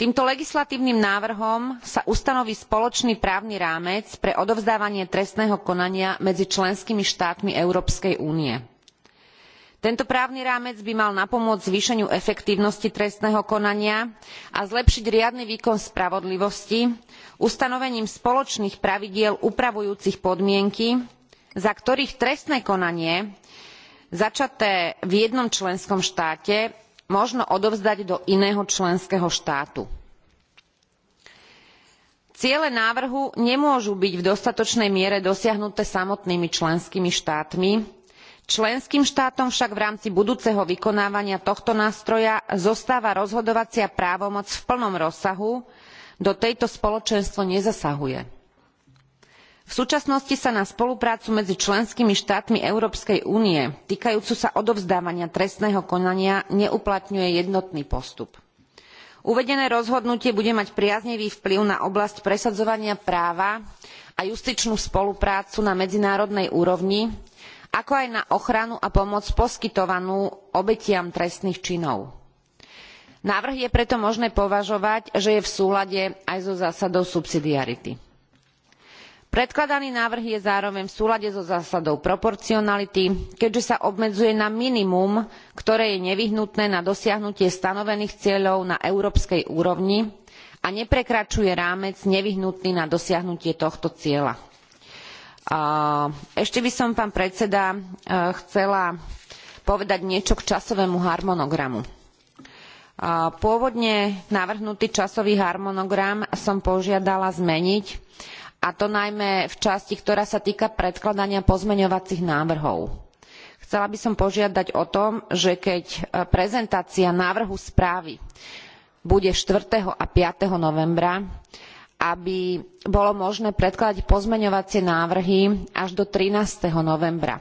Speaker 4: týmto legislatívnym návrhom sa ustanoví spoločný právny rámec pre odovzdávanie trestného konania medzi členskými štátmi európskej únie. tento právny rámec by mal napomôcť zvýšeniu efektívnosti trestného konania a zlepšiť riadny výkon spravodlivosti ustanovením spoločných pravidiel upravujúcich podmienky za ktorých trestné konanie začaté v jednom členskom štáte možno odovzdať do iného členského štátu. Ciele návrhu nemôžu byť v dostatočnej miere dosiahnuté samotnými členskými štátmi. Členským štátom však v rámci budúceho vykonávania tohto nástroja zostáva rozhodovacia právomoc v plnom rozsahu, do tejto spoločenstvo nezasahuje v súčasnosti sa na spoluprácu medzi členskými štátmi európskej únie týkajúcu sa odovzdávania trestného konania neuplatňuje jednotný postup. uvedené rozhodnutie bude mať priaznivý vplyv na oblasť presadzovania práva a justičnú spoluprácu na medzinárodnej úrovni ako aj na ochranu a pomoc poskytovanú obetiam trestných činov. návrh je preto možné považovať že je v súlade aj so zásadou subsidiarity predkladaný návrh je zároveň v súlade so zásadou proporcionality keďže sa obmedzuje na minimum ktoré je nevyhnutné na dosiahnutie stanovených cieľov na európskej úrovni a neprekračuje rámec nevyhnutný na dosiahnutie tohto cieľa. ešte by som pán predseda e, chcela povedať niečo k časovému harmonogramu. pôvodne navrhnutý časový harmonogram som požiadala zmeniť a to najmä v časti, ktorá sa týka predkladania pozmeňovacích návrhov chcela by som požiadať o to že keď e, prezentácia návrhu správy bude. four a five novembra aby bolo možné predkladať pozmeňovacie návrhy až do. thirteen novembra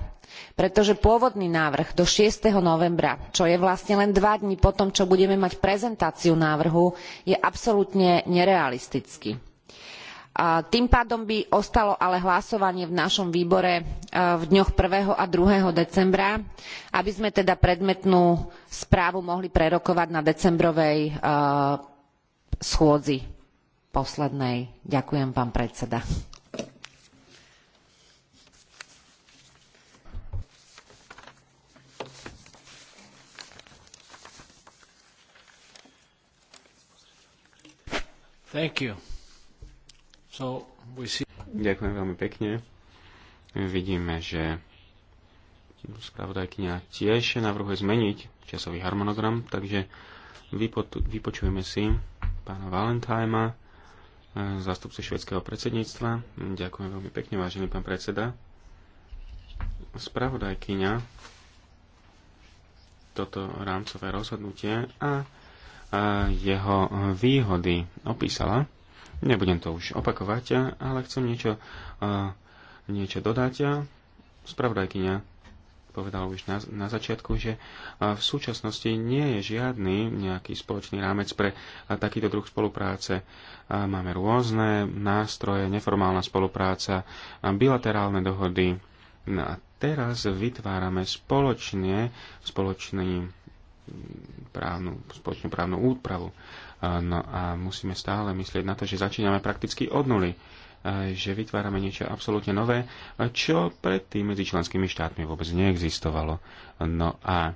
Speaker 4: pretože pôvodný návrh do. six novembra čo je vlastne len dva dní po tom čo budeme mať prezentáciu návrhu je absolútne nerealistický tým pádom by ostalo ale hlasovanie v našom výbore e, v dňoch. one a. two decembra aby sme teda predmetnú správu mohli prerokovať na decembrovej e, schôdzi poslednej. ďakujem pán predseda.
Speaker 1: So see... Ďakujem veľmi pekne. Vidíme, že spravodajkňa tiež navrhuje zmeniť časový harmonogram, takže vypočujeme si pána Valentajma, eh, zástupce švedského predsedníctva. Ďakujem veľmi pekne, vážený pán predseda. Spravodajkyňa toto rámcové rozhodnutie a jeho výhody opísala. Nebudem to už opakovať, ale chcem niečo, niečo dodať. Spravodajkyňa povedal už na, na začiatku, že v súčasnosti nie je žiadny nejaký spoločný rámec pre takýto druh spolupráce. Máme rôzne nástroje, neformálna spolupráca, bilaterálne dohody. No a teraz vytvárame spoločne, spoločný právnu, spoločnú právnu úpravu. No a musíme stále myslieť na to, že začíname prakticky od nuly že vytvárame niečo absolútne nové, čo predtým medzi členskými štátmi vôbec neexistovalo. No a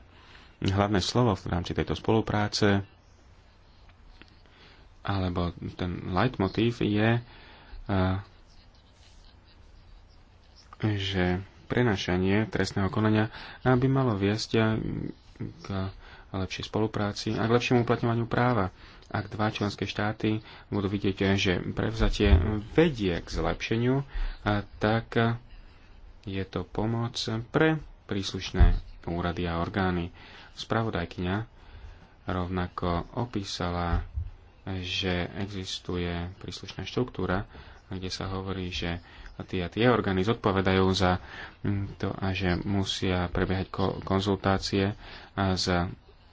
Speaker 1: hlavné slovo v rámci tejto spolupráce alebo ten leitmotív je že prenašanie trestného konania by malo viesť k lepšej spolupráci a k lepšiemu uplatňovaniu práva ak dva členské štáty budú vidieť, že prevzatie vedie k zlepšeniu, tak je to pomoc pre príslušné úrady a orgány. Spravodajkyňa rovnako opísala, že existuje príslušná štruktúra, kde sa hovorí, že tie a tie orgány zodpovedajú za to a že musia prebiehať konzultácie s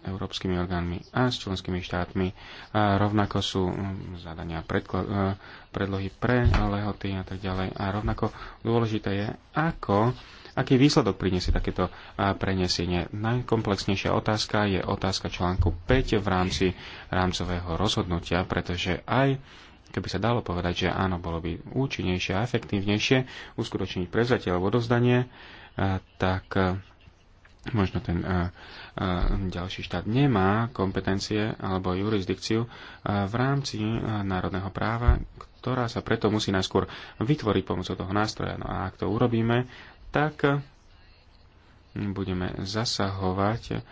Speaker 1: európskymi orgánmi a s členskými štátmi. A rovnako sú mm, zadania e, predlohy pre lehoty a tak ďalej. A rovnako dôležité je, ako aký výsledok priniesie takéto prenesenie. Najkomplexnejšia otázka je otázka článku 5 v rámci rámcového rozhodnutia, pretože aj keby sa dalo povedať, že áno, bolo by účinnejšie a efektívnejšie uskutočniť prezatie alebo dozdanie, tak možno ten a, a, ďalší štát nemá kompetencie alebo jurisdikciu v rámci národného práva, ktorá sa preto musí najskôr vytvoriť pomocou toho nástroja. No a ak to urobíme, tak budeme zasahovať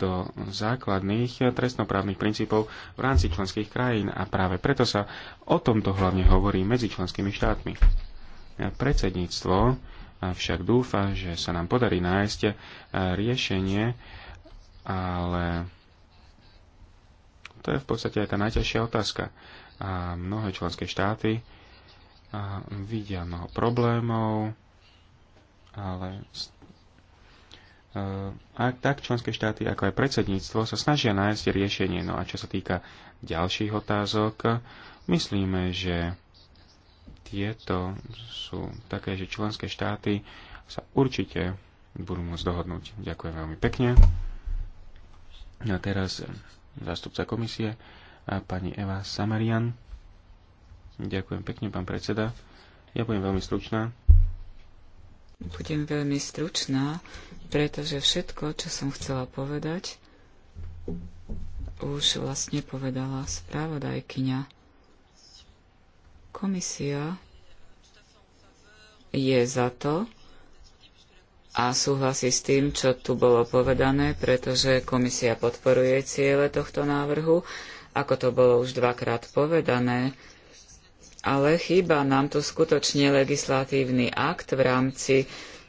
Speaker 1: do základných trestnoprávnych princípov v rámci členských krajín a práve preto sa o tomto hlavne hovorí medzi členskými štátmi. Predsedníctvo však dúfa, že sa nám podarí nájsť e, riešenie, ale to je v podstate aj tá najťažšia otázka. A mnohé členské štáty vidia mnoho problémov, ale e, a tak členské štáty ako aj predsedníctvo sa snažia nájsť riešenie. No a čo sa týka ďalších otázok, myslíme, že tieto sú také, že členské štáty sa určite budú môcť dohodnúť. Ďakujem veľmi pekne. A teraz zástupca komisie, pani Eva Samarian. Ďakujem pekne, pán predseda. Ja budem veľmi stručná.
Speaker 3: Budem veľmi stručná, pretože všetko, čo som chcela povedať, už vlastne povedala spravodajkyňa. Komisia je za to a súhlasí s tým, čo tu bolo povedané, pretože komisia podporuje ciele tohto návrhu, ako to bolo už dvakrát povedané, ale chýba nám tu skutočne legislatívny akt v rámci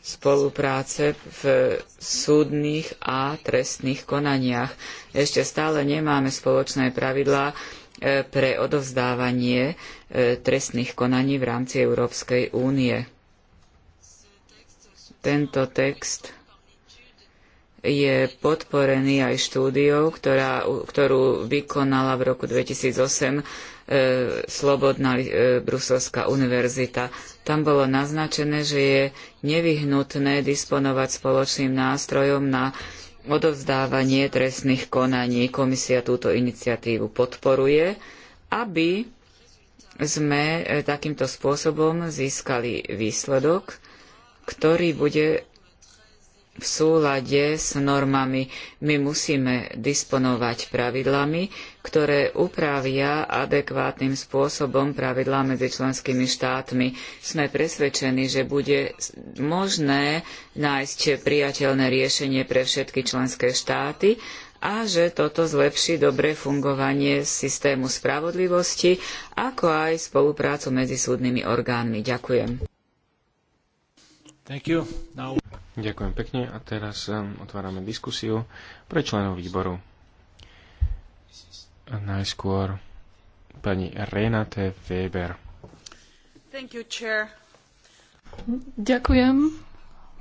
Speaker 3: spolupráce v súdnych a trestných konaniach. Ešte stále nemáme spoločné pravidlá E, pre odovzdávanie e, trestných konaní v rámci Európskej únie. Tento text je podporený aj štúdiou, ktorá, ktorú vykonala v roku 2008 e, Slobodná e, Bruselská univerzita. Tam bolo naznačené, že je nevyhnutné disponovať spoločným nástrojom na odovzdávanie trestných konaní. Komisia túto iniciatívu podporuje, aby sme e, takýmto spôsobom získali výsledok, ktorý bude v súlade s normami. My musíme disponovať pravidlami, ktoré upravia adekvátnym spôsobom pravidlá medzi členskými štátmi. Sme presvedčení, že bude možné nájsť prijateľné riešenie pre všetky členské štáty a že toto zlepší dobré fungovanie systému spravodlivosti, ako aj spoluprácu medzi súdnymi orgánmi. Ďakujem.
Speaker 1: Ďakujem pekne a teraz otvárame diskusiu pre členov výboru. A najskôr pani Renate Weber.
Speaker 3: You,
Speaker 2: Ďakujem,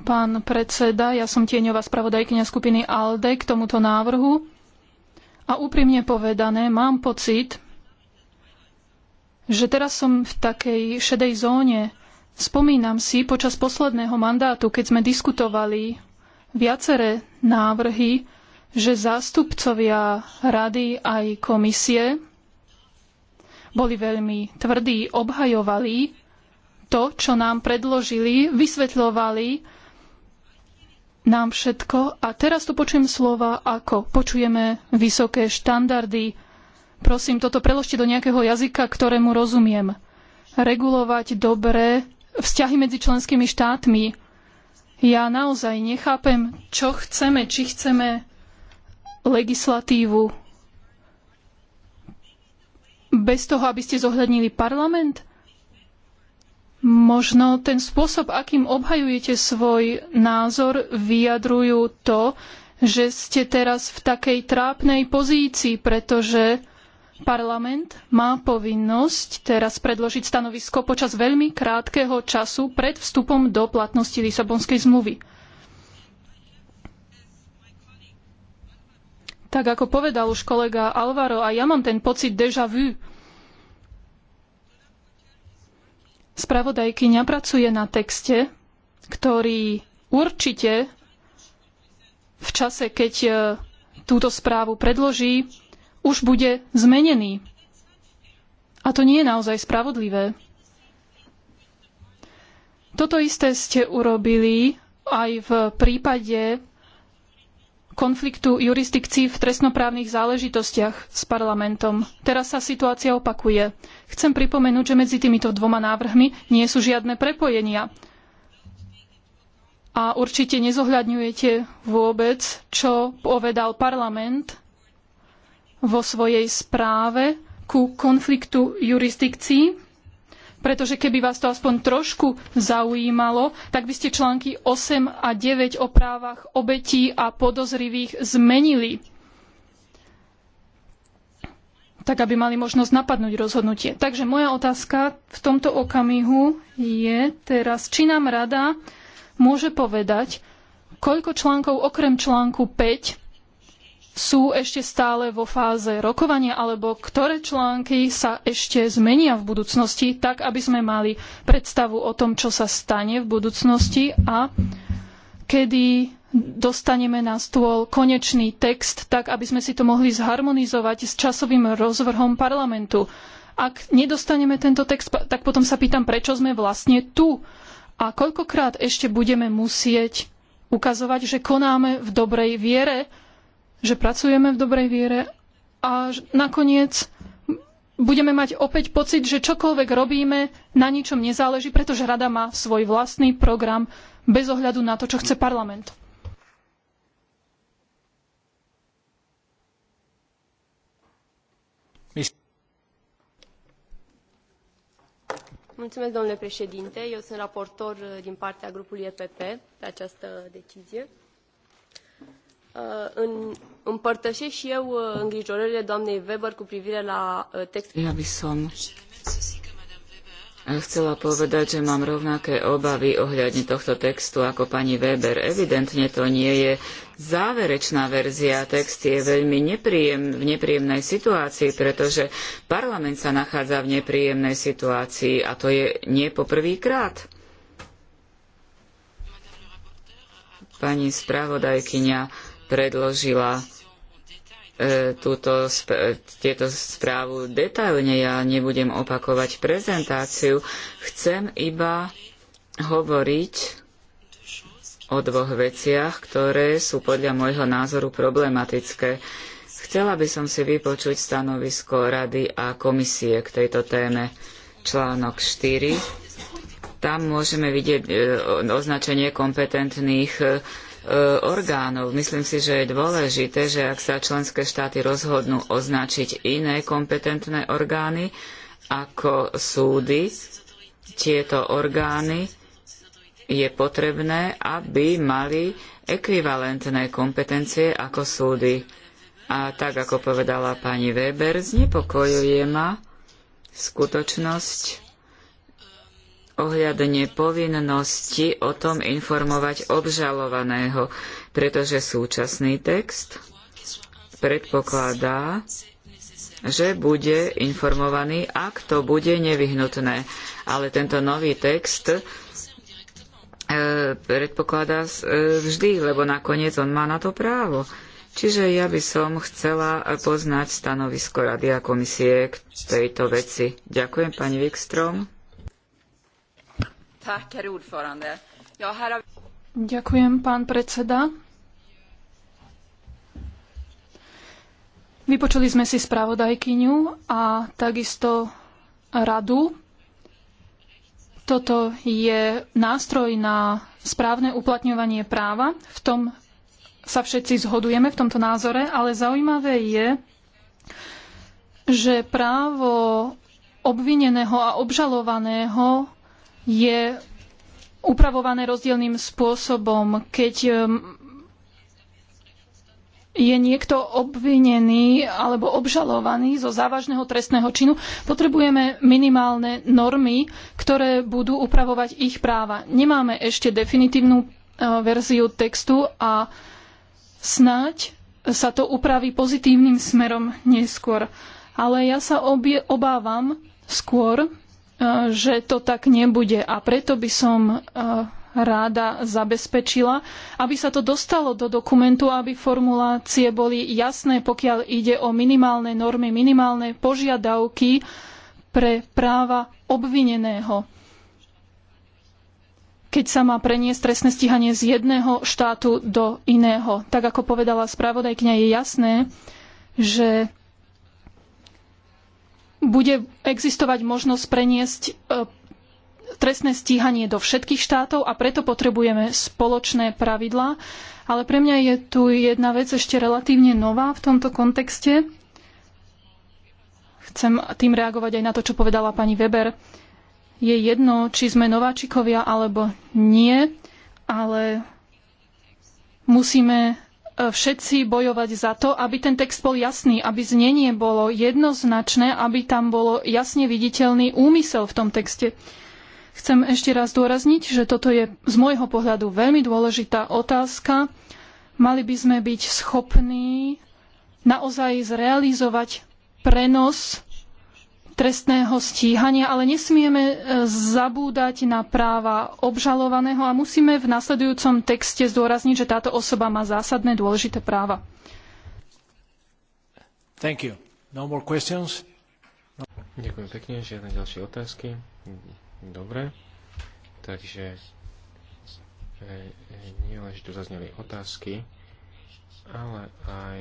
Speaker 2: pán predseda. Ja som tieňová spravodajkynia skupiny ALDE k tomuto návrhu. A úprimne povedané, mám pocit, že teraz som v takej šedej zóne, Spomínam si, počas posledného mandátu, keď sme diskutovali viaceré návrhy, že zástupcovia rady aj komisie boli veľmi tvrdí, obhajovali to, čo nám predložili, vysvetľovali nám všetko. A teraz tu počujem slova ako počujeme vysoké štandardy. Prosím, toto preložte do nejakého jazyka, ktorému rozumiem. Regulovať dobre vzťahy medzi členskými štátmi. Ja naozaj nechápem, čo chceme, či chceme legislatívu bez toho, aby ste zohľadnili parlament? Možno ten spôsob, akým obhajujete svoj názor, vyjadrujú to, že ste teraz v takej trápnej pozícii, pretože Parlament má povinnosť teraz predložiť stanovisko počas veľmi krátkeho času pred vstupom do platnosti Lisabonskej zmluvy. Tak ako povedal už kolega Alvaro, a ja mám ten pocit deja vu. Spravodajkyňa pracuje na texte, ktorý určite v čase, keď e, túto správu predloží, už bude zmenený. A to nie je naozaj spravodlivé. Toto isté ste urobili aj v prípade konfliktu jurisdikcií v trestnoprávnych záležitostiach s parlamentom. Teraz sa situácia opakuje. Chcem pripomenúť, že medzi týmito dvoma návrhmi nie sú žiadne prepojenia. A určite nezohľadňujete vôbec, čo povedal parlament vo svojej správe ku konfliktu jurisdikcií, pretože keby vás to aspoň trošku zaujímalo, tak by ste články 8 a 9 o právach obetí a podozrivých zmenili tak aby mali možnosť napadnúť rozhodnutie. Takže moja otázka v tomto okamihu je teraz, či nám rada môže povedať, koľko článkov okrem článku 5 sú ešte stále vo fáze rokovania, alebo ktoré články sa ešte zmenia v budúcnosti, tak aby sme mali predstavu o tom, čo sa stane v budúcnosti a kedy dostaneme na stôl konečný text, tak aby sme si to mohli zharmonizovať s časovým rozvrhom parlamentu. Ak nedostaneme tento text, tak potom sa pýtam, prečo sme vlastne tu a koľkokrát ešte budeme musieť ukazovať, že konáme v dobrej viere, že pracujeme v dobrej viere a nakoniec budeme mať opäť pocit, že čokoľvek robíme, na ničom nezáleží, pretože rada má svoj vlastný program bez ohľadu na to, čo chce parlament.
Speaker 3: eu sunt raportor din partea grupului ppe pe această decizie. Uh, împărtășesc și eu uh, îngrijorările doamnei Weber cu privire la uh, textul. Ja by som chcela povedať, že mám rovnaké obavy ohľadne tohto textu ako pani Weber. Evidentne to nie je záverečná verzia. Text je veľmi nepríjem, v nepríjemnej situácii, pretože parlament sa nachádza v nepríjemnej situácii a to je nie po prvýkrát. Pani spravodajkyňa, predložila e, túto, tieto správu detailne. Ja nebudem opakovať prezentáciu. Chcem iba hovoriť o dvoch veciach, ktoré sú podľa môjho názoru problematické. Chcela by som si vypočuť stanovisko Rady a komisie k tejto téme. Článok 4. Tam môžeme vidieť e, označenie kompetentných e, E, orgánov. Myslím si, že je dôležité, že ak sa členské štáty rozhodnú označiť iné kompetentné orgány ako súdy, tieto orgány je potrebné, aby mali ekvivalentné kompetencie ako súdy. A tak, ako povedala pani Weber, znepokojuje ma skutočnosť, ohľadne povinnosti o tom informovať obžalovaného, pretože súčasný text predpokladá, že bude informovaný, ak to bude nevyhnutné. Ale tento nový text e, predpokladá e, vždy, lebo nakoniec on má na to právo. Čiže ja by som chcela poznať stanovisko Rady a komisie k tejto veci. Ďakujem, pani Wikstrom.
Speaker 2: Ďakujem, pán predseda. Vypočuli sme si spravodajkyňu a takisto radu. Toto je nástroj na správne uplatňovanie práva. V tom sa všetci zhodujeme v tomto názore, ale zaujímavé je, že právo obvineného a obžalovaného je upravované rozdielnym spôsobom. Keď um, je niekto obvinený alebo obžalovaný zo závažného trestného činu, potrebujeme minimálne normy, ktoré budú upravovať ich práva. Nemáme ešte definitívnu uh, verziu textu a snáď sa to upraví pozitívnym smerom neskôr. Ale ja sa obie, obávam skôr, E, že to tak nebude. A preto by som e, ráda zabezpečila, aby sa to dostalo do dokumentu, aby formulácie boli jasné, pokiaľ ide o minimálne normy, minimálne požiadavky pre práva obvineného. Keď sa má preniesť trestné stíhanie z jedného štátu do iného. Tak ako povedala spravodajkňa, je jasné, že bude existovať možnosť preniesť e, trestné stíhanie do všetkých štátov a preto potrebujeme spoločné pravidlá. Ale pre mňa je tu jedna vec ešte relatívne nová v tomto kontexte. Chcem tým reagovať aj na to, čo povedala pani Weber. Je jedno, či sme nováčikovia alebo nie, ale musíme E, všetci bojovať za to, aby ten text bol jasný, aby znenie bolo jednoznačné, aby tam bolo jasne viditeľný úmysel v tom texte. Chcem ešte raz dôrazniť, že toto je z môjho pohľadu veľmi dôležitá otázka. Mali by sme byť schopní naozaj zrealizovať prenos trestného stíhania, ale nesmieme e, zabúdať na práva obžalovaného a musíme v nasledujúcom texte zdôrazniť, že táto osoba má zásadné dôležité práva.
Speaker 1: No no... Ďakujem pekne, žiadne ďalšie otázky. Dobre. Takže e, e, nie len, že tu zazneli otázky, ale aj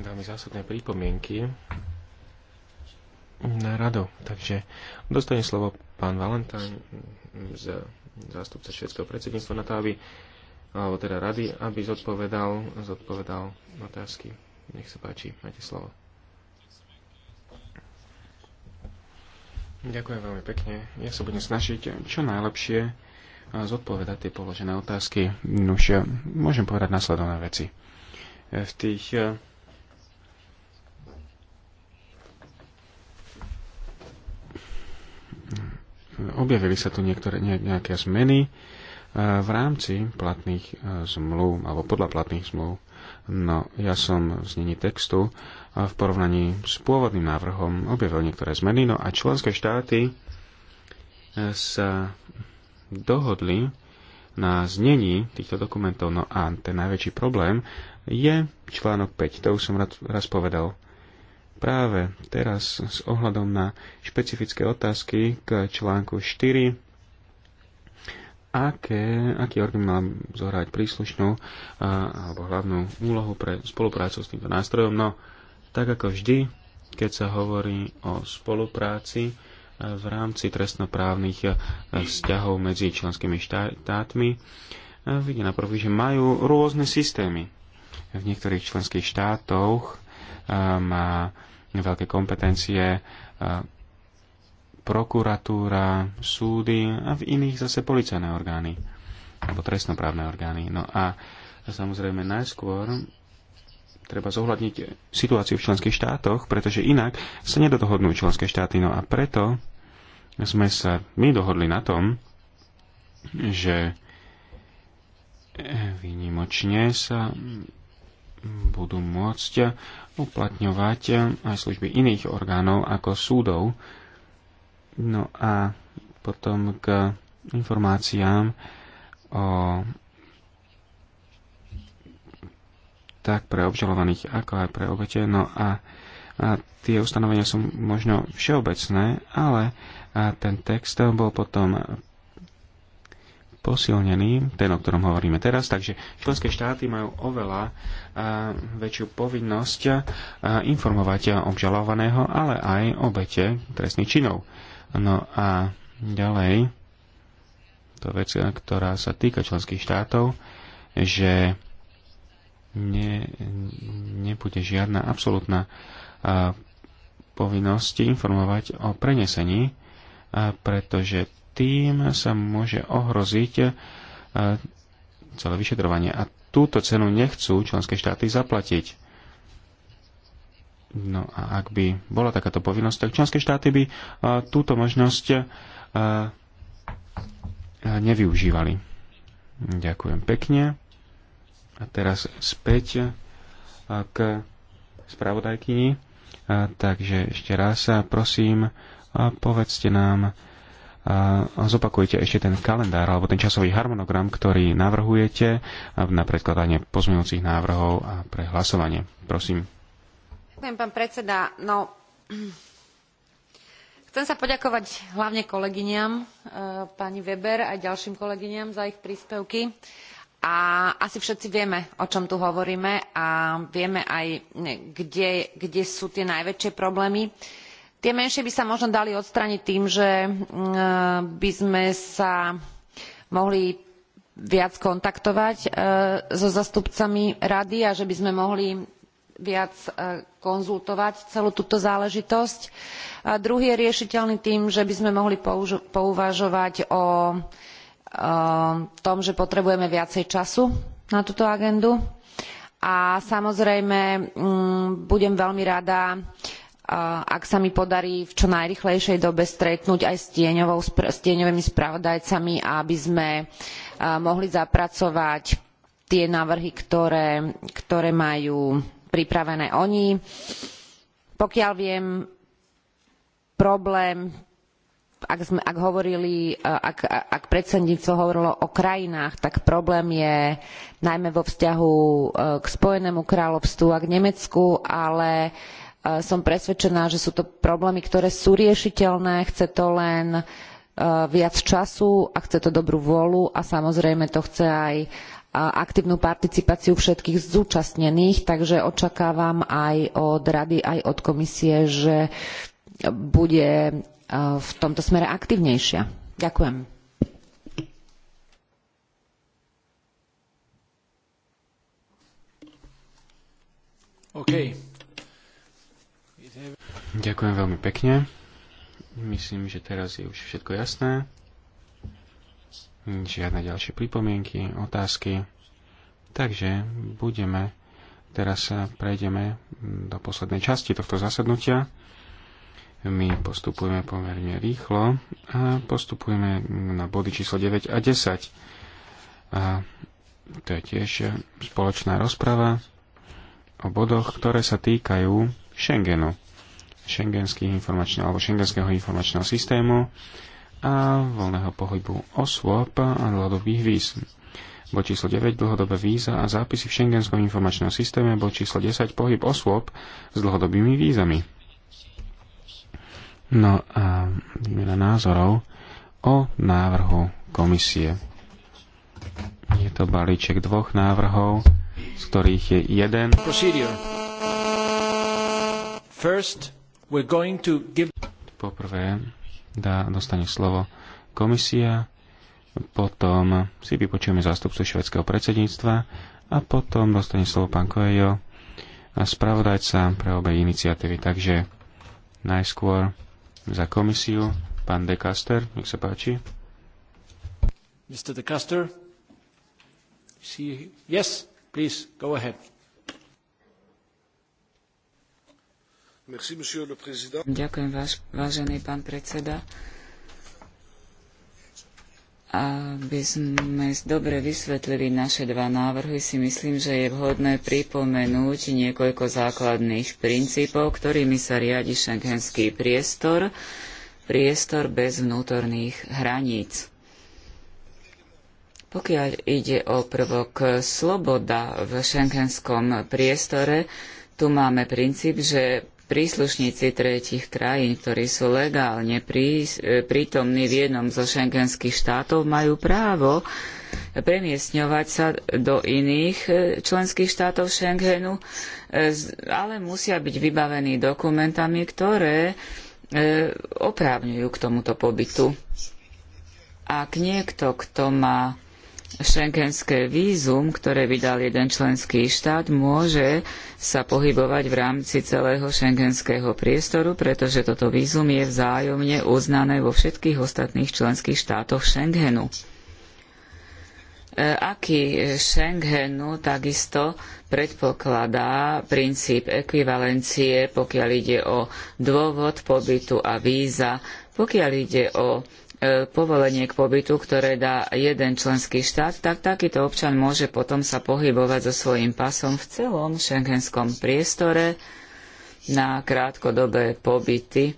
Speaker 1: veľmi zásadné pripomienky na rado. Takže dostane slovo pán Valentán z zástupca švedského predsedníctva na to, aby, alebo teda rady, aby zodpovedal, zodpovedal otázky. Nech sa páči, máte slovo. Ďakujem veľmi pekne. Ja sa budem snažiť čo najlepšie zodpovedať tie položené otázky. Už môžem povedať následovné veci. V tých objavili sa tu niektoré, nejaké zmeny e, v rámci platných e, zmluv, alebo podľa platných zmluv. No, ja som v znení textu v porovnaní s pôvodným návrhom objavil niektoré zmeny, no a členské štáty e, sa dohodli na znení týchto dokumentov, no a ten najväčší problém je článok 5, to už som raz povedal práve teraz s ohľadom na špecifické otázky k článku 4 aké, aký orgán mal zohrať príslušnú a, alebo hlavnú úlohu pre spoluprácu s týmto nástrojom. No, tak ako vždy, keď sa hovorí o spolupráci v rámci trestnoprávnych vzťahov medzi členskými štátmi, vidie na prvý, že majú rôzne systémy. V niektorých členských štátoch má veľké kompetencie e, prokuratúra, súdy a v iných zase policajné orgány alebo trestnoprávne orgány. No a samozrejme najskôr treba zohľadniť situáciu v členských štátoch, pretože inak sa nedodohodnú členské štáty. No a preto sme sa my dohodli na tom, že výnimočne sa budú môcť uplatňovať aj služby iných orgánov ako súdov. No a potom k informáciám o tak pre obžalovaných, ako aj pre obete. No a, a tie ustanovenia sú možno všeobecné, ale a ten text bol potom posilnený, ten, o ktorom hovoríme teraz. Takže členské štáty majú oveľa väčšiu povinnosť informovať obžalovaného, ale aj obete trestných činov. No a ďalej, to vec, ktorá sa týka členských štátov, že ne, nebude žiadna absolútna povinnosť informovať o prenesení, pretože tým sa môže ohroziť e, celé vyšetrovanie. A túto cenu nechcú členské štáty zaplatiť. No a ak by bola takáto povinnosť, tak členské štáty by e, túto možnosť e, nevyužívali. Ďakujem pekne. A teraz späť k spravodajkyni. Takže ešte raz prosím, povedzte nám, zopakujte ešte ten kalendár alebo ten časový harmonogram, ktorý navrhujete na predkladanie pozmeňujúcich návrhov a pre hlasovanie. Prosím.
Speaker 4: Ďakujem, pán predseda. No, chcem sa poďakovať hlavne kolegyňam, e, pani Weber a ďalším kolegyňam za ich príspevky. A asi všetci vieme, o čom tu hovoríme a vieme aj, kde, kde sú tie najväčšie problémy. Uh, tie menšie by sa možno dali odstrániť tým že mm, by sme sa mohli viac kontaktovať e, so zástupcami rady a že by sme mohli viac e, konzultovať celú túto záležitosť. druhý je riešiteľný tým že by sme mohli pouvažovať o e, tom že potrebujeme viacej času na túto agendu a samozrejme mm, budem veľmi rada ak sa mi podarí v čo najrychlejšej dobe stretnúť aj s, tieňovými spravodajcami, aby sme e, mohli zapracovať tie návrhy, ktoré, ktoré majú pripravené oni. Pokiaľ viem, problém ak, sme, ak, hovorili, e, ak, ak predsedníctvo hovorilo o krajinách, tak problém je najmä vo vzťahu e, k Spojenému kráľovstvu a k Nemecku, ale uh, som presvedčená, že sú to problémy, ktoré sú riešiteľné, chce to len e, viac času a chce to dobrú vôľu a samozrejme to chce aj e, aktívnu participáciu všetkých zúčastnených, takže očakávam aj od rady, aj od komisie, že bude e, v tomto smere aktívnejšia. Ďakujem.
Speaker 1: Okay. Ďakujem veľmi pekne. Myslím, že teraz je už všetko jasné. Žiadne ďalšie pripomienky, otázky. Takže budeme, teraz sa prejdeme do poslednej časti tohto zasadnutia. My postupujeme pomerne rýchlo a postupujeme na body číslo 9 a 10. A to je tiež spoločná rozprava o bodoch, ktoré sa týkajú Schengenu informačného alebo šengenského informačného systému a voľného pohybu osôb a dlhodobých víz. Bod číslo 9 dlhodobé víza a zápisy v šengenskom informačnom systéme. Bod číslo 10 pohyb osôb s dlhodobými vízami. No a výmena názorov o návrhu komisie. Je to balíček dvoch návrhov, z ktorých je jeden. First, Poprvé dá, dostane slovo komisia, potom si vypočujeme zástupcu švedského predsedníctva a potom dostane slovo pán Kojejo a spravodajca pre obe iniciatívy. Takže najskôr za komisiu pán De Caster, nech sa páči. Mr. De Caster, see, yes, please, go ahead. Ďakujem,
Speaker 3: váš, vážený pán predseda. Aby sme dobre vysvetlili naše dva návrhy, si myslím, že je vhodné pripomenúť niekoľko základných princípov, ktorými sa riadi šengenský priestor, priestor bez vnútorných hraníc. Pokiaľ ide o prvok sloboda v šengenskom priestore, tu máme princíp, že príslušníci tretich krajín, ktorí sú legálne e, prítomní v jednom zo šengenských štátov, majú právo premiestňovať sa do iných e, členských štátov Schengenu, e, ale musia byť vybavení dokumentami, ktoré oprávňujú k tomuto pobytu. Ak niekto, kto má Schengenské vízum, ktoré vydal jeden členský štát, môže sa pohybovať v rámci celého schengenského priestoru, pretože toto vízum je vzájomne uznané vo všetkých ostatných členských štátoch Schengenu. E, aký Schengenu takisto predpokladá princíp ekvivalencie, pokiaľ ide o dôvod pobytu a víza, pokiaľ ide o E, povolenie k pobytu, ktoré dá jeden členský štát, tak takýto občan môže potom sa pohybovať so svojím pasom v celom schengenskom priestore na krátkodobé pobyty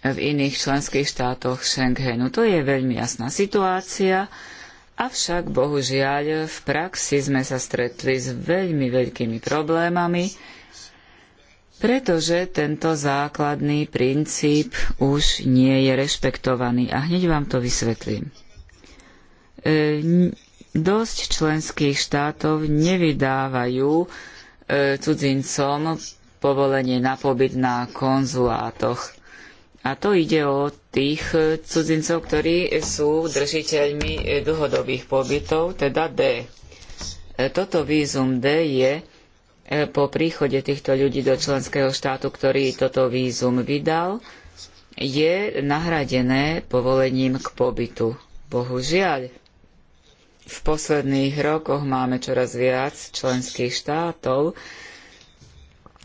Speaker 3: v iných členských štátoch Schengenu. To je veľmi jasná situácia, avšak bohužiaľ v praxi sme sa stretli s veľmi veľkými problémami, pretože tento základný princíp už nie je rešpektovaný. A hneď vám to vysvetlím. E, dosť členských štátov nevydávajú e, cudzincom povolenie na pobyt na konzulátoch. A to ide o tých cudzincov, ktorí sú držiteľmi e, dlhodobých pobytov, teda D. E, toto vízum D je po príchode týchto ľudí do členského štátu, ktorý toto vízum vydal, je nahradené povolením k pobytu. Bohužiaľ, v posledných rokoch máme čoraz viac členských štátov,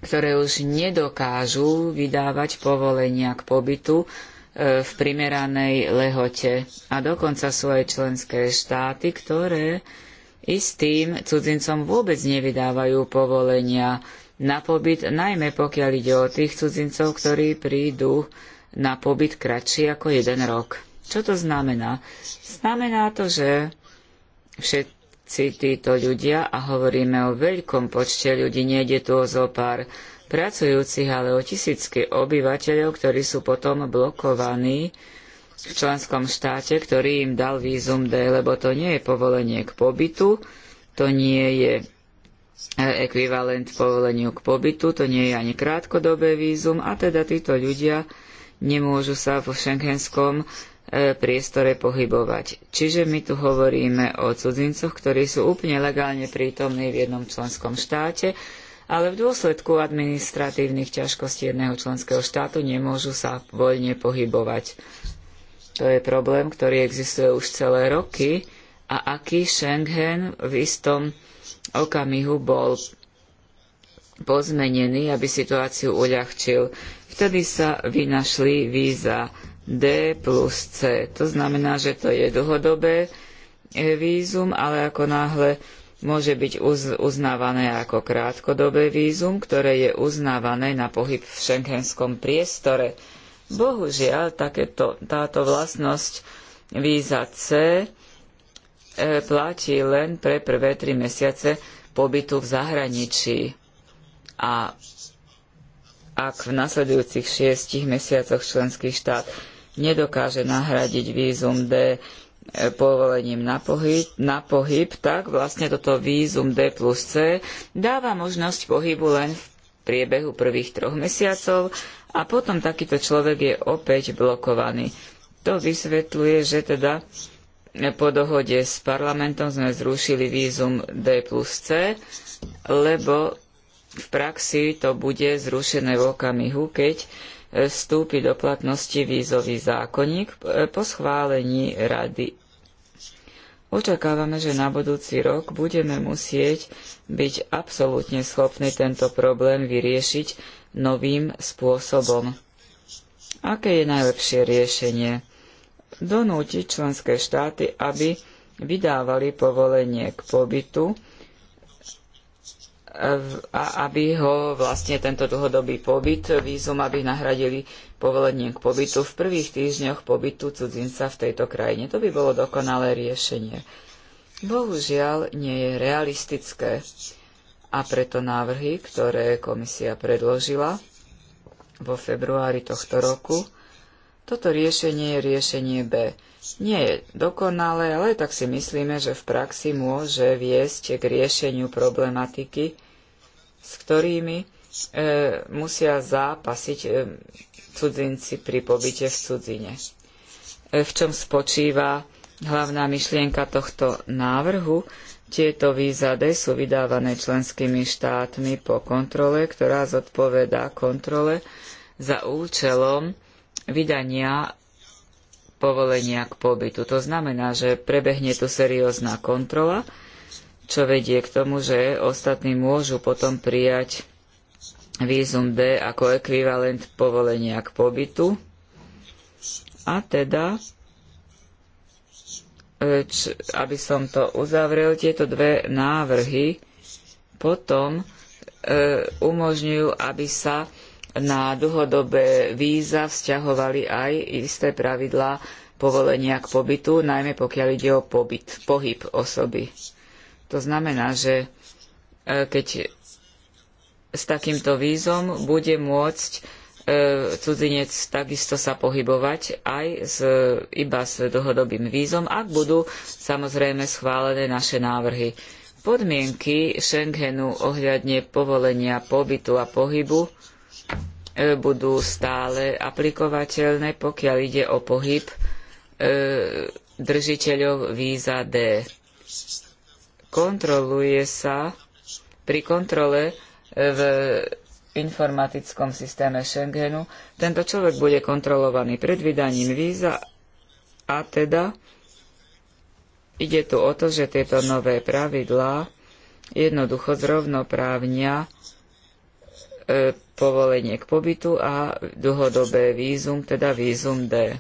Speaker 3: ktoré už nedokážu vydávať povolenia k pobytu e, v primeranej lehote. A dokonca sú aj členské štáty, ktoré istým cudzincom vôbec nevydávajú povolenia na pobyt, najmä pokiaľ ide o tých cudzincov, ktorí prídu na pobyt kratší ako jeden rok. Čo to znamená? Znamená to, že všetci títo ľudia, a hovoríme o veľkom počte ľudí, nejde tu o zopár pár pracujúcich, ale o tisícky obyvateľov, ktorí sú potom blokovaní v členskom štáte, ktorý im dal vízum D, lebo to nie je povolenie k pobytu, to nie je e, ekvivalent povoleniu k pobytu, to nie je ani krátkodobé vízum a teda títo ľudia nemôžu sa vo šengenskom e, priestore pohybovať. Čiže my tu hovoríme o cudzincoch, ktorí sú úplne legálne prítomní v jednom členskom štáte, ale v dôsledku administratívnych ťažkostí jedného členského štátu nemôžu sa voľne pohybovať. To je problém, ktorý existuje už celé roky a aký Schengen v istom okamihu bol pozmenený, aby situáciu uľahčil. Vtedy sa vynašli víza D plus C. To znamená, že to je dlhodobé e, vízum, ale ako náhle môže byť uznávané ako krátkodobé vízum, ktoré je uznávané na pohyb v schengenskom priestore. Bohužiaľ, takéto, táto vlastnosť víza C e, platí len pre prvé tri mesiace pobytu v zahraničí. A ak v nasledujúcich šiestich mesiacoch členský štát nedokáže nahradiť vízum D e, povolením na pohyb, na pohyb, tak vlastne toto vízum D plus C dáva možnosť pohybu len v priebehu prvých troch mesiacov a potom takýto človek je opäť blokovaný. To vysvetľuje, že teda po dohode s parlamentom sme zrušili vízum D plus C, lebo v praxi to bude zrušené v okamihu, keď vstúpi do platnosti vízový zákonník po schválení Rady Očakávame, že na budúci rok budeme musieť byť absolútne schopní tento problém vyriešiť novým spôsobom. Aké je najlepšie riešenie? Donútiť členské štáty, aby vydávali povolenie k pobytu a aby ho vlastne tento dlhodobý pobyt, vízum, aby nahradili povolenie k pobytu v prvých týždňoch pobytu cudzinca v tejto krajine. To by bolo dokonalé riešenie. Bohužiaľ nie je realistické a preto návrhy, ktoré komisia predložila vo februári tohto roku, toto riešenie je riešenie B. Nie je dokonalé, ale tak si myslíme, že v praxi môže viesť k riešeniu problematiky, s ktorými e, musia zápasiť e, cudzinci pri pobyte v cudzine. E, v čom spočíva hlavná myšlienka tohto návrhu? Tieto výzady sú vydávané členskými štátmi po kontrole, ktorá zodpovedá kontrole za účelom vydania povolenia k pobytu. To znamená, že prebehne tu seriózna kontrola, čo vedie k tomu, že ostatní môžu potom prijať vízum D ako ekvivalent povolenia k pobytu. A teda, e, č, aby som to uzavrel, tieto dve návrhy potom e, umožňujú, aby sa na dlhodobé víza vzťahovali aj isté pravidlá povolenia k pobytu, najmä pokiaľ ide o pobyt, pohyb osoby. To znamená, že e, keď s takýmto vízom bude môcť e, cudzinec takisto sa pohybovať aj s, iba s dlhodobým vízom, ak budú samozrejme schválené naše návrhy. Podmienky Schengenu ohľadne povolenia pobytu a pohybu e, budú stále aplikovateľné, pokiaľ ide o pohyb držiteľov víza D kontroluje sa pri kontrole e, v informatickom systéme Schengenu. Tento človek bude kontrolovaný pred vydaním víza a teda ide tu o to, že tieto nové pravidlá jednoducho zrovnoprávnia e, povolenie k pobytu a dlhodobé vízum, teda vízum D.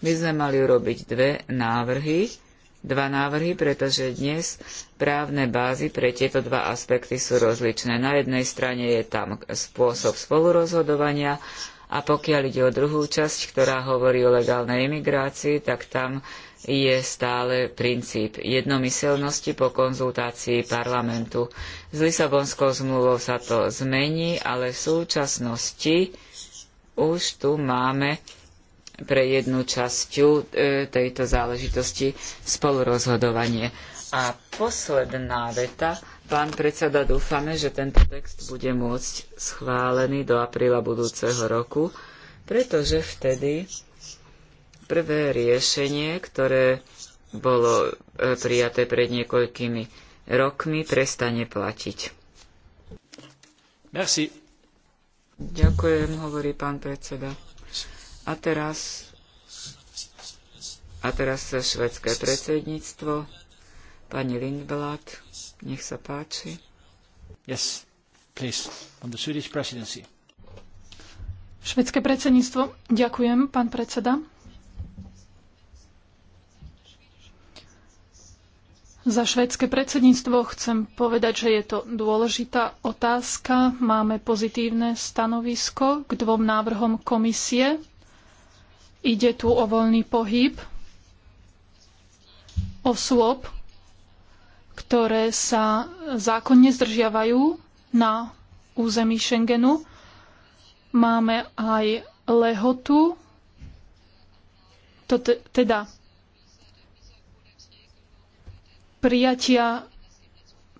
Speaker 3: My sme mali urobiť dve návrhy dva návrhy, pretože dnes právne bázy pre tieto dva aspekty sú rozličné. Na jednej strane je tam spôsob spolurozhodovania a pokiaľ ide o druhú časť, ktorá hovorí o legálnej imigrácii, tak tam je stále princíp jednomyseľnosti po konzultácii parlamentu. S Lisabonskou zmluvou sa to zmení, ale v súčasnosti už tu máme pre jednu časťu e, tejto záležitosti spolurozhodovanie. A posledná veta. Pán predseda, dúfame, že tento text bude môcť schválený do apríla budúceho roku, pretože vtedy prvé riešenie, ktoré bolo e, prijaté pred niekoľkými rokmi, prestane platiť. Merci. Ďakujem, hovorí pán predseda. A teraz, a teraz sa švedské predsedníctvo. Pani Lindblad, nech sa páči. Yes, please, on the Swedish presidency.
Speaker 2: Švedské predsedníctvo. Ďakujem, pán predseda. Za švedské predsedníctvo chcem povedať, že je to dôležitá otázka. Máme pozitívne stanovisko k dvom návrhom komisie Ide tu o voľný pohyb osôb, ktoré sa zákonne zdržiavajú na území Schengenu. Máme aj lehotu, to te, teda prijatia,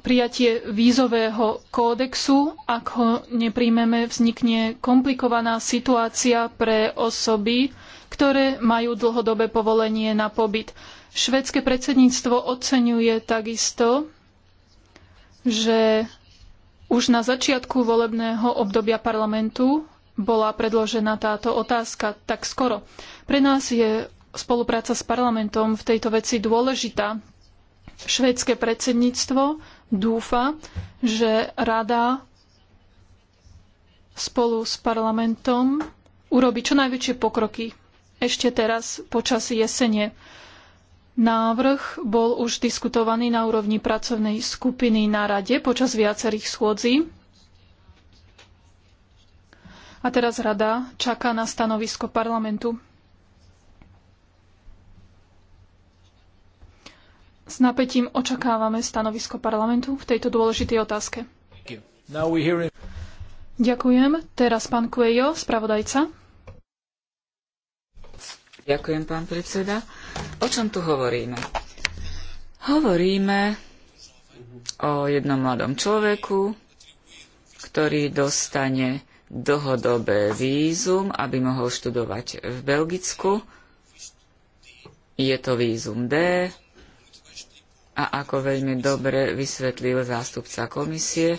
Speaker 2: prijatie vízového kódexu. Ak ho nepríjmeme, vznikne komplikovaná situácia pre osoby, ktoré majú dlhodobé povolenie na pobyt. Švédske predsedníctvo oceňuje takisto, že už na začiatku volebného obdobia parlamentu bola predložená táto otázka tak skoro. Pre nás je spolupráca s parlamentom v tejto veci dôležitá. Švédske predsedníctvo dúfa, že rada spolu s parlamentom urobí čo najväčšie pokroky ešte teraz počas jesene. Návrh bol už diskutovaný na úrovni pracovnej skupiny na rade počas viacerých schôdzí. A teraz rada čaká na stanovisko parlamentu. S napätím očakávame stanovisko parlamentu v tejto dôležitej otázke. Ďakujem. Teraz pán Kuejo, spravodajca.
Speaker 3: Ďakujem, pán predseda. O čom tu hovoríme?
Speaker 2: Hovoríme
Speaker 3: o jednom mladom človeku, ktorý dostane dlhodobé vízum, aby mohol študovať v Belgicku. Je to vízum D a ako veľmi dobre vysvetlil zástupca komisie,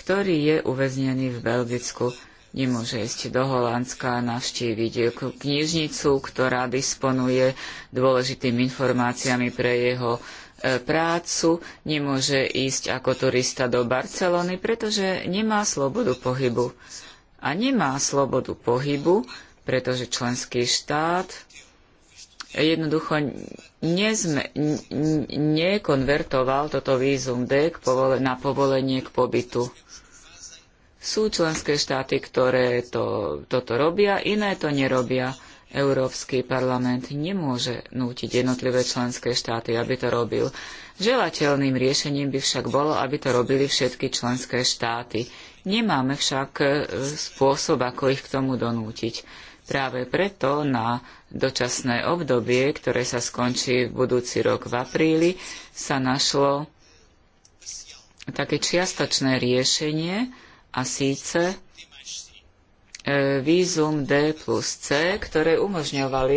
Speaker 3: ktorý je uväznený v Belgicku nemôže ísť do Holandska a navštíviť knižnicu, ktorá disponuje dôležitými informáciami pre jeho e, prácu, nemôže ísť ako turista do Barcelony, pretože nemá slobodu pohybu. A nemá slobodu pohybu, pretože členský štát jednoducho nezme, nekonvertoval toto vízum D na povolenie k pobytu. Sú členské štáty, ktoré to, toto robia, iné to nerobia. Európsky parlament nemôže nútiť jednotlivé členské štáty, aby to robil. Želateľným riešením by však bolo, aby to robili všetky členské štáty. Nemáme však e, spôsob, ako ich k tomu donútiť. Práve preto na dočasné obdobie, ktoré sa skončí v budúci rok v apríli, sa našlo také čiastočné riešenie, a síce e, vízum D plus C, ktoré umožňovali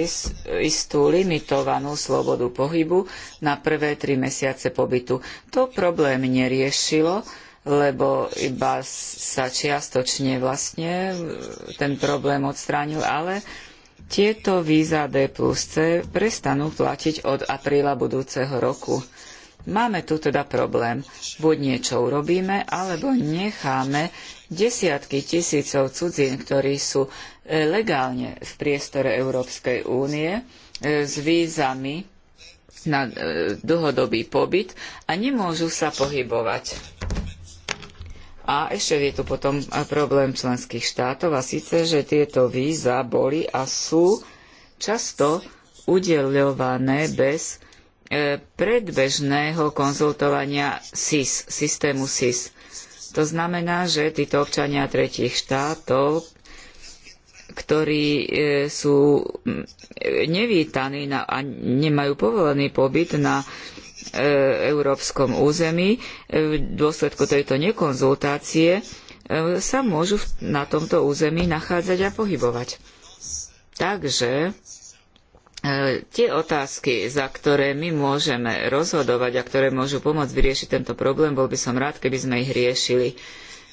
Speaker 3: istú limitovanú slobodu pohybu na prvé tri mesiace pobytu. To problém neriešilo, lebo iba sa čiastočne vlastne e, ten problém odstránil, ale tieto víza D plus C prestanú platiť od apríla budúceho roku. Máme tu teda problém. Buď niečo urobíme, alebo necháme desiatky tisícov cudzín, ktorí sú e, legálne v priestore Európskej únie e, s vízami na e, dlhodobý pobyt a nemôžu sa pohybovať. A ešte je tu potom problém členských štátov a síce, že tieto víza boli a sú často udeľované bez E, predbežného konzultovania SIS, systému SIS. To znamená, že títo občania tretich štátov, ktorí e, sú nevítaní a nemajú povolený pobyt na e, európskom území v dôsledku tejto nekonzultácie, sa môžu na tomto území nachádzať a pohybovať. Takže E, tie otázky, za ktoré my môžeme rozhodovať a ktoré môžu pomôcť vyriešiť tento problém, bol by som rád, keby sme ich riešili.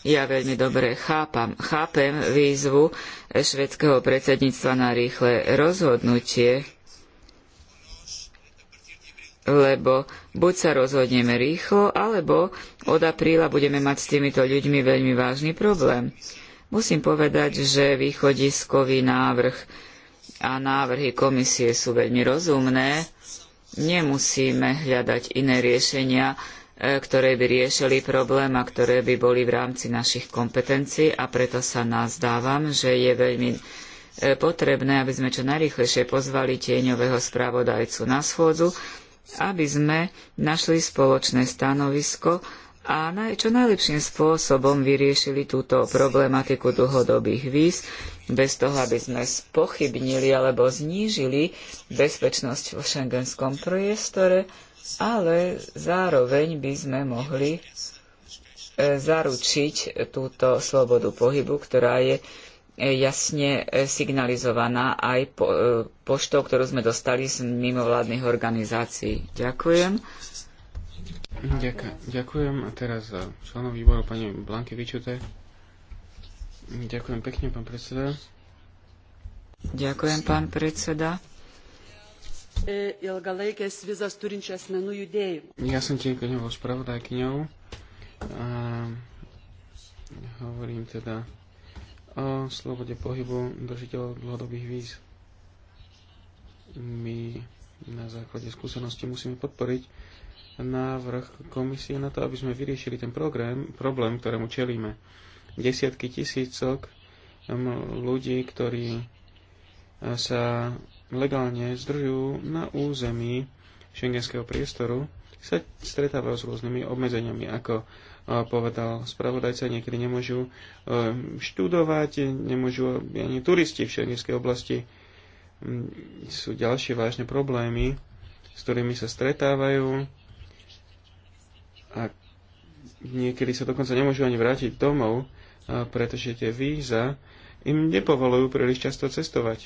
Speaker 3: Ja veľmi dobre chápam, chápem výzvu švedského predsedníctva na rýchle rozhodnutie, lebo buď sa rozhodneme rýchlo, alebo od apríla budeme mať s týmito ľuďmi veľmi vážny problém. Musím povedať, že východiskový návrh a návrhy komisie sú veľmi rozumné, nemusíme hľadať iné riešenia, e, ktoré by riešili problém a ktoré by boli v rámci našich kompetencií a preto sa nazdávam, že je veľmi e, potrebné, aby sme čo najrýchlejšie pozvali tieňového spravodajcu na schôdzu, aby sme našli spoločné stanovisko, a naj, čo najlepším spôsobom vyriešili túto problematiku dlhodobých víz, bez toho, aby sme spochybnili alebo znížili bezpečnosť v šengenskom priestore, ale zároveň by sme mohli e, zaručiť túto slobodu pohybu, ktorá je e, jasne e, signalizovaná aj poštou, ktorú sme dostali z mimovládnych organizácií. Ďakujem
Speaker 1: ďakujem a teraz za eh, členov výboru pani Blanke Vyčute. Ďakujem pekne, pán predseda. Ďakujem, pán predseda. Ja som tiež nebol spravodajkyňou. A hovorím teda o slobode pohybu držiteľov dlhodobých víz. My na základe skúsenosti musíme podporiť návrh komisie na to, aby sme vyriešili ten program, problém, ktorému čelíme. Desiatky tisícok ľudí, ktorí e, sa legálne združujú na území šengenského priestoru, sa stretávajú s rôznymi obmedzeniami, ako e, povedal spravodajca, niekedy nemôžu e, študovať, nemôžu ani turisti v šengenskej oblasti. Sú ďalšie vážne problémy, s ktorými sa stretávajú niekedy sa dokonca nemôžu ani vrátiť domov, pretože tie víza im nepovolujú príliš často cestovať.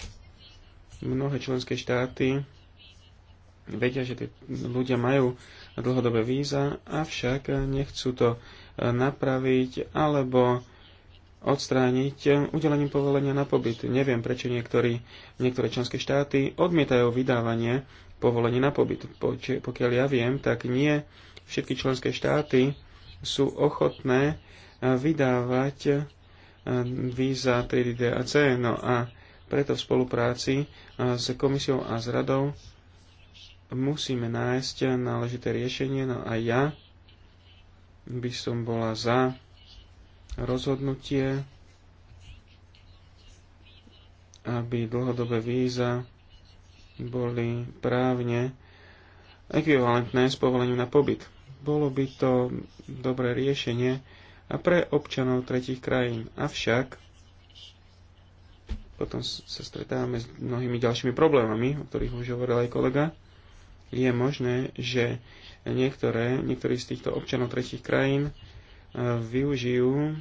Speaker 1: Mnohé členské štáty vedia, že tí ľudia majú dlhodobé víza, avšak nechcú to e, napraviť alebo odstrániť udelením povolenia na pobyt. Neviem, prečo niektorí, niektoré členské štáty odmietajú vydávanie povolenia na pobyt. Pokiaľ ja viem, tak nie všetky členské štáty sú ochotné eh, vydávať eh, víza 3D a C. No a preto v spolupráci eh, s komisiou a s radou musíme nájsť náležité riešenie. No a ja by som bola za rozhodnutie, aby dlhodobé víza boli právne ekvivalentné s povolením na pobyt bolo by to dobré riešenie a pre občanov tretich krajín. Avšak potom sa stretávame s mnohými ďalšími problémami, o ktorých už hovoril aj kolega. Je možné, že niektoré, niektorí z týchto občanov tretich krajín e, využijú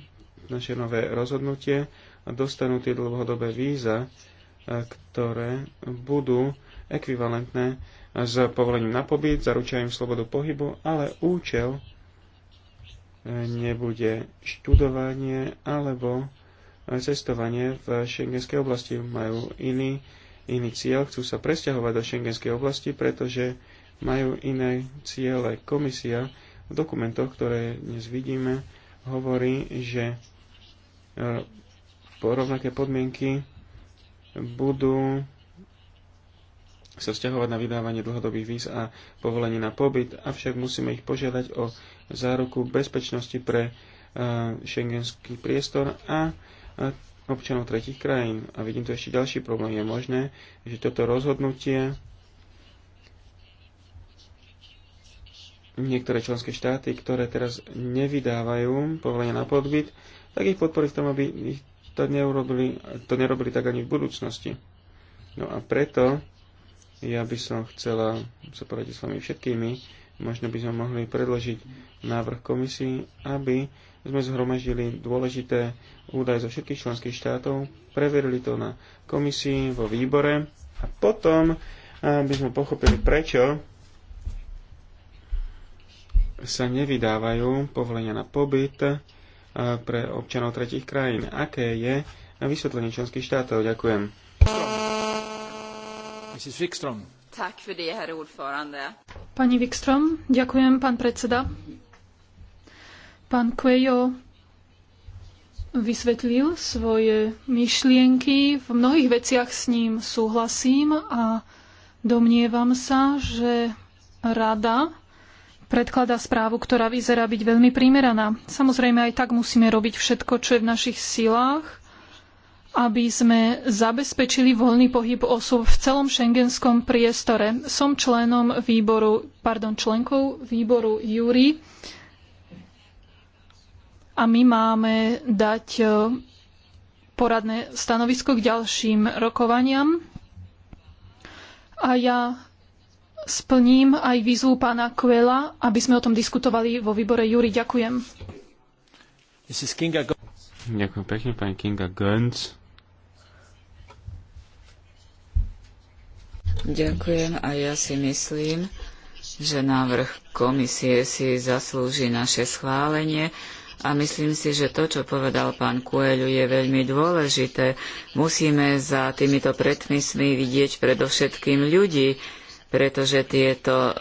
Speaker 1: naše nové rozhodnutie a dostanú tie dlhodobé víza, e, ktoré budú ekvivalentné s povolením na pobyt, zaručia im slobodu pohybu, ale účel e, nebude študovanie alebo e, cestovanie v šengenskej oblasti. Majú iný, iný cieľ, chcú sa presťahovať do šengenskej oblasti, pretože majú iné ciele. Komisia v dokumentoch, ktoré dnes vidíme, hovorí, že e, po rovnaké podmienky budú sa vzťahovať na vydávanie dlhodobých víz a povolenie na pobyt, avšak musíme ich požiadať o záruku bezpečnosti pre e, šengenský priestor a občanov tretich krajín. A vidím tu ešte ďalší problém. Je možné, že toto rozhodnutie niektoré členské štáty, ktoré teraz nevydávajú povolenie na podbyt, tak ich podporí v tom, aby ich to, neurobili, to nerobili tak ani v budúcnosti. No a preto ja by som chcela sa poradiť s vami všetkými. Možno by sme mohli predložiť návrh komisii, aby sme zhromaždili dôležité údaje zo všetkých členských štátov, preverili to na komisii, vo výbore a potom eh, by sme pochopili, prečo sa nevydávajú povolenia na pobyt eh, pre občanov tretich krajín. Aké je vysvetlenie členských štátov? Ďakujem. Mrs. Wikström.
Speaker 2: för det, herr ordförande. Pani Wikström, ďakujem, pán predseda. Pán Cuello vysvetlil svoje myšlienky. V mnohých veciach s ním súhlasím a domnievam sa, že rada predkladá správu, ktorá vyzerá byť veľmi primeraná. Samozrejme aj tak musíme robiť všetko, čo je v našich silách, aby sme zabezpečili voľný pohyb osôb v celom šengenskom priestore. Som členom výboru, pardon, členkou výboru Júri a my máme dať e, poradné stanovisko k ďalším rokovaniam. A ja splním aj výzvu pána Kvela, aby sme o tom diskutovali vo výbore Júri. Ďakujem.
Speaker 1: Ďakujem pekne, pani Kinga
Speaker 3: Ďakujem a ja si myslím, že návrh komisie si zaslúži naše schválenie a myslím si, že to, čo povedal pán Kueľu, je veľmi dôležité. Musíme za týmito predmysmi vidieť predovšetkým ľudí, pretože tieto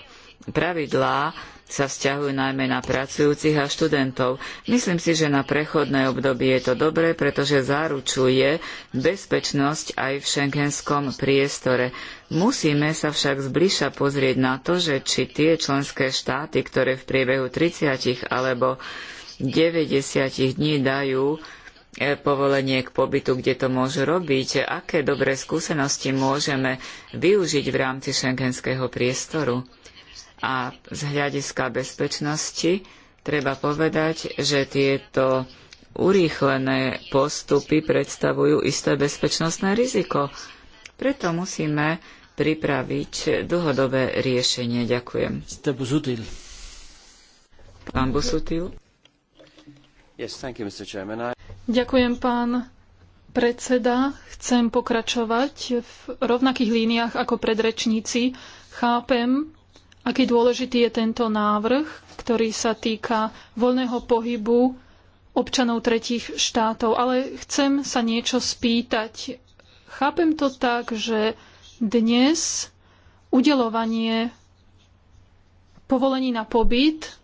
Speaker 3: pravidlá sa vzťahujú najmä na pracujúcich a študentov. Myslím si, že na prechodné obdobie je to dobré, pretože zaručuje bezpečnosť aj v šengenskom priestore. Musíme sa však zbližša pozrieť na to, že či tie členské štáty, ktoré v priebehu 30 alebo 90 dní dajú e, povolenie k pobytu, kde to môžu robiť, aké dobré skúsenosti môžeme využiť v rámci schengenského priestoru. A z hľadiska bezpečnosti treba povedať, že tieto urýchlené postupy predstavujú isté bezpečnostné riziko preto musíme pripraviť dlhodobé riešenie. Ďakujem. Pán Busutil. Yes, you, I...
Speaker 2: Ďakujem, pán predseda. Chcem pokračovať v rovnakých líniách ako predrečníci. Chápem, aký dôležitý je tento návrh, ktorý sa týka voľného pohybu občanov tretích štátov. Ale chcem sa niečo spýtať. Chápem to tak, že dnes udelovanie povolení na pobyt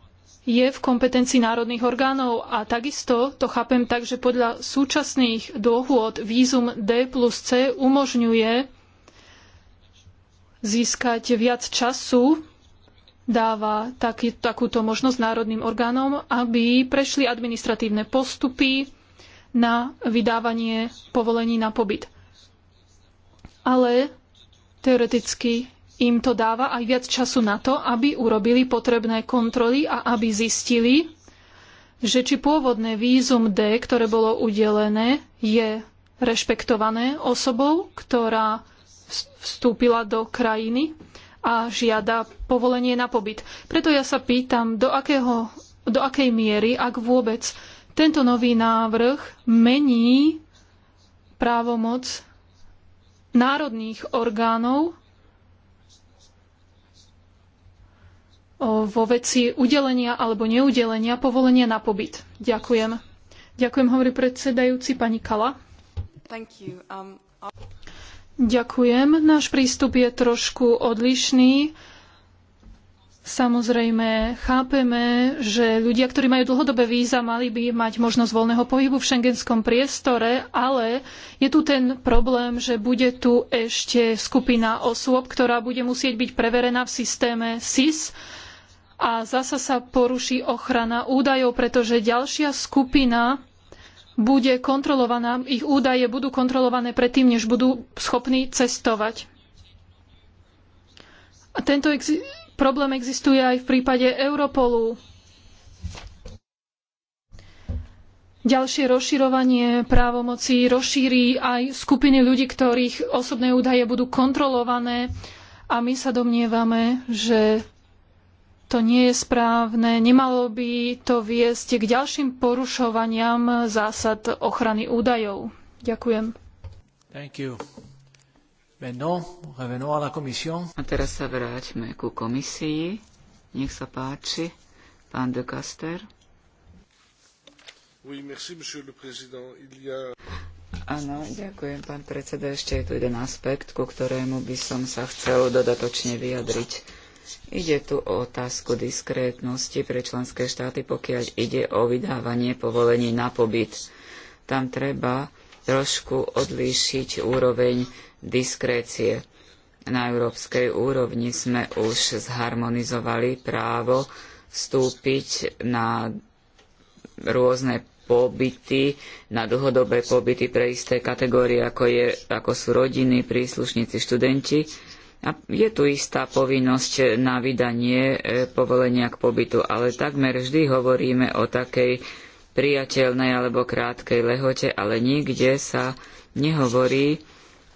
Speaker 2: je v kompetencii národných orgánov a takisto to chápem tak, že podľa súčasných dohôd vízum D plus C umožňuje získať viac času, dáva taký, takúto možnosť národným orgánom, aby prešli administratívne postupy na vydávanie povolení na pobyt ale teoreticky im to dáva aj viac času na to, aby urobili potrebné kontroly a aby zistili, že či pôvodné vízum D, ktoré bolo udelené, je rešpektované osobou, ktorá vstúpila do krajiny a žiada povolenie na pobyt. Preto ja sa pýtam, do, akého, do akej miery, ak vôbec, tento nový návrh mení právomoc národných orgánov vo veci udelenia alebo neudelenia povolenia na pobyt. Ďakujem. Ďakujem, hovorí predsedajúci pani Kala. Um, Ďakujem. Náš prístup je trošku odlišný. Samozrejme, chápeme, že ľudia, ktorí majú dlhodobé víza, mali by mať možnosť voľného pohybu v schengenskom priestore, ale je tu ten problém, že bude tu ešte skupina osôb, ktorá bude musieť byť preverená v systéme SIS a zasa sa poruší ochrana údajov, pretože ďalšia skupina bude kontrolovaná, ich údaje budú kontrolované predtým, než budú schopní cestovať. A tento exi- Problém existuje aj v prípade Europolu. Ďalšie rozširovanie právomocí rozšíri aj skupiny ľudí, ktorých osobné údaje budú kontrolované a my sa domnievame, že to nie je správne. Nemalo by to viesť k ďalším porušovaniam zásad ochrany údajov. Ďakujem.
Speaker 3: A teraz sa vráťme ku komisii. Nech sa páči, pán de Caster.
Speaker 1: Oui, merci, a...
Speaker 3: Áno, ďakujem, pán predseda. Ešte je tu jeden aspekt, ku ktorému by som sa chcel dodatočne vyjadriť. Ide tu o otázku diskrétnosti pre členské štáty, pokiaľ ide o vydávanie povolení na pobyt. Tam treba trošku odlíšiť úroveň diskrécie. Na európskej úrovni sme už zharmonizovali právo vstúpiť na rôzne pobyty, na dlhodobé pobyty pre isté kategórie, ako, je, ako sú rodiny, príslušníci, študenti. A je tu istá povinnosť na vydanie e, povolenia k pobytu, ale takmer vždy hovoríme o takej prijateľnej alebo krátkej lehote, ale nikde sa nehovorí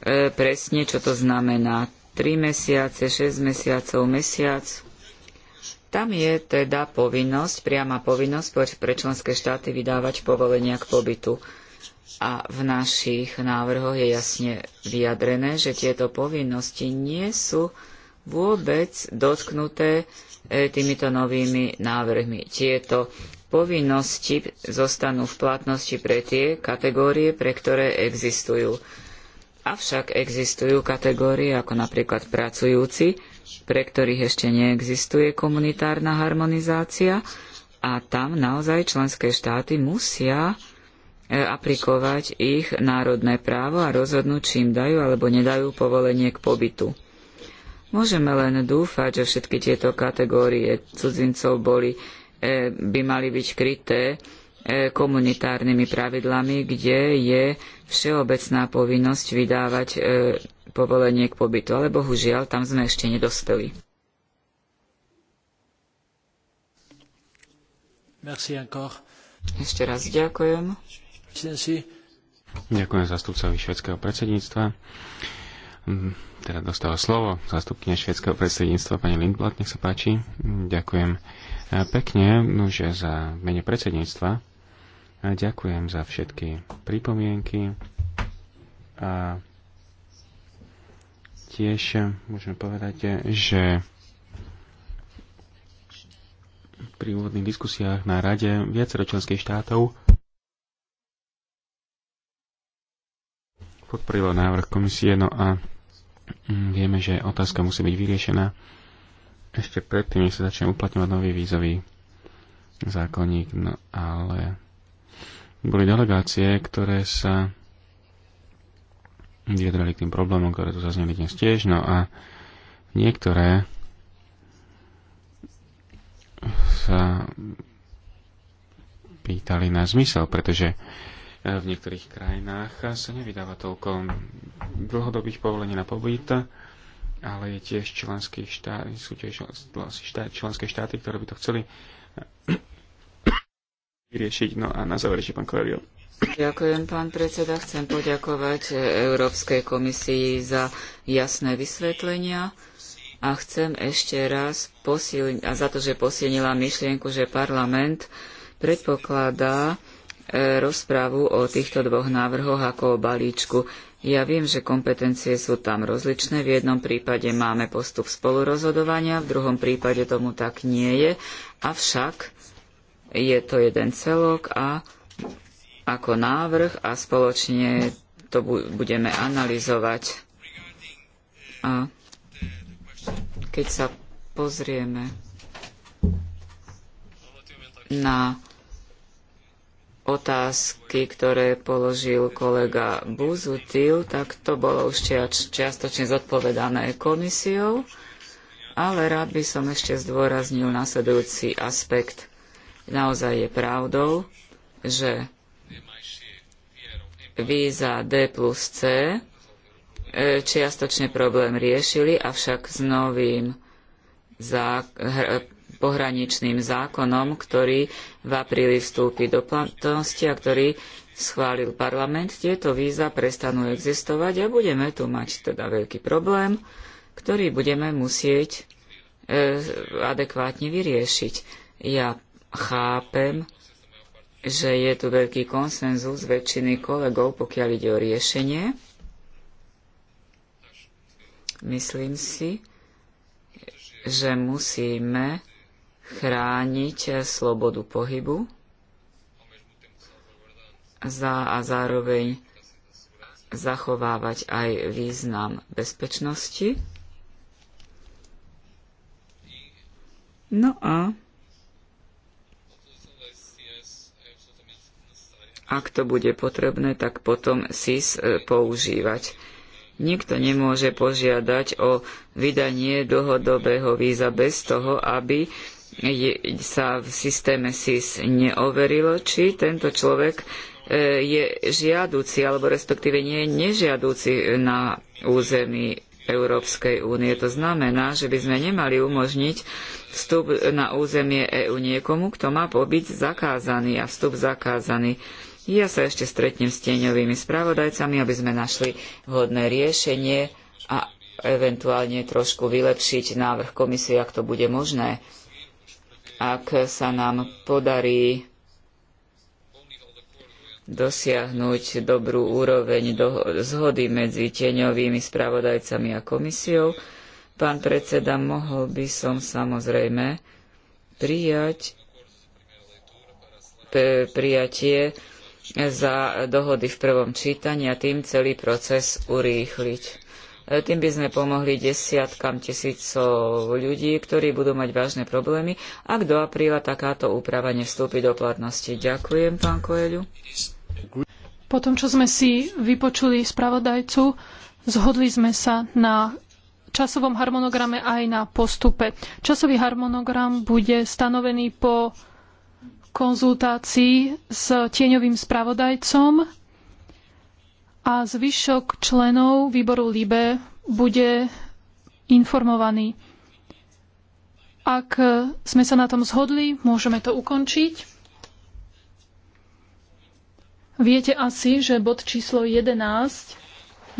Speaker 3: E, presne, čo to znamená. tri mesiace, šesť mesiacov, mesiac. Tam je teda povinnosť, priama povinnosť pre členské štáty vydávať povolenia k pobytu. A v našich návrhoch je jasne vyjadrené, že tieto povinnosti nie sú vôbec dotknuté e, týmito novými návrhmi. Tieto povinnosti zostanú v platnosti pre tie kategórie, pre ktoré existujú. Avšak existujú kategórie ako napríklad pracujúci, pre ktorých ešte neexistuje komunitárna harmonizácia a tam naozaj členské štáty musia e, aplikovať ich národné právo a rozhodnúť, či im dajú alebo nedajú povolenie k pobytu. Môžeme len dúfať, že všetky tieto kategórie cudzincov boli, e, by mali byť kryté komunitárnymi pravidlami, kde je všeobecná povinnosť vydávať e, povolenie k pobytu. Ale bohužiaľ, tam sme ešte nedospeli. Ešte raz ďakujem.
Speaker 1: Ďakujem zastupcovi švedského predsedníctva. Mm, teda dostala slovo zastupkynia švedského predsedníctva pani Lindblad, nech sa páči. Ďakujem e, pekne, no, že za mene predsedníctva a ďakujem za všetky pripomienky a tiež môžeme povedať, že pri úvodných diskusiách na rade viacero členských štátov podporilo návrh komisie, no a mm, vieme, že otázka musí byť vyriešená ešte predtým, než sa začne uplatňovať nový vízový zákonník, no ale boli delegácie, ktoré sa vyjadrali k tým problémom, ktoré tu zazneli dnes tiež, no a niektoré sa pýtali na zmysel, pretože e, v niektorých krajinách sa nevydáva toľko dlhodobých povolení na pobyt, ale je tiež členské štáty, sú tiež členské štáty, ktoré by to chceli vyriešiť. No a na záver ešte pán Klerio.
Speaker 3: Ďakujem, pán predseda. Chcem poďakovať Európskej komisii za jasné vysvetlenia a chcem ešte raz posilniť, a za to, že posilnila myšlienku, že parlament predpokladá e, rozpravu o týchto dvoch návrhoch ako o balíčku. Ja viem, že kompetencie sú tam rozličné. V jednom prípade máme postup spolurozhodovania, v druhom prípade tomu tak nie je. Avšak je to jeden celok a ako návrh a spoločne to budeme analyzovať. A keď sa pozrieme na otázky, ktoré položil kolega Buzutil, tak to bolo už čiastočne zodpovedané komisiou, ale rád by som ešte zdôraznil nasledujúci aspekt. Naozaj je pravdou, že víza D plus C e, čiastočne problém riešili, avšak s novým pohraničným zákonom, ktorý v apríli vstúpi do platnosti a ktorý schválil parlament, tieto víza prestanú existovať a budeme tu mať teda veľký problém, ktorý budeme musieť e, adekvátne vyriešiť. Ja chápem, že je tu veľký konsenzus väčšiny kolegov, pokiaľ ide o riešenie. Myslím si, že musíme chrániť slobodu pohybu za a zároveň zachovávať aj význam bezpečnosti. No a ak to bude potrebné, tak potom SIS e, používať. Nikto nemôže požiadať o vydanie dlhodobého víza bez toho, aby sa v systéme SIS neoverilo, či tento človek e, je žiadúci alebo respektíve nie je nežiaduci na území Európskej únie. To znamená, že by sme nemali umožniť vstup na územie EÚ niekomu, kto má pobyt zakázaný a vstup zakázaný. Ja sa ešte stretnem s tieňovými spravodajcami, aby sme našli vhodné riešenie a eventuálne trošku vylepšiť návrh komisie, ak to bude možné. Ak sa nám podarí dosiahnuť dobrú úroveň zhody medzi tieňovými spravodajcami a komisiou, pán predseda, mohol by som samozrejme prijať prijatie za dohody v prvom čítaní a tým celý proces urýchliť. E, tým by sme pomohli desiatkam tisícov ľudí, ktorí budú mať vážne problémy, ak do apríla takáto úprava nevstúpi do platnosti. Ďakujem, pán Koeľu.
Speaker 2: Po tom, čo sme si vypočuli spravodajcu, zhodli sme sa na časovom harmonograme aj na postupe. Časový harmonogram bude stanovený po konzultácií s tieňovým spravodajcom a zvyšok členov výboru LIBE bude informovaný. Ak sme sa na tom zhodli, môžeme to ukončiť. Viete asi, že bod číslo 11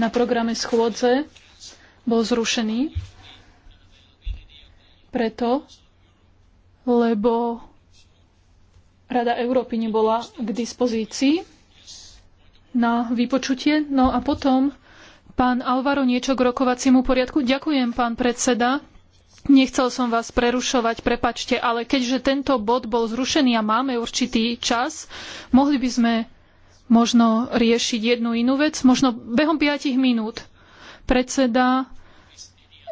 Speaker 2: na programe schôdze bol zrušený preto, lebo Rada Európy nebola k dispozícii na vypočutie. No a potom pán Alvaro niečo k rokovaciemu poriadku. Ďakujem, pán predseda. Nechcel som vás prerušovať, prepačte, ale keďže tento bod bol zrušený a máme určitý čas, mohli by sme možno riešiť jednu inú vec, možno behom 5 minút. Predseda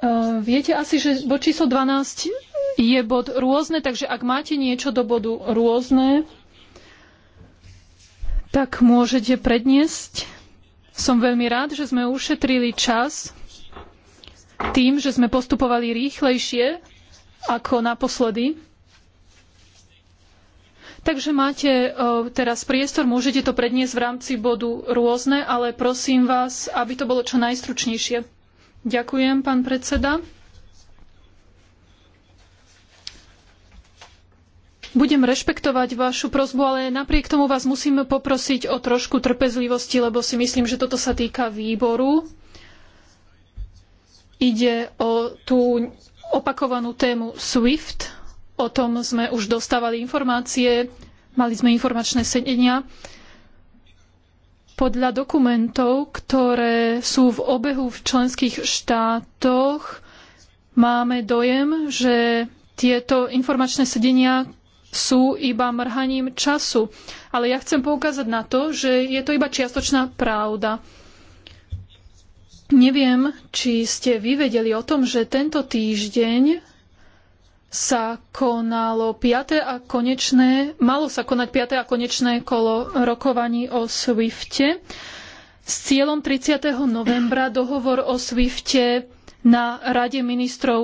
Speaker 2: E, viete asi, že bod číslo 12 je bod rôzne, takže ak máte niečo do bodu rôzne, tak môžete predniesť. Som veľmi rád, že sme ušetrili čas tým, že sme postupovali rýchlejšie ako naposledy. Takže máte e, teraz priestor, môžete to predniesť v rámci bodu rôzne, ale prosím vás, aby to bolo čo najstručnejšie. Ďakujem, pán predseda. Budem rešpektovať vašu prosbu, ale napriek tomu vás musím poprosiť o trošku trpezlivosti, lebo si myslím, že toto sa týka výboru. Ide o tú opakovanú tému SWIFT. O tom sme už dostávali informácie, mali sme informačné sedenia. Podľa dokumentov, ktoré sú v obehu v členských štátoch, máme dojem, že tieto informačné sedenia sú iba mrhaním času. Ale ja chcem poukázať na to, že je to iba čiastočná pravda. Neviem, či ste vy vedeli o tom, že tento týždeň sa konalo 5. a konečné, malo sa konať 5. a konečné kolo rokovaní o SWIFte. S cieľom 30. novembra dohovor o SWIFte na Rade ministrov